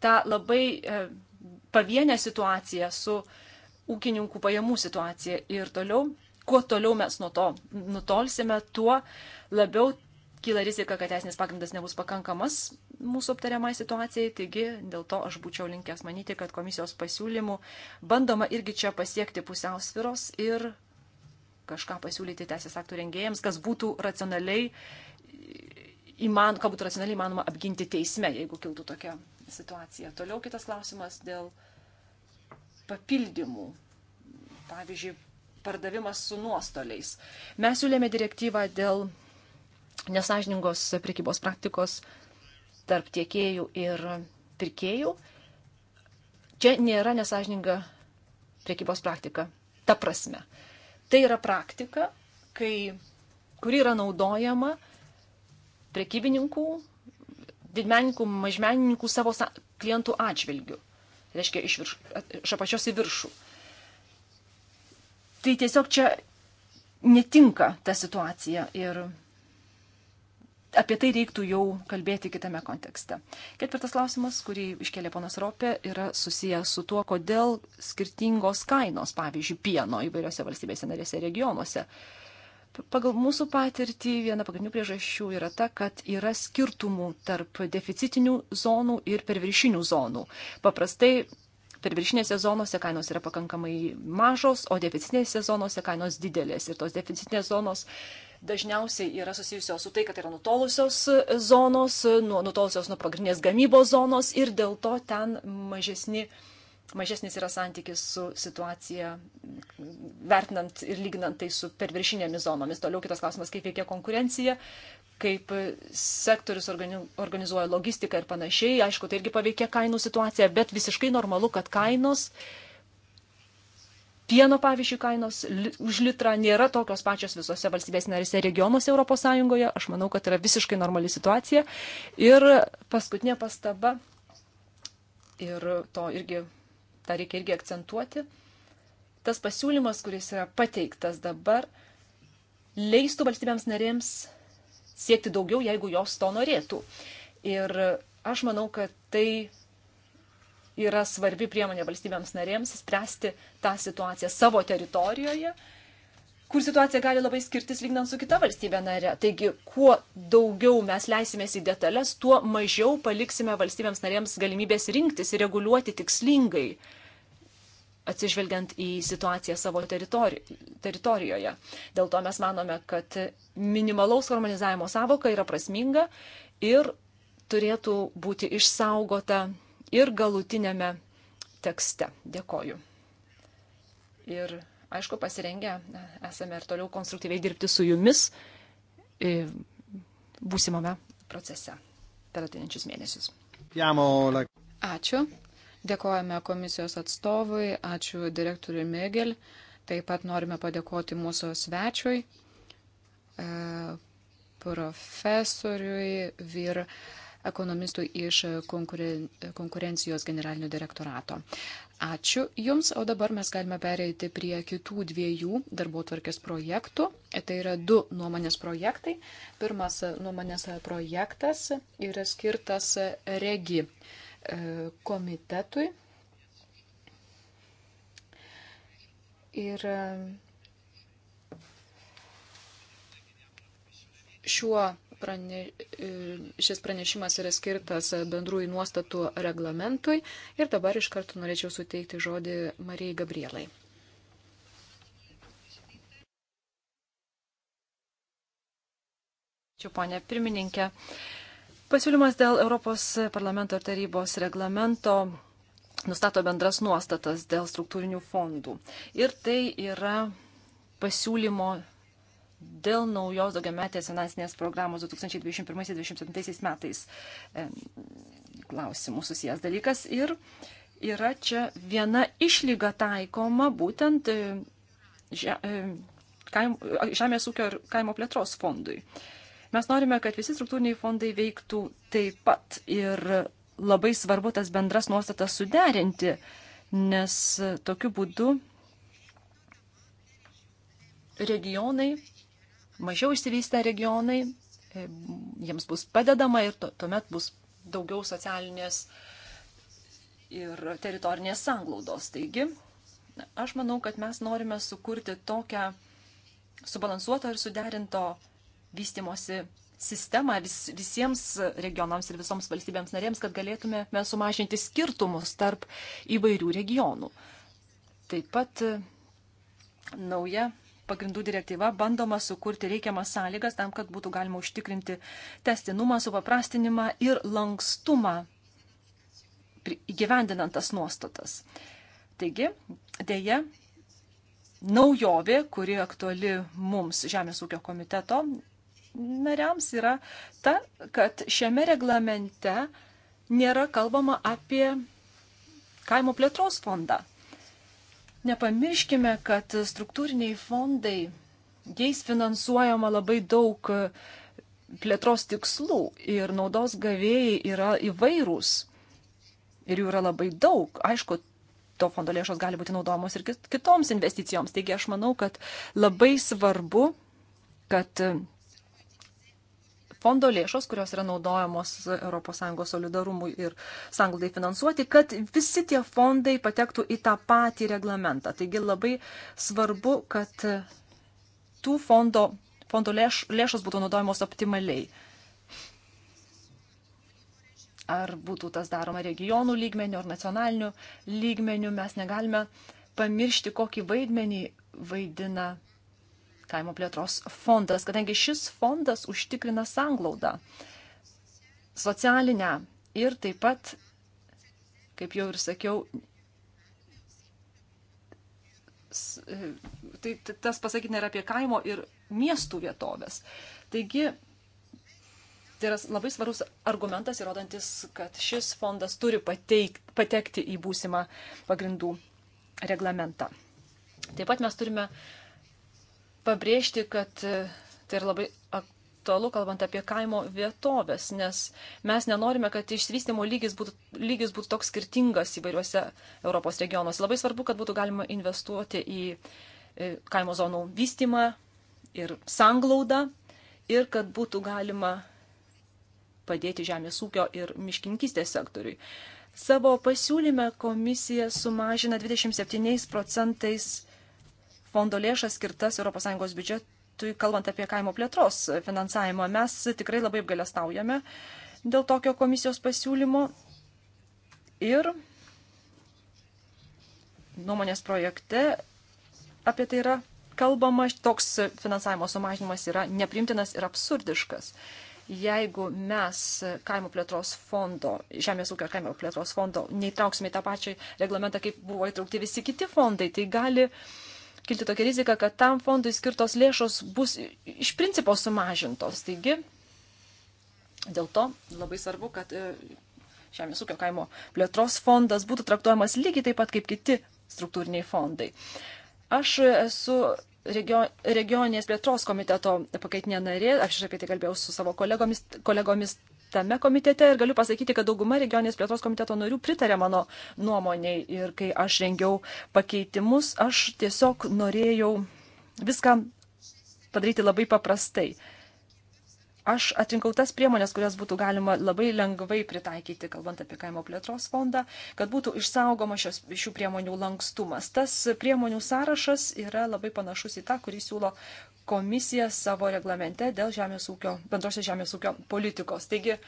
tą labai e, pavienę situaciją su ūkininkų pajamų situacija. Ir toliau, kuo toliau mes nuo to nutolsime, tuo labiau kyla rizika, kad teisinis pagrindas nebus pakankamas mūsų aptariamai situacijai, taigi dėl to aš būčiau linkęs manyti, kad komisijos pasiūlymų bandoma irgi čia pasiekti pusiausviros ir kažką pasiūlyti teisės aktų rengėjams, kas būtų racionaliai, įman, ką būtų racionaliai įmanoma apginti teisme, jeigu kiltų tokia situacija. Toliau kitas klausimas dėl papildymų. Pavyzdžiui, pardavimas su nuostoliais. Mes siūlėme direktyvą dėl nesažiningos prekybos praktikos tarp tiekėjų ir pirkėjų. Čia nėra nesažininga prekybos praktika. Ta prasme. Tai yra praktika, kai, kuri yra naudojama prekybininkų, didmenininkų, mažmenininkų savo klientų atžvilgių. Tai reiškia, iš, virš, iš apačios į viršų. Tai tiesiog čia netinka ta situacija ir apie tai reiktų jau kalbėti kitame kontekste. Ketvirtas klausimas, kurį iškėlė ponas Ropė, yra susijęs su tuo, kodėl skirtingos kainos, pavyzdžiui, pieno įvairiose valstybėse narėse regionuose. Pagal mūsų patirtį viena pagrindinių priežasčių yra ta, kad yra skirtumų tarp deficitinių zonų ir perviršinių zonų. Paprastai perviršinėse zonose kainos yra pakankamai mažos, o deficitinėse zonose kainos didelės. Ir tos deficitinės zonos dažniausiai yra susijusios su tai, kad yra nutolusios zonos, nutolusios nuo pagrindinės gamybos zonos ir dėl to ten mažesni mažesnis yra santykis su situacija, vertinant ir lyginant tai su perviršinėmis zonomis. Toliau kitas klausimas, kaip veikia konkurencija, kaip sektorius organizuoja logistiką ir panašiai. Aišku, tai irgi paveikia kainų situaciją, bet visiškai normalu, kad kainos, pieno pavyzdžiui, kainos už litrą nėra tokios pačios visose valstybės narise regionuose ES. Aš manau, kad yra visiškai normali situacija. Ir paskutinė pastaba. Ir to irgi tą reikia irgi akcentuoti, tas pasiūlymas, kuris yra pateiktas dabar, leistų valstybėms narėms siekti daugiau, jeigu jos to norėtų. Ir aš manau, kad tai yra svarbi priemonė valstybėms narėms spręsti tą situaciją savo teritorijoje kur situacija gali labai skirtis lygnant su kita valstybė nare. Taigi, kuo daugiau mes leisimės į detalės, tuo mažiau paliksime valstybėms narėms galimybės rinktis ir reguliuoti tikslingai, atsižvelgiant į situaciją savo teritori teritorijoje. Dėl to mes manome, kad minimalaus harmonizavimo savoka yra prasminga ir turėtų būti išsaugota ir galutinėme tekste. Dėkoju. Ir Aišku, pasirengę esame ir toliau konstruktyviai dirbti su jumis e, būsimame procese per atinančius mėnesius. Ačiū. Dėkojame komisijos atstovui, ačiū direktoriui Mėgel. Taip pat norime padėkoti mūsų svečiui, e, profesoriui Vir ekonomistui iš konkurencijos generalinio direktorato. Ačiū Jums, o dabar mes galime pereiti prie kitų dviejų darbo tvarkės projektų. Tai yra du nuomonės projektai. Pirmas nuomonės projektas yra skirtas regi e, komitetui. Ir e, šiuo prane, e, šis pranešimas yra skirtas bendrųjų nuostatų reglamentui ir dabar iš karto norėčiau suteikti žodį Marijai Gabrielai. Ačiū, ponė pirmininkė. Pasiūlymas dėl Europos parlamento ir tarybos reglamento nustato bendras nuostatas dėl struktūrinių fondų. Ir tai yra pasiūlymo dėl naujos daugiametės finansinės programos 2021-2027 metais klausimų susijęs dalykas. Ir yra čia viena išlyga taikoma būtent e, e, Žemės ūkio ir kaimo plėtros fondui. Mes norime, kad visi struktūriniai fondai veiktų taip pat ir labai svarbu tas bendras nuostatas suderinti, nes tokiu būdu regionai mažiau išsivystę regionai, e, jiems bus padedama ir tuomet bus daugiau socialinės ir teritorinės sanglaudos. Taigi, aš manau, kad mes norime sukurti tokią subalansuoto ir suderinto vystimosi sistemą vis, visiems regionams ir visoms valstybėms narėms, kad galėtume mes sumažinti skirtumus tarp įvairių regionų. Taip pat e, nauja pagrindų direktyva bandoma sukurti reikiamas sąlygas tam, kad būtų galima užtikrinti testinumą, supaprastinimą ir lankstumą įgyvendinant tas nuostatas. Taigi, dėje, naujovė, kuri aktuali mums Žemės ūkio komiteto nariams, yra ta, kad šiame reglamente nėra kalbama apie kaimo plėtros fondą. Nepamirškime, kad struktūriniai fondai, jais finansuojama labai daug e, plėtros tikslų ir naudos gavėjai yra įvairūs. Ir jų yra labai daug. Aišku, to fondo lėšos gali būti naudojamos ir kitoms investicijoms. Taigi aš manau, kad labai svarbu, kad fondo lėšos, kurios yra naudojamos ES solidarumui ir sanglaudai finansuoti, kad visi tie fondai patektų į tą patį reglamentą. Taigi labai svarbu, kad tų fondo, fondo lėš, lėšos būtų naudojamos optimaliai. Ar būtų tas daroma regionų lygmenių ar nacionalinių lygmenių, mes negalime pamiršti, kokį vaidmenį vaidina kaimo plėtros fondas, kadangi šis fondas užtikrina sanglaudą socialinę ir taip pat, kaip jau ir sakiau, tai, tai tas pasakyti nėra apie kaimo ir miestų vietovės. Taigi, tai yra labai svarus argumentas įrodantis, kad šis fondas turi pateik, patekti į būsimą pagrindų reglamentą. Taip pat mes turime uh, pabrėžti, kad e, tai yra labai aktualu, kalbant apie kaimo vietovės, nes mes nenorime, kad išsivystimo lygis būtų, lygis būtų toks skirtingas įvairiuose Europos regionuose. Labai svarbu, kad būtų galima investuoti į e, kaimo zonų vystimą ir sanglaudą ir kad būtų galima padėti žemės ūkio ir miškininkystės sektoriui. Savo pasiūlyme komisija sumažina 27 procentais fondo lėšas skirtas ES biudžetui, kalbant apie kaimo plėtros finansavimą. Mes tikrai labai apgalestaujame dėl tokio komisijos pasiūlymo ir nuomonės projekte apie tai yra kalbama, toks finansavimo sumažinimas yra neprimtinas ir absurdiškas. Jeigu mes kaimo plėtros fondo, Žemės ūkio kaimo plėtros fondo, neįtrauksime į tą pačią reglamentą, kaip buvo įtraukti visi kiti fondai, tai gali uh, kilti tokia rizika, kad tam fondui skirtos lėšos bus iš principo sumažintos. Taigi, dėl to labai svarbu, kad e, Žemės ūkio kaimo plėtros fondas būtų traktuojamas lygiai taip pat kaip kiti struktūriniai fondai. Aš esu regio, regioninės plėtros komiteto pakaitinė narė, aš apie tai kalbėjau su savo kolegomis, kolegomis tame komitete ir galiu pasakyti, kad dauguma regioninės plėtros komiteto narių pritarė mano nuomoniai ir kai aš rengiau pakeitimus, aš tiesiog norėjau viską padaryti labai paprastai aš atrinkau tas priemonės, kurias būtų galima labai lengvai pritaikyti, kalbant apie kaimo plėtros fondą, kad būtų išsaugoma šios, šių priemonių lankstumas. Tas priemonių sąrašas yra labai panašus į tą, kurį siūlo komisija savo reglamente dėl žemės ūkio, bendrosios žemės ūkio politikos. Taigi,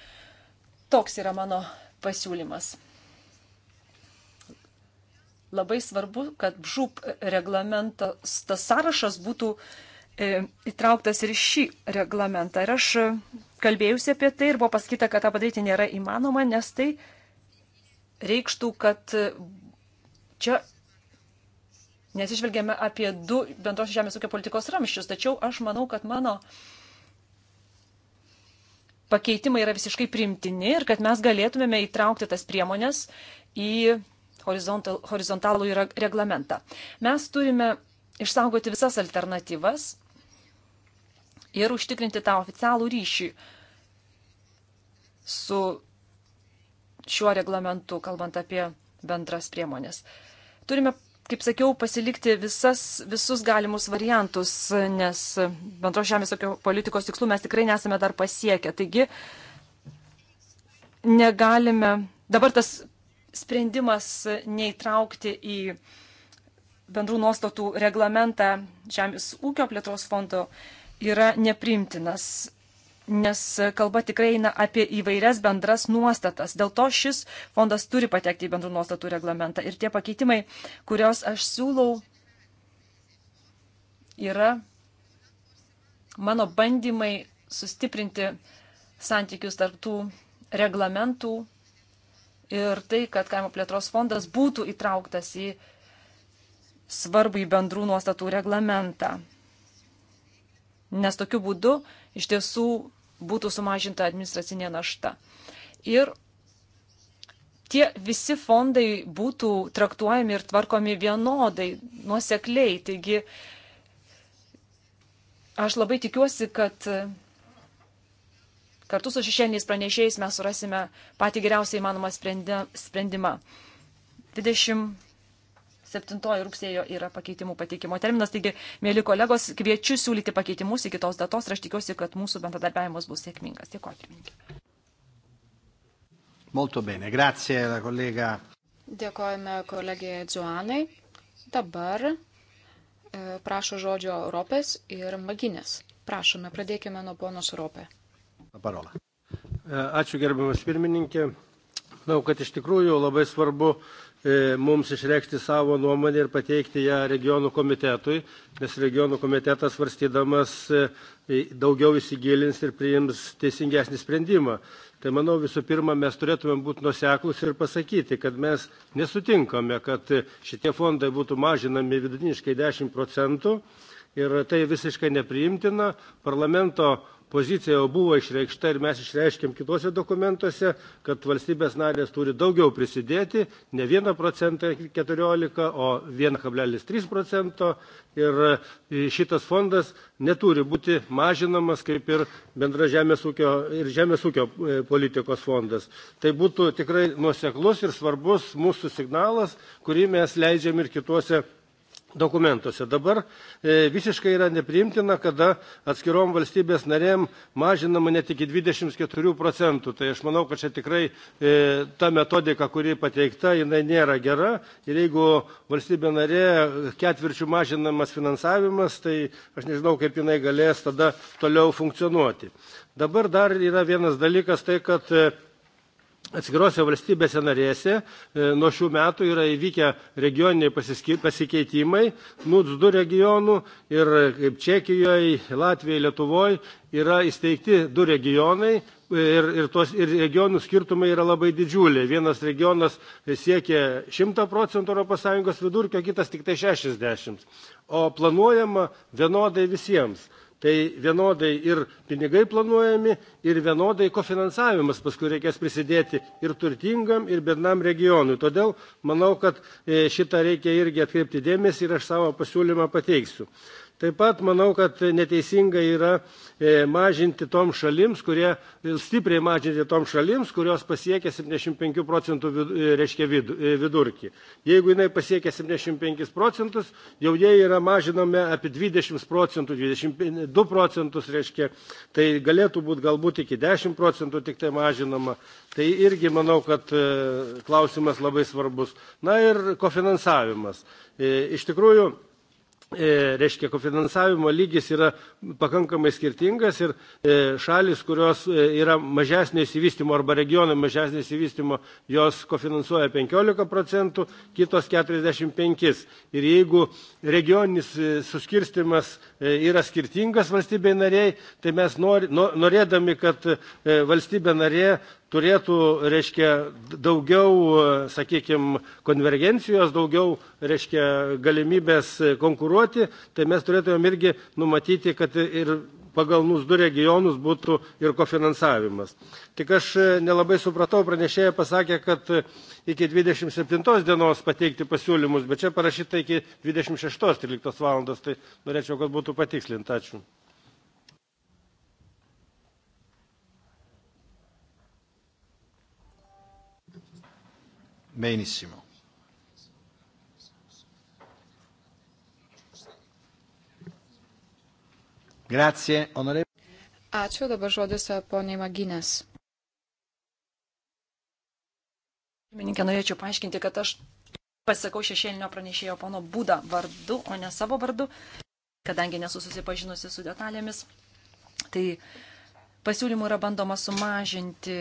toks yra mano pasiūlymas. Labai svarbu, kad žūp reglamentas, tas sąrašas būtų uh, E, įtrauktas ir šį reglamentą. Ir aš kalbėjusi apie tai ir buvo pasakyta, kad tą padaryti nėra įmanoma, nes tai reikštų, kad čia nesižvelgiame apie du bendros žemės ūkio politikos ramščius. Tačiau aš manau, kad mano pakeitimai yra visiškai primtini ir kad mes galėtumėme įtraukti tas priemonės į horizontalų reglamentą. Mes turime išsaugoti visas alternatyvas ir užtikrinti tą oficialų ryšį su šiuo reglamentu, kalbant apie bendras priemonės. Turime, kaip sakiau, pasilikti visas, visus galimus variantus, nes bendros žemės tokio politikos tikslų mes tikrai nesame dar pasiekę. Taigi negalime dabar tas sprendimas neįtraukti į bendrų nuostatų reglamentą Žemės ūkio plėtros fondo yra neprimtinas, nes kalba tikrai eina apie įvairias bendras nuostatas. Dėl to šis fondas turi patekti į bendrų nuostatų reglamentą. Ir tie pakeitimai, kuriuos aš siūlau, yra mano bandymai sustiprinti santykius tarptų reglamentų ir tai, kad kaimo plėtros fondas būtų įtrauktas į svarbų į bendrų nuostatų reglamentą nes tokiu būdu iš tiesų būtų sumažinta administracinė našta. Ir tie visi fondai būtų traktuojami ir tvarkomi vienodai, nuosekliai. Taigi aš labai tikiuosi, kad kartu su šešėliniais pranešėjais mes surasime patį geriausią įmanomą sprendimą. 20 7 rugsėjo yra pakeitimų pateikimo terminas. Taigi, mėly kolegos, kviečiu siūlyti pakeitimus iki tos datos ir aš tikiuosi, kad mūsų bendradarbiavimas bus sėkmingas. Dėkuoju, pirmininkė. Molto bene, grazie la collega. Dėkojame kolegijai Džuanai. Dabar e, prašo žodžio Europės ir Maginės. Prašome, pradėkime nuo ponos Europė. Parola. E, ačiū gerbiamas pirmininkė. Manau, kad iš tikrųjų labai svarbu E, mums išreikšti savo nuomonę ir pateikti ją regionų komitetui, nes regionų komitetas svarstydamas e, daugiau įsigilins ir priims teisingesnį sprendimą. Tai manau visų pirma, mes turėtume būti nuseklus ir pasakyti, kad mes nesutinkame, kad šitie fondai būtų mažinami vidutiniškai 10 procentų ir tai visiškai nepriimtina. Parlamento pozicija jau buvo išreikšta ir mes išreiškėm kituose dokumentuose kad valstybės narės turi daugiau prisidėti ne vieną procentą keturiolika o vieną kablelis trys procento ir e, šitas fondas neturi būti mažinamas kaip ir bendra žemės ūkio ir žemės ūkio e, politikos fondas tai būtų tikrai nuoseklus ir svarbus mūsų signalas kurį mes leidžiam ir kituose dokumentuose. Dabar e, visiškai yra nepriimtina, kada atskirom valstybės narėm mažinama net iki 24 procentų. Tai aš manau, kad čia tikrai e, ta metodika, kuri pateikta, jinai nėra gera. Ir jeigu valstybė narė ketvirčių mažinamas finansavimas, tai aš nežinau, kaip jinai galės tada toliau funkcionuoti. Dabar dar yra vienas dalykas, tai kad e, atskirose valstybėse narėse e, nuo šių metų yra įvykę regioniniai pasikeitimai nuts du regionų ir kaip čekijoje latvijoje lietuvoje yra įsteigti du regionai ir, ir, tos, ir regionų skirtumai yra labai didžiuliai. Vienas regionas siekia 100 procentų ES vidurkio, kitas tik tai 60. O planuojama vienodai visiems. Tai vienodai ir pinigai planuojami, ir vienodai kofinansavimas paskui reikės prisidėti ir turtingam, ir bernam regionui. Todėl manau, kad e, šitą reikia irgi atkreipti dėmesį ir aš savo pasiūlymą pateiksiu. Taip pat manau, kad neteisinga yra e, mažinti tom šalims, kurie e, stipriai mažinti tom šalims, kurios pasiekia 75 procentų vid, e, reiškia vidurkį. Jeigu jinai pasiekia 75 procentus, jau jie yra mažinami apie 20 procentų, 22 procentus, reiškia, tai galėtų būti galbūt iki 10 procentų tik tai mažinama. Tai irgi manau, kad klausimas labai svarbus. Na ir kofinansavimas. Iš tikrųjų, E, reiškia kofinansavimo lygis yra pakankamai skirtingas ir e, šalis, kurios e, yra mažesnio įsivystimo arba regionai mažesnio įsivystimo, jos kofinansuoja 15 procentų, kitos 45. Ir jeigu regioninis suskirstimas E, yra skirtingas valstybei nariai, tai mes nori, norėdami, kad e, valstybė narė turėtų, reiškia, daugiau, e, sakykime, konvergencijos, daugiau, reiškia, galimybės konkuruoti, tai mes turėtumėm irgi numatyti, kad ir pagal mūsų du regionus būtų ir kofinansavimas. Tik aš e, nelabai supratau, pranešėja pasakė, kad e, iki 27 dienos pateikti pasiūlymus, bet čia parašyta iki 26.13 valandos, tai norėčiau, kad būtų patikslinta. Ačiū. Benissimo. Grazie, honorė. Ačiū, dabar žodis e, poniai Maginės. Pirmininkė, norėčiau paaiškinti, kad aš pasakau šešėlinio pranešėjo pono būdą vardu, o ne savo vardu, kadangi nesu susipažinusi su detalėmis. Tai pasiūlymų yra bandoma sumažinti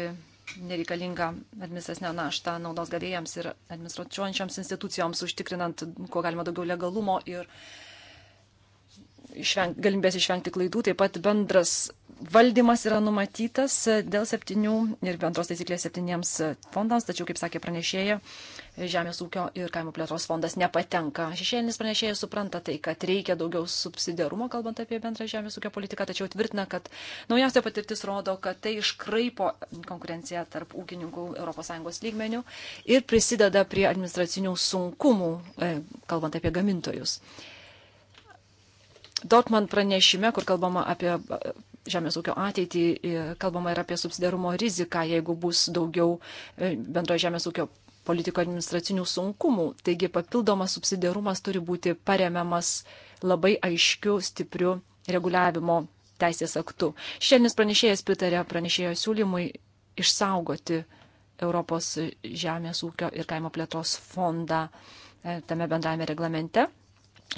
nereikalingą administracinę naštą naudos gavėjams ir administruojančioms institucijoms, užtikrinant kuo galima daugiau legalumo ir uh, išveng, galimybės išvengti klaidų, taip pat bendras valdymas yra numatytas e, dėl septynių ir bendros taisyklės septyniems e, fondams, tačiau, kaip sakė pranešėja, e, Žemės ūkio ir kaimo plėtros fondas nepatenka. Šešėlinis pranešėjas supranta tai, kad reikia daugiau subsidiarumo, kalbant apie bendrą žemės ūkio politiką, tačiau tvirtina, kad naujausia patirtis rodo, kad tai iškraipo konkurenciją tarp ūkininkų ES lygmenių ir prisideda prie administracinių sunkumų, kalbant apie gamintojus. Dortmund pranešime, kur kalbama apie e, žemės ūkio ateitį, e, kalbama ir apie subsidarumo riziką, jeigu bus daugiau e, bendro žemės ūkio politiko administracinių sunkumų. Taigi papildomas subsidiarumas turi būti paremiamas labai aiškiu, stipriu reguliavimo teisės aktu. Šiandienis pranešėjas pritarė pranešėjo siūlymui išsaugoti Europos žemės ūkio ir kaimo plėtros fondą tame bendrame reglamente.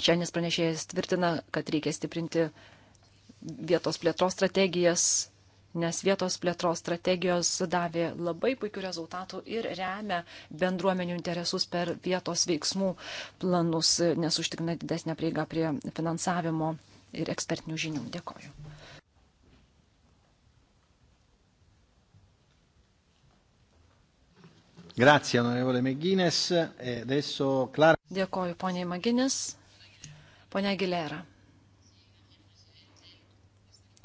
Šiandien pranešėjas tvirtina, kad reikia stiprinti vietos plėtros strategijas, nes vietos plėtros strategijos davė labai puikių rezultatų ir remia bendruomenių interesus per vietos veiksmų planus, nes užtikrina didesnę prieigą prie finansavimo ir ekspertinių žinių. Dėkoju. Grazie, onorevole Meginės. E adesso Clara. Dėkoju, poniai Maginės. Pone Gilera.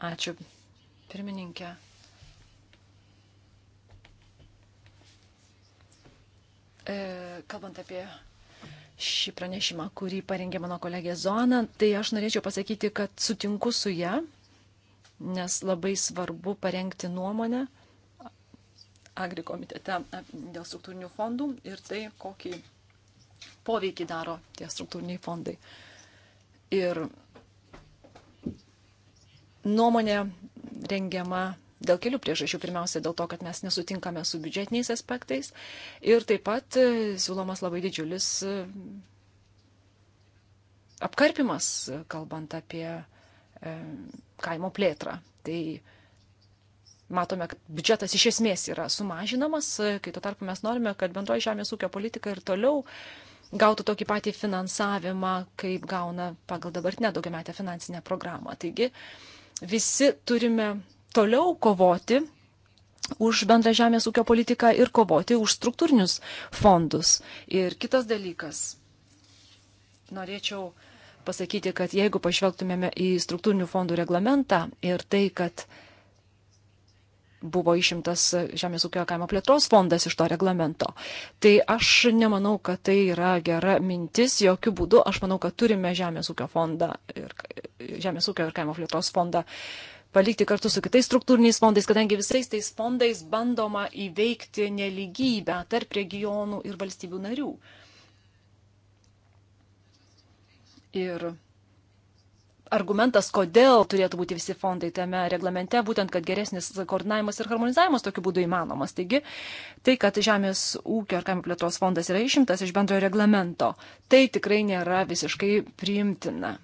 Ačiū, pirmininkė. E, kalbant apie šį pranešimą, kurį parengė mano kolegė Zona, tai aš norėčiau pasakyti, kad sutinku su ją, nes labai svarbu parengti nuomonę Agri komitete dėl struktūrinių fondų ir tai, kokį poveikį daro tie struktūriniai fondai. Uh, ir nuomonė rengiama dėl kelių priežasčių. Pirmiausia, dėl to, kad mes nesutinkame su biudžetiniais aspektais ir taip pat e, siūlomas labai didžiulis e, apkarpimas, kalbant apie e, kaimo plėtrą. Tai matome, kad biudžetas iš esmės yra sumažinamas, kai tuo tarpu mes norime, kad bendroji žemės ūkio politika ir toliau uh, gautų tokį patį finansavimą, kaip gauna pagal dabartinę daugiametę finansinę programą. Taigi visi turime toliau kovoti už bendrą žemės ūkio politiką ir kovoti už struktūrinius fondus. Ir kitas dalykas. Norėčiau pasakyti, kad jeigu pažvelgtumėme į struktūrinių fondų reglamentą ir tai, kad buvo išimtas Žemės ūkio kaimo plėtros fondas iš to reglamento. Tai aš nemanau, kad tai yra gera mintis, jokių būdų. Aš manau, kad turime Žemės ūkio fondą ir Žemės ūkio ir kaimo plėtros fondą palikti kartu su kitais struktūriniais fondais, kadangi visais tais fondais bandoma įveikti neligybę tarp regionų ir valstybių narių. Ir argumentas, kodėl turėtų būti visi fondai tame reglamente, būtent, kad geresnis koordinavimas ir harmonizavimas tokiu būdu įmanomas. Taigi, tai, kad Žemės ūkio ar kaimo plėtros fondas yra išimtas iš bendrojo reglamento, tai tikrai nėra visiškai priimtina.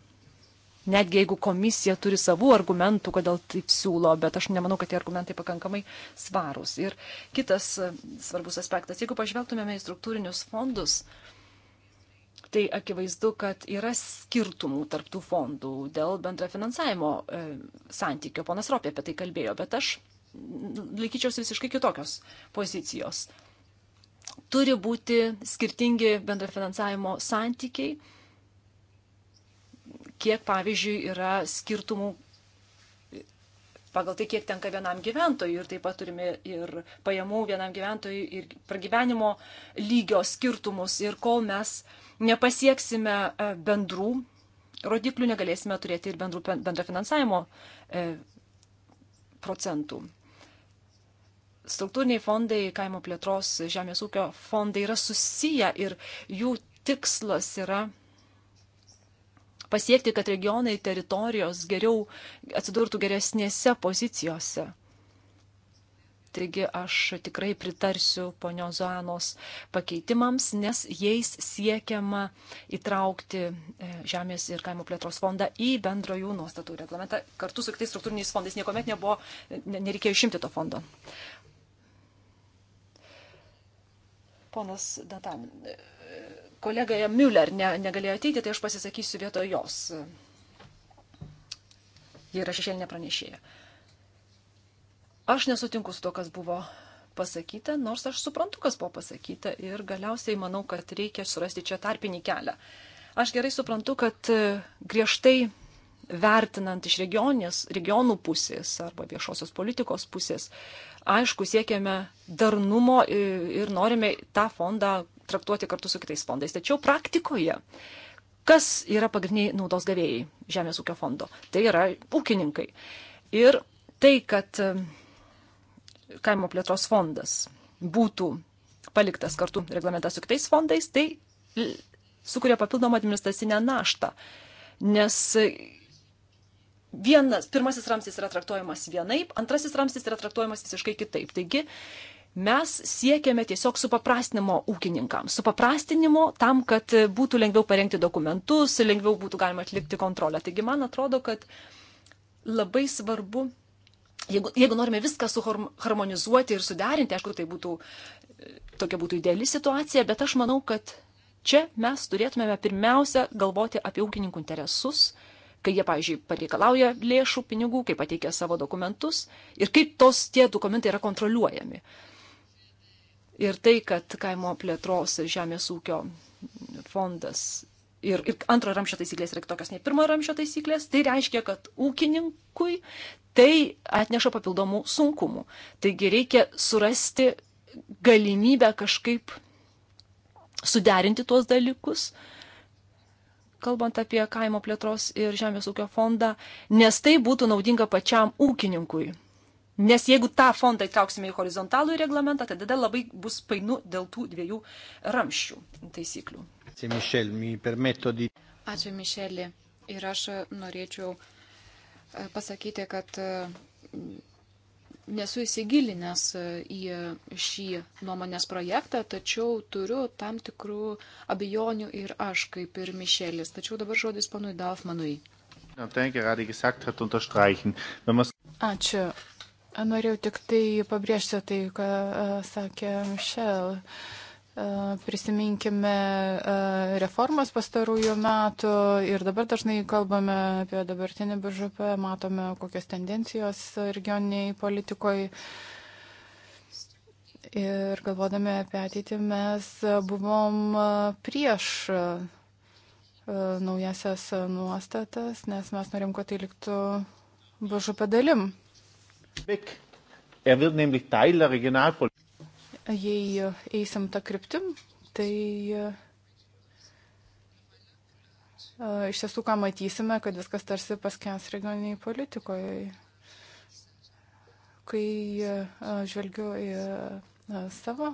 Netgi jeigu komisija turi savų argumentų, kodėl taip siūlo, bet aš nemanau, kad tie argumentai pakankamai svarūs. Ir kitas svarbus aspektas, jeigu pažvelgtumėme į struktūrinius fondus, tai akivaizdu, kad yra skirtumų tarptų fondų dėl bendrafinansavimo e, santykio. Ponas Ropė apie tai kalbėjo, bet aš laikyčiausi visiškai kitokios pozicijos. Turi būti skirtingi bendrafinansavimo santykiai, kiek pavyzdžiui yra skirtumų pagal tai, kiek tenka vienam gyventojui ir taip pat turime ir pajamų vienam gyventojui ir pragyvenimo lygio skirtumus ir kol mes uh, nepasieksime e, bendrų rodiklių, negalėsime turėti ir bendrų bendro finansavimo e, procentų. Struktūriniai fondai, kaimo plėtros, žemės ūkio fondai yra susiję ir jų tikslas yra pasiekti, kad regionai, teritorijos geriau atsidurtų geresnėse pozicijose. Taigi aš tikrai pritarsiu ponios Zoanos pakeitimams, nes jais siekiama įtraukti e, Žemės ir kaimo plėtros fondą į bendrojų nuostatų reglamentą. Kartu su kitais struktūriniais fondais niekuomet nebuvo, nereikėjo išimti to fondo. Ponas Datan, e, kolega Müller ne, negalėjo ateiti, tai aš pasisakysiu vietoj jos. Ji yra šešėlinė pranešėja. Uh, Aš nesutinku su to, kas buvo pasakyta, nors aš suprantu, kas buvo pasakyta ir galiausiai manau, kad reikia surasti čia tarpinį kelią. Aš gerai suprantu, kad e, griežtai vertinant iš regionės, regionų pusės arba viešosios politikos pusės, aišku, siekiame darnumo e, ir norime tą fondą traktuoti kartu su kitais fondais. Tačiau praktikoje, kas yra pagrindiniai naudos gavėjai Žemės ūkio fondo? Tai yra ūkininkai. Ir tai, kad kaimo plėtros fondas būtų paliktas kartu reglamentas su kitais fondais, tai sukuria papildomą administracinę naštą. Nes vienas, pirmasis ramstis yra traktuojamas vienaip, antrasis ramstis yra traktuojamas visiškai kitaip. Taigi mes siekiame tiesiog supaprastinimo ūkininkams. Supaprastinimo tam, kad būtų lengviau parengti dokumentus, lengviau būtų galima atlikti kontrolę. Taigi man atrodo, kad labai svarbu Jeigu, jeigu norime viską suharmonizuoti ir suderinti, aišku, tai būtų, e, tokia būtų ideali situacija, bet aš manau, kad čia mes turėtumėme pirmiausia galvoti apie ūkininkų interesus, kai jie, pavyzdžiui, pareikalauja lėšų, pinigų, kai pateikia savo dokumentus ir kaip tos tie dokumentai yra kontroliuojami. Ir tai, kad kaimo plėtros žemės ūkio fondas ir, ir antro ramšio taisyklės yra tokios nei pirmo ramšio taisyklės, tai reiškia, kad ūkininkui tai atneša papildomų sunkumų. Taigi reikia surasti galimybę kažkaip suderinti tuos dalykus, kalbant apie kaimo plėtros ir žemės ūkio fondą, nes tai būtų naudinga pačiam ūkininkui. Nes jeigu tą fondą įtrauksime į horizontalų reglamentą, tai tada labai bus painu dėl tų dviejų ramščių taisyklių. Ačiū, Mišelė. Ir aš norėčiau pasakyti, kad e, nesu įsigilinęs e, į šį nuomonės projektą, tačiau turiu tam tikrų abejonių ir aš, kaip ir Mišelis. Tačiau dabar žodis panui Dalfmanui. Er Ačiū. Norėjau tik tai pabrėžti tai, ką e, sakė Mišel. Uh, E, prisiminkime e, reformas pastarųjų metų ir dabar dažnai kalbame apie dabartinį BŽP, matome kokios tendencijos regioniniai politikoje. Ir galvodami apie ateitį mes buvom prieš e, naujasias nuostatas, nes mes norim, kad tai liktų BŽP dalim. Bek. Er wird nämlich Teil der Regionalpolitik jei eisim tą kryptim, tai e, iš tiesų, ką matysime, kad viskas tarsi paskęs regioniniai politikoje. Kai e, žvelgiu į e, savo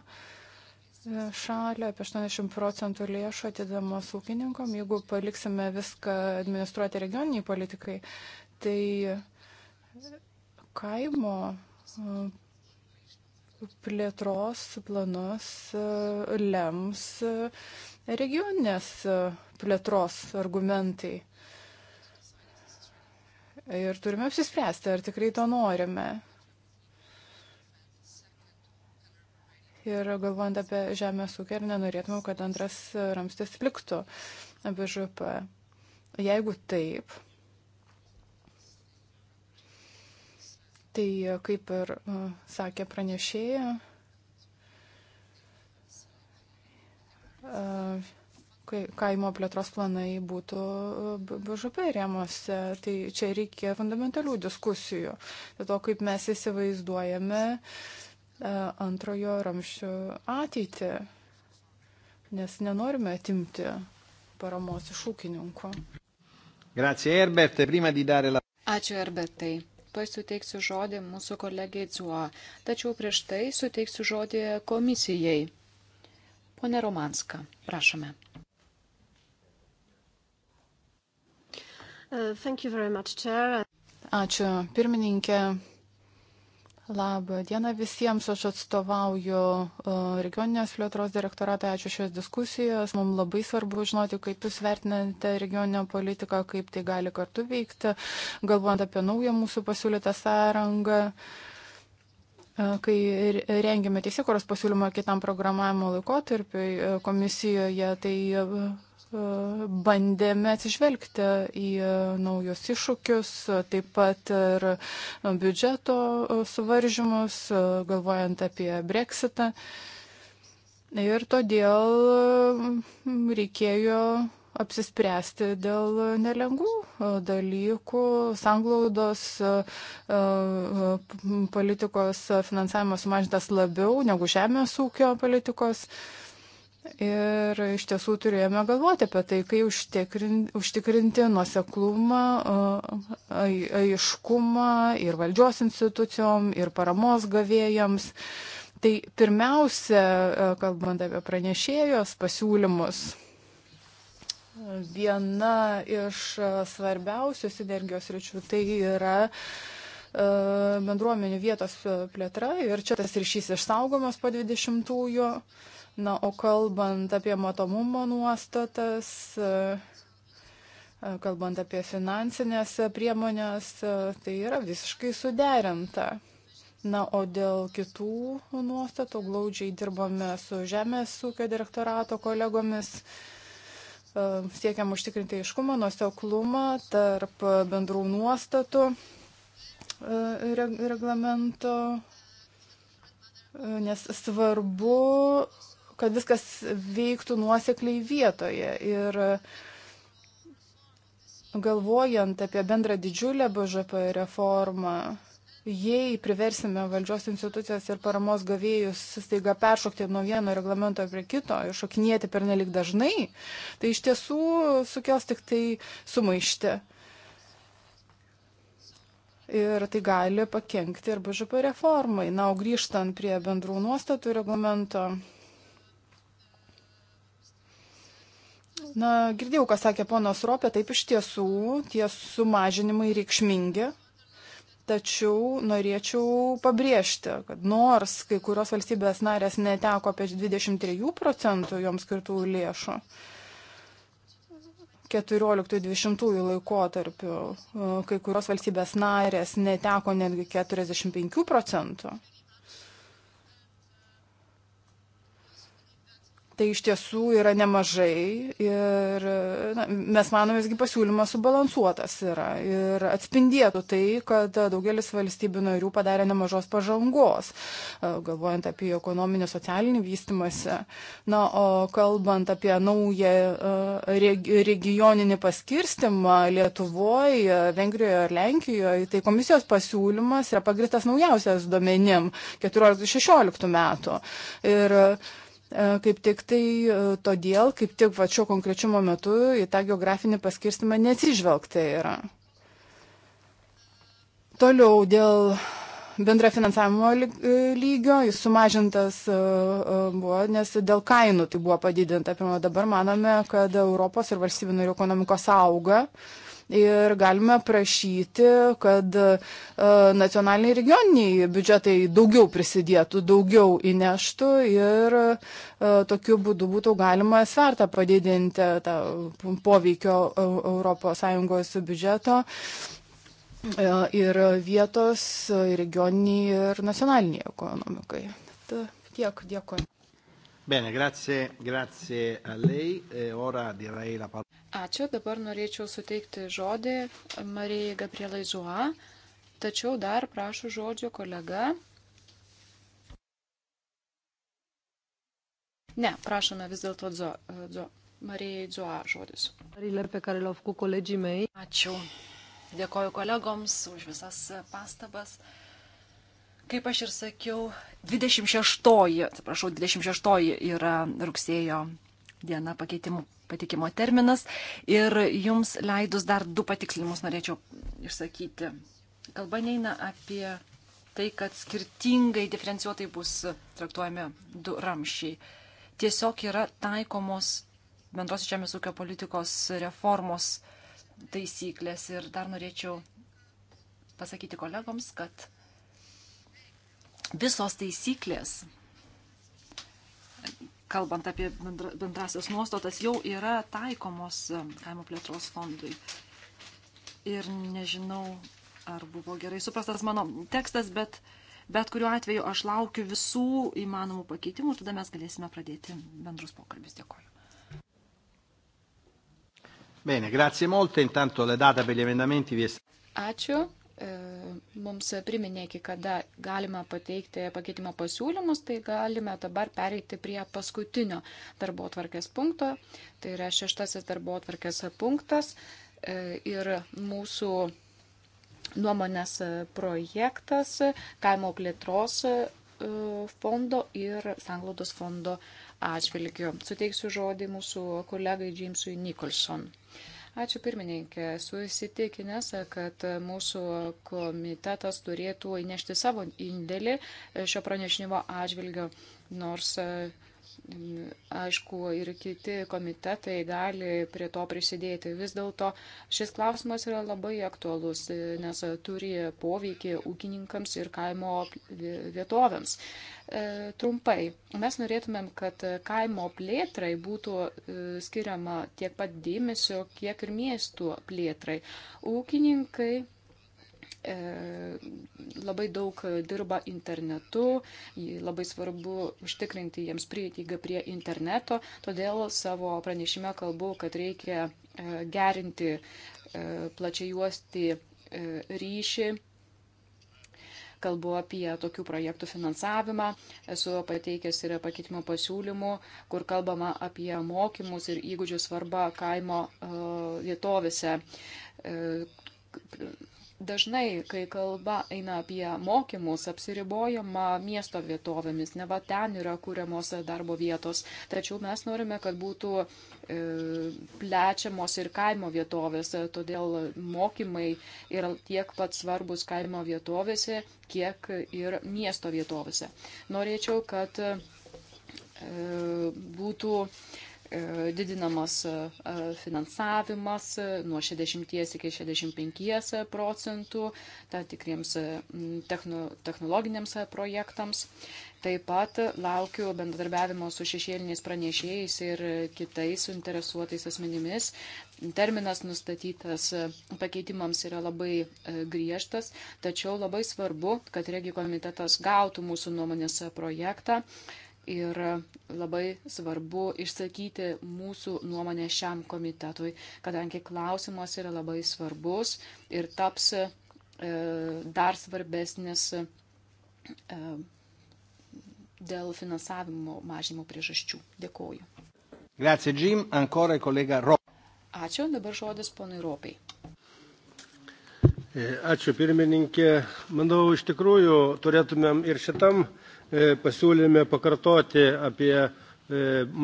šalį, apie 80 procentų lėšų atidamas ūkininkom, jeigu paliksime viską administruoti regioniniai politikai, tai kaimo plėtros planus e, lems e, regioninės e, plėtros argumentai. Ir turime apsispręsti, ar tikrai to norime. Ir galvojant apie žemės ūkį, ar nenorėtume, kad antras ramstis liktų BŽP. Jeigu taip, Tai kaip ir e, sakė pranešėja, e, kaimo plėtros planai būtų e, BŽP rėmose. Tai čia reikia fundamentalių diskusijų. Dėl to, kaip mes įsivaizduojame antrojo ramščio ateitį. Nes nenorime atimti paramos iš ūkininkų. Grazie, Herbert. Prima di dare la... Ačiū, Herbertai pasuteiksiu žodį mūsų kolegiai Dzuo, tačiau prieš tai suteiksiu žodį komisijai. Pone Romanska, prašome. Uh, much, Ačiū pirmininkė, Labą dieną visiems, aš atstovauju e, regioninės plėtros direktoratą, ačiū šios diskusijos. Mums labai svarbu žinoti, kaip jūs vertinate regioninę politiką, kaip tai gali kartu veikti, galvojant apie naują mūsų pasiūlytą sąrangą e, kai rengėme teisėkoros pasiūlymą kitam programavimo laikotarpiui e, komisijoje, tai bandėme atsižvelgti į naujus iššūkius, taip pat ir biudžeto suvaržymus, galvojant apie breksitą. Ir todėl reikėjo apsispręsti dėl nelengvų dalykų, sanglaudos e, politikos finansavimas sumažintas labiau negu žemės ūkio politikos. Uh, Ir iš tiesų turėjome galvoti apie tai, kaip užtikrinti, užtikrinti nuoseklumą, aiškumą ir valdžios institucijom, ir paramos gavėjams. Tai pirmiausia, kalbant apie pranešėjos pasiūlymus, viena iš svarbiausių sinergijos ryčių tai yra bendruomenių vietos plėtra ir čia tas ryšys išsaugomas po 20-ųjų. -jo Na, o kalbant apie matomumo nuostatas, e, kalbant apie finansinės priemonės, e, tai yra visiškai suderinta. Na, o dėl kitų nuostatų glaudžiai dirbame su Žemės ūkio direktorato kolegomis e, siekiam užtikrinti aiškumą, nuoseklumą tarp bendrų nuostatų reglamento, nes svarbu kad viskas veiktų nuosekliai vietoje. Ir galvojant apie bendrą didžiulę BŽP reformą, jei priversime valdžios institucijas ir paramos gavėjus staiga peršokti nuo vieno reglamento prie kito, iššokinėti per nelik dažnai, tai iš tiesų sukels tik tai sumaištį. Ir tai gali pakengti ir BŽP reformai. Na, o grįžtant prie bendrų nuostatų reglamento, Na, girdėjau, ką sakė ponas Ropė, taip iš tiesų tie sumažinimai reikšmingi. Tačiau norėčiau pabrėžti, kad nors kai kurios valstybės narės neteko apie 23 procentų joms skirtų lėšų 14-20 laikotarpiu, e, kai kurios valstybės narės neteko netgi 45 procentų tai iš tiesų yra nemažai ir na, mes manome, visgi pasiūlymas subalansuotas yra ir atspindėtų tai, kad daugelis valstybių narių padarė nemažos pažangos, e, galvojant apie ekonominį socialinį vystimąsi. Na, o kalbant apie naują e, regioninį paskirstimą Lietuvoje, Vengrijoje ar Lenkijoje, tai komisijos pasiūlymas yra pagristas naujausias duomenim 14-16 metų. Ir E, kaip tik tai e, todėl, kaip tik va šio konkrečiu momentu į tą geografinį paskirstimą neatsižvelgta yra. Toliau dėl bendra finansavimo e, lygio, jis sumažintas buvo, nes dėl kainų tai buvo padidinta. Pirmą dabar manome, kad Europos ir valstybių narių ekonomikos auga. Uh, ir galime prašyti, kad e, nacionaliniai regioniniai biudžetai daugiau prisidėtų, daugiau įneštų ir e, tokiu būdu būtų galima svertą padidinti tą poveikio ES biudžeto e, ir vietos, regioniniai ir nacionaliniai ekonomikai. Ta, tiek, dėkui. Bene, grazie, grazie a lei. E ora direi la parola. Ačiū, dabar norėčiau suteikti žodį Marijai Gabrielai Žuo, tačiau dar prašau žodžio kolega. Ne, prašome vis dėlto Dzo, Dzo, Marijai Dzoa žodis. Ačiū. Dėkoju kolegoms už visas pastabas. Kaip aš ir sakiau, 26, atsiprašau, 26 yra rugsėjo diena pakeitimų patikimo terminas ir jums leidus dar du patikslinimus norėčiau išsakyti. Kalba neina apie tai, kad skirtingai diferencijuotai bus traktuojami du ramšiai. Tiesiog yra taikomos bendros žemės ūkio politikos reformos taisyklės ir dar norėčiau pasakyti kolegoms, kad visos taisyklės, kalbant apie bendra, bendrasias nuostatas, jau yra taikomos e, kaimo plėtros fondui. Ir nežinau, ar buvo gerai suprastas mano tekstas, bet, bet kuriuo atveju aš laukiu visų įmanomų pakeitimų ir tada mes galėsime pradėti bendrus pokalbius. Dėkoju. Bene, grazie molte. Intanto la data per gli emendamenti vi è. Ačiū. E, mums priminė, iki kada galima pateikti pakeitimo pasiūlymus, tai galime dabar pereiti prie paskutinio darbo atvarkės punkto. Tai yra šeštasis darbo atvarkės punktas e, ir mūsų nuomonės projektas kaimo plėtros e, fondo ir sanglaudos fondo atžvilgiu. Suteiksiu žodį mūsų kolegai Džeimsui Nikolson. Ačiū pirmininkė. Esu įsitikinęs, kad mūsų komitetas turėtų įnešti savo indėlį šio pranešinimo atžvilgio, nors aišku, ir kiti komitetai gali prie to prisidėti. Vis dėlto šis klausimas yra labai aktualus, nes turi poveikį ūkininkams ir kaimo vietovėms. E, trumpai, mes norėtumėm, kad kaimo plėtrai būtų e, skiriama tiek pat dėmesio, kiek ir miestų plėtrai. Ūkininkai E, labai daug dirba internetu, labai svarbu užtikrinti jiems prieigą prie interneto, todėl savo pranešime kalbu, kad reikia e, gerinti e, plačiai juosti ryšį kalbu apie tokių projektų finansavimą, esu pateikęs ir pakeitimo pasiūlymų, kur kalbama apie mokymus ir įgūdžių svarbą kaimo vietovėse dažnai, kai kalba eina apie mokymus, apsiribojama miesto vietovėmis, ne va ten yra kūriamos darbo vietos, tačiau mes norime, kad būtų e, plečiamos ir kaimo vietovės, todėl mokymai yra tiek pat svarbus kaimo vietovėse, kiek ir miesto vietovėse. Norėčiau, kad e, būtų e, E, didinamas e, e, finansavimas nuo 60 iki 65 procentų tai tikriems technologiniams projektams. Taip pat laukiu bendradarbiavimo su šešėliniais pranešėjais ir kitais suinteresuotais asmenimis. Terminas nustatytas pakeitimams yra labai griežtas, tačiau labai svarbu, kad regijų komitetas gautų mūsų nuomonės projektą Ir labai svarbu išsakyti mūsų nuomonę šiam komitetui, kadangi klausimas yra labai svarbus ir taps e, dar svarbesnis e, dėl finansavimo mažimo priežasčių. Dėkoju. Grazie, Jim. Ancora kolega Rop. Ačiū, dabar žodis ponui Ropiai. E, ačiū pirmininkė. Manau, iš tikrųjų turėtumėm ir šitam E, pasiūlėme pakartoti apie e,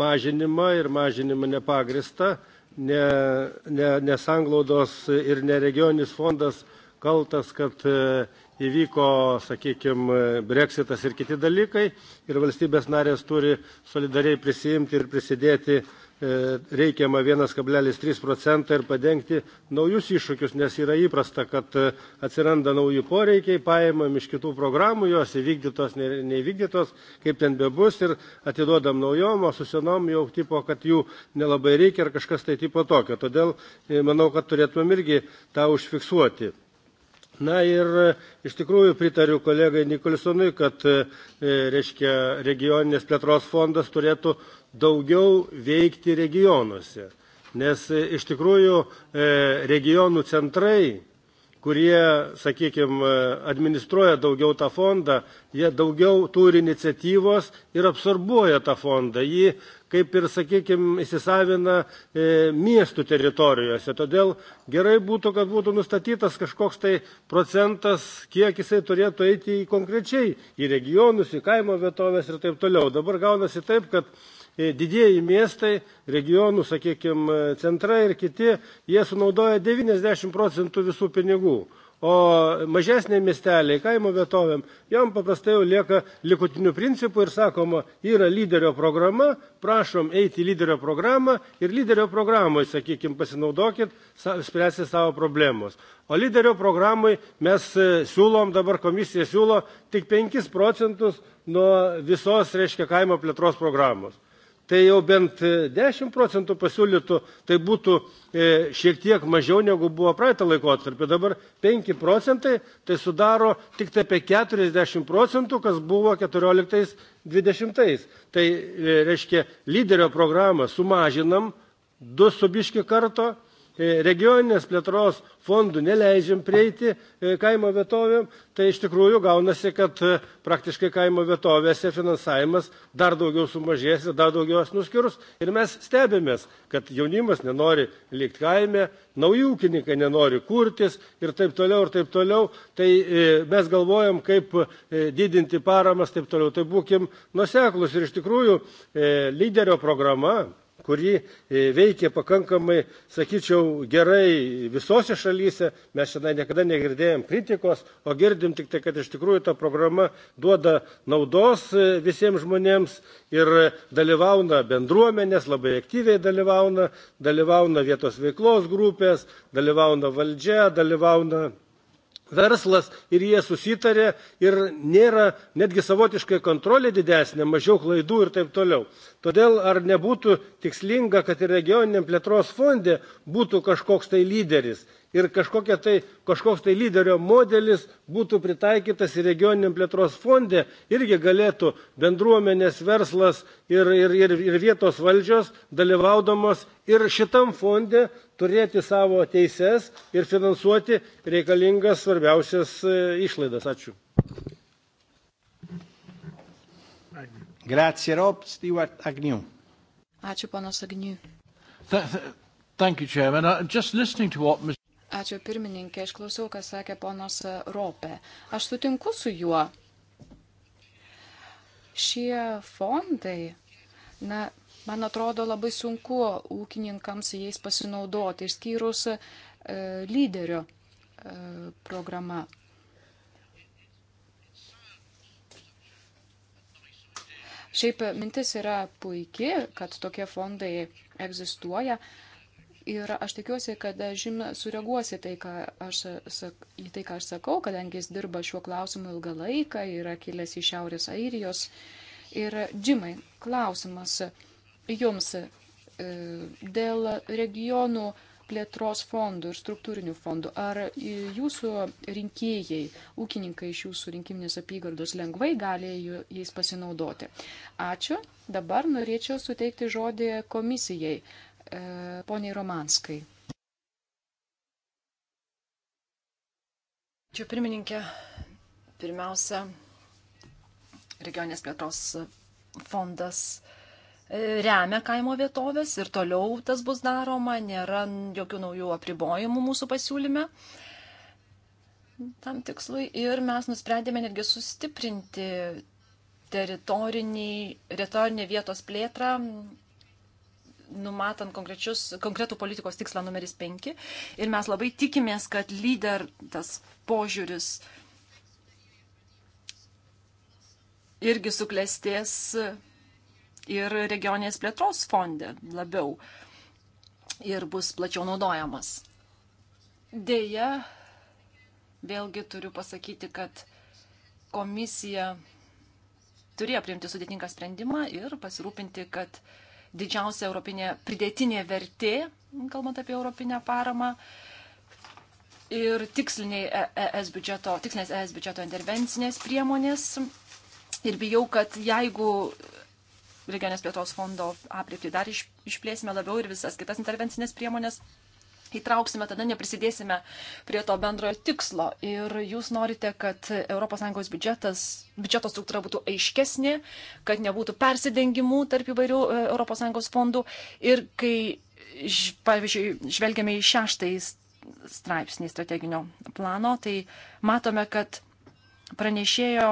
mažinimą ir mažinimą nepagristą, ne, ne, ne sanglaudos ir ne regioninis fondas kaltas, kad e, įvyko, sakykime, breksitas ir kiti dalykai ir valstybės narės turi solidariai prisijimti ir prisidėti E, reikiamą 1,3 procentą ir padengti naujus iššūkius, nes yra įprasta, kad e, atsiranda nauji poreikiai, paėmam iš kitų programų, jos įvykdytos, neįvykdytos, kaip ten bebus ir atiduodam naujom, o su senom jau tipo, kad jų nelabai reikia ar kažkas tai tipo tokio. Todėl e, manau, kad turėtumėm irgi tą užfiksuoti. Na ir e, iš tikrųjų pritariu kolegai Nikolsonui, kad e, e, reiškia, regioninės plėtros fondas turėtų daugiau veikti regionuose. Nes iš tikrųjų regionų centrai kurie, sakykime, administruoja daugiau tą fondą, jie daugiau turi iniciatyvos ir absorbuoja tą fondą. Jį, kaip ir, sakykime, įsisavina e, miestų teritorijose. Todėl gerai būtų, kad būtų nustatytas kažkoks tai procentas, kiek jisai turėtų eiti į konkrečiai, į regionus, į kaimo vietovės ir taip toliau. Dabar gaunasi taip, kad E, didieji miestai, regionų, sakykime, centrai ir kiti, jie sunaudoja 90 procentų visų pinigų. O mažesnė miesteliai, kaimo vietovėm, jom paprastai jau lieka likutinių principų ir sakoma, yra lyderio programa, prašom eiti į lyderio programą ir lyderio programai, sakykime, pasinaudokit, spręsti savo problemos. O lyderio programai mes e, siūlom, dabar komisija siūlo tik 5 procentus nuo visos, reiškia, kaimo plėtros programos tai jau bent 10 e, procentų pasiūlytų, tai būtų e, šiek tiek mažiau negu buvo praeitą laikotarpį. Dabar 5 procentai tai sudaro tik tai apie 40 procentų, kas buvo 14-20. Tai e, reiškia, lyderio programą sumažinam 2 subiški karto E, regioninės plėtros fondų neleidžiam prieiti e, kaimo vietovėm, tai iš tikrųjų gaunasi, kad e, praktiškai kaimo vietovėse finansavimas dar daugiau sumažės ir dar daugiau jos nuskirs. Ir mes stebėmės, kad jaunimas nenori likti kaime, nauji ūkininkai nenori kurtis ir taip toliau, ir taip toliau. Tai mes galvojam, kaip didinti paramas, taip toliau. Tai būkim nuseklus ir iš tikrųjų lyderio programa kuri e, veikia pakankamai, sakyčiau, gerai visose šalyse. Mes šiandien niekada negirdėjom kritikos, o girdim tik tai, kad iš tikrųjų ta programa duoda naudos e, visiems žmonėms ir dalyvauna bendruomenės, labai aktyviai dalyvauna, dalyvauna vietos veiklos grupės, dalyvauna valdžia, dalyvauna verslas ir jie susitarė ir nėra netgi savotiškai kontrolė didesnė, mažiau klaidų ir taip toliau. Todėl ar nebūtų tikslinga, kad ir regioniniam plėtros fonde būtų kažkoks tai lyderis ir tai, kažkoks tai lyderio modelis būtų pritaikytas ir regioniniam plėtros fonde irgi galėtų bendruomenės verslas ir, ir, ir, ir vietos valdžios dalyvaudamos ir šitam fonde turėti savo teises ir finansuoti reikalingas svarbiausias e, išlaidas. Ačiū. Grazie, Rob Stewart Agnew. Ačiū, panas Agnew. Th th thank you, Chairman. Uh, just listening to what Ms. Ačiū pirmininkė, išklausiau, ką sakė ponas e, Ropė. Aš sutinku su juo. Šie fondai, na, Man atrodo labai sunku ūkininkams jais pasinaudoti, išskyrus e, lyderio e, programa. Šiaip mintis yra puikia, kad tokie fondai egzistuoja. Ir aš tikiuosi, kad žym sureaguosi tai, aš, į tai, ką aš sakau, kadangi jis dirba šiuo klausimu ilgą laiką, yra kilęs iš Šiaurės Airijos. Ir Džimai, klausimas. E, jums e, dėl regionų plėtros fondų ir struktūrinių fondų. Ar jūsų rinkėjai, ūkininkai iš jūsų rinkiminės apygardos lengvai gali jais pasinaudoti? Ačiū. Dabar norėčiau suteikti žodį komisijai, e, poniai Romanskai. Ačiū pirmininkė. Pirmiausia, regionės plėtros fondas remia kaimo vietovės ir toliau tas bus daroma, nėra jokių naujų apribojimų mūsų pasiūlyme tam tikslui ir mes nusprendėme netgi sustiprinti teritorinį vietos plėtrą, numatant konkretų politikos tikslą numeris 5. Ir mes labai tikimės, kad lyder tas požiūris irgi suklestės ir regioninės plėtros fonde labiau ir bus plačiau naudojamas. Deja, vėlgi turiu pasakyti, kad komisija turėjo priimti sudėtingą sprendimą ir pasirūpinti, kad didžiausia europinė pridėtinė vertė, kalbant apie europinę paramą, ir ES e biudžeto, tikslinės ES biudžeto intervencinės priemonės. Ir bijau, kad jeigu regionės plėtos fondo apriepti dar išplėsime labiau ir visas kitas intervencinės priemonės įtrauksime, tada neprisidėsime prie to bendrojo tikslo. Ir jūs norite, kad ES biudžetas, biudžeto struktūra būtų aiškesnė, kad nebūtų persidengimų tarp įvairių e, ES fondų. Ir kai, pavyzdžiui, žvelgiame į šeštąjį straipsnį strateginio plano, tai matome, kad pranešėjo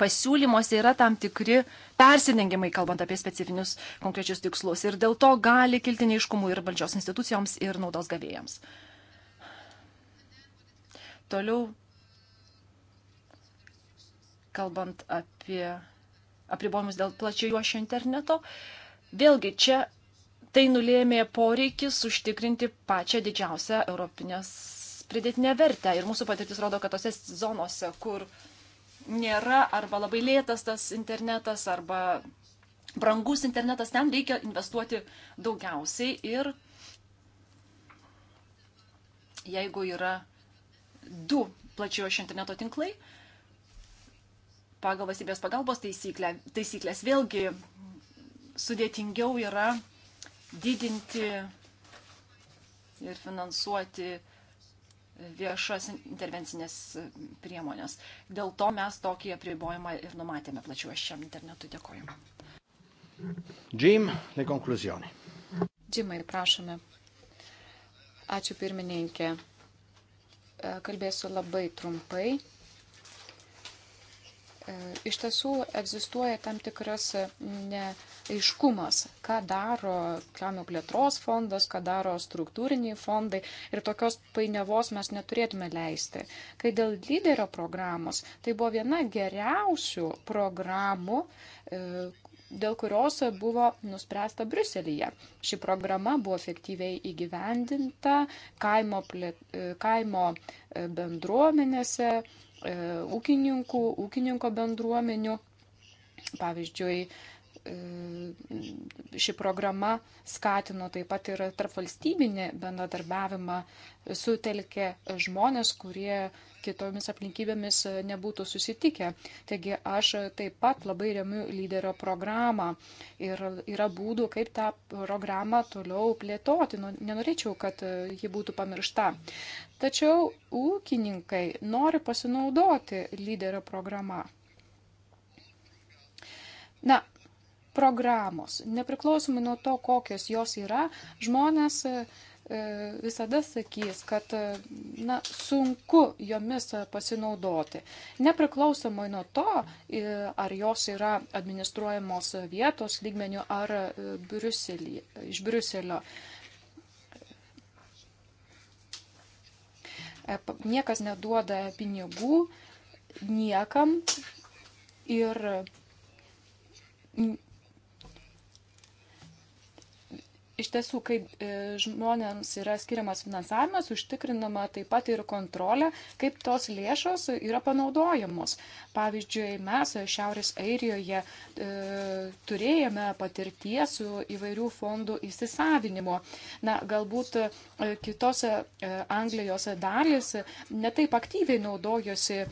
pasiūlymuose yra tam tikri persidengimai, kalbant apie specifinius konkrečius tikslus. Ir dėl to gali kilti neiškumų ir valdžios institucijoms, ir naudos gavėjams. Toliau, kalbant apie apribojimus dėl plačiai juošio interneto, vėlgi čia tai nulėmė poreikis užtikrinti pačią didžiausią europinės pridėtinę vertę. Ir mūsų patirtis rodo, kad tose zonose, kur uh, nėra arba labai lėtas tas internetas arba brangus internetas, ten reikia investuoti daugiausiai ir jeigu yra du plačiojo šio interneto tinklai, pagal valstybės pagalbos taisyklę, taisyklės vėlgi sudėtingiau yra didinti ir finansuoti viešas intervencinės priemonės. Dėl to mes tokį apribojimą ir numatėme plačiu aš šiam internetui. Dėkoju. Jim, le conclusioni. Džimai, prašome. Ačiū pirmininkė. E, kalbėsiu labai trumpai. E, iš tiesų egzistuoja tam tikras ne aiškumas, ką daro kaimo plėtros fondas, ką daro struktūriniai fondai ir tokios painiavos mes neturėtume leisti. Kai dėl lyderio programos, tai buvo viena geriausių programų, e, dėl kurios buvo nuspręsta Bruselėje. Ši programa buvo efektyviai įgyvendinta kaimo, plėt, e, kaimo e, bendruomenėse, ūkininkų, ūkininko bendruomenių. Pavyzdžiui, E, ši programa skatino taip pat ir tarpvalstybinį bendradarbiavimą, sutelkė žmonės, kurie kitomis aplinkybėmis nebūtų susitikę. Taigi aš taip pat labai remiu lyderio programą ir yra būdų, kaip tą programą toliau plėtoti. Nu, nenorėčiau, kad ji būtų pamiršta. Tačiau ūkininkai nori pasinaudoti lyderio programą. Na, programos. Nepriklausomai nuo to, kokios jos yra, žmonės e, e, visada sakys, kad e, na, sunku jomis pasinaudoti. Nepriklausomai nuo to, ar jos yra administruojamos vietos lygmenių ar Briuselį, iš Briuselio. Niekas neduoda pinigų niekam ir iš tiesų, kai e, žmonėms yra skiriamas finansavimas, užtikrinama taip pat ir kontrolė, kaip tos lėšos yra panaudojamos. Pavyzdžiui, mes Šiaurės Airijoje e, turėjome patirties su įvairių fondų įsisavinimu. Na, galbūt e, kitose e, Anglijos dalis netaip aktyviai naudojosi e,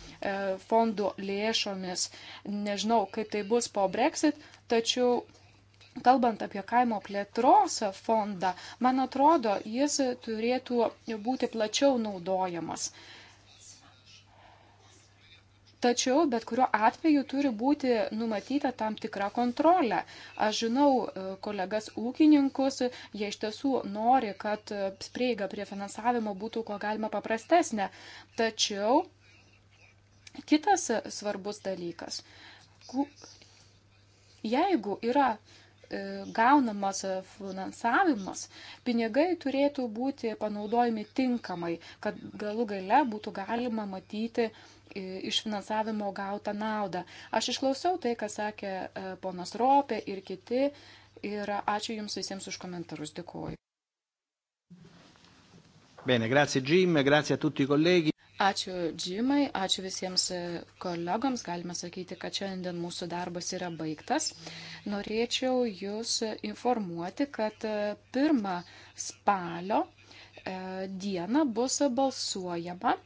fondų lėšomis. Nežinau, kaip tai bus po Brexit, tačiau Kalbant apie kaimo plėtros fondą, man atrodo, jis turėtų būti plačiau naudojamas. Tačiau bet kuriuo atveju turi būti numatyta tam tikra kontrolė. Aš žinau e, kolegas ūkininkus, jie iš tiesų nori, kad e, prieiga prie finansavimo būtų kuo galima paprastesnė. Tačiau kitas svarbus dalykas. Jeigu yra E, gaunamas e, finansavimas, pinigai turėtų būti panaudojami tinkamai, kad galų gale būtų galima matyti e, iš finansavimo gautą naudą. Aš išklausiau tai, ką sakė ponas Ropė ir kiti ir ačiū Jums visiems už komentarus. Dėkuoju. Bene, grazie Jim, grazie a tutti i colleghi. Ačiū Džimai, ačiū visiems e, kolegoms. Galime sakyti, kad šiandien mūsų darbas yra baigtas. Norėčiau Jūs informuoti, kad e, pirmą spalio e, dieną bus balsuojama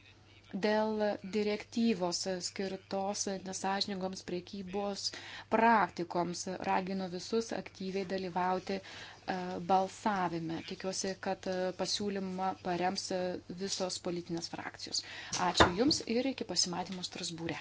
dėl direktyvos skirtos nesažiningoms priekybos praktikoms. Raginu visus aktyviai dalyvauti E, balsavime. Tikiuosi, kad e, pasiūlymą parems e, visos politinės frakcijos. Ačiū Jums ir iki pasimatymo Strasbūre.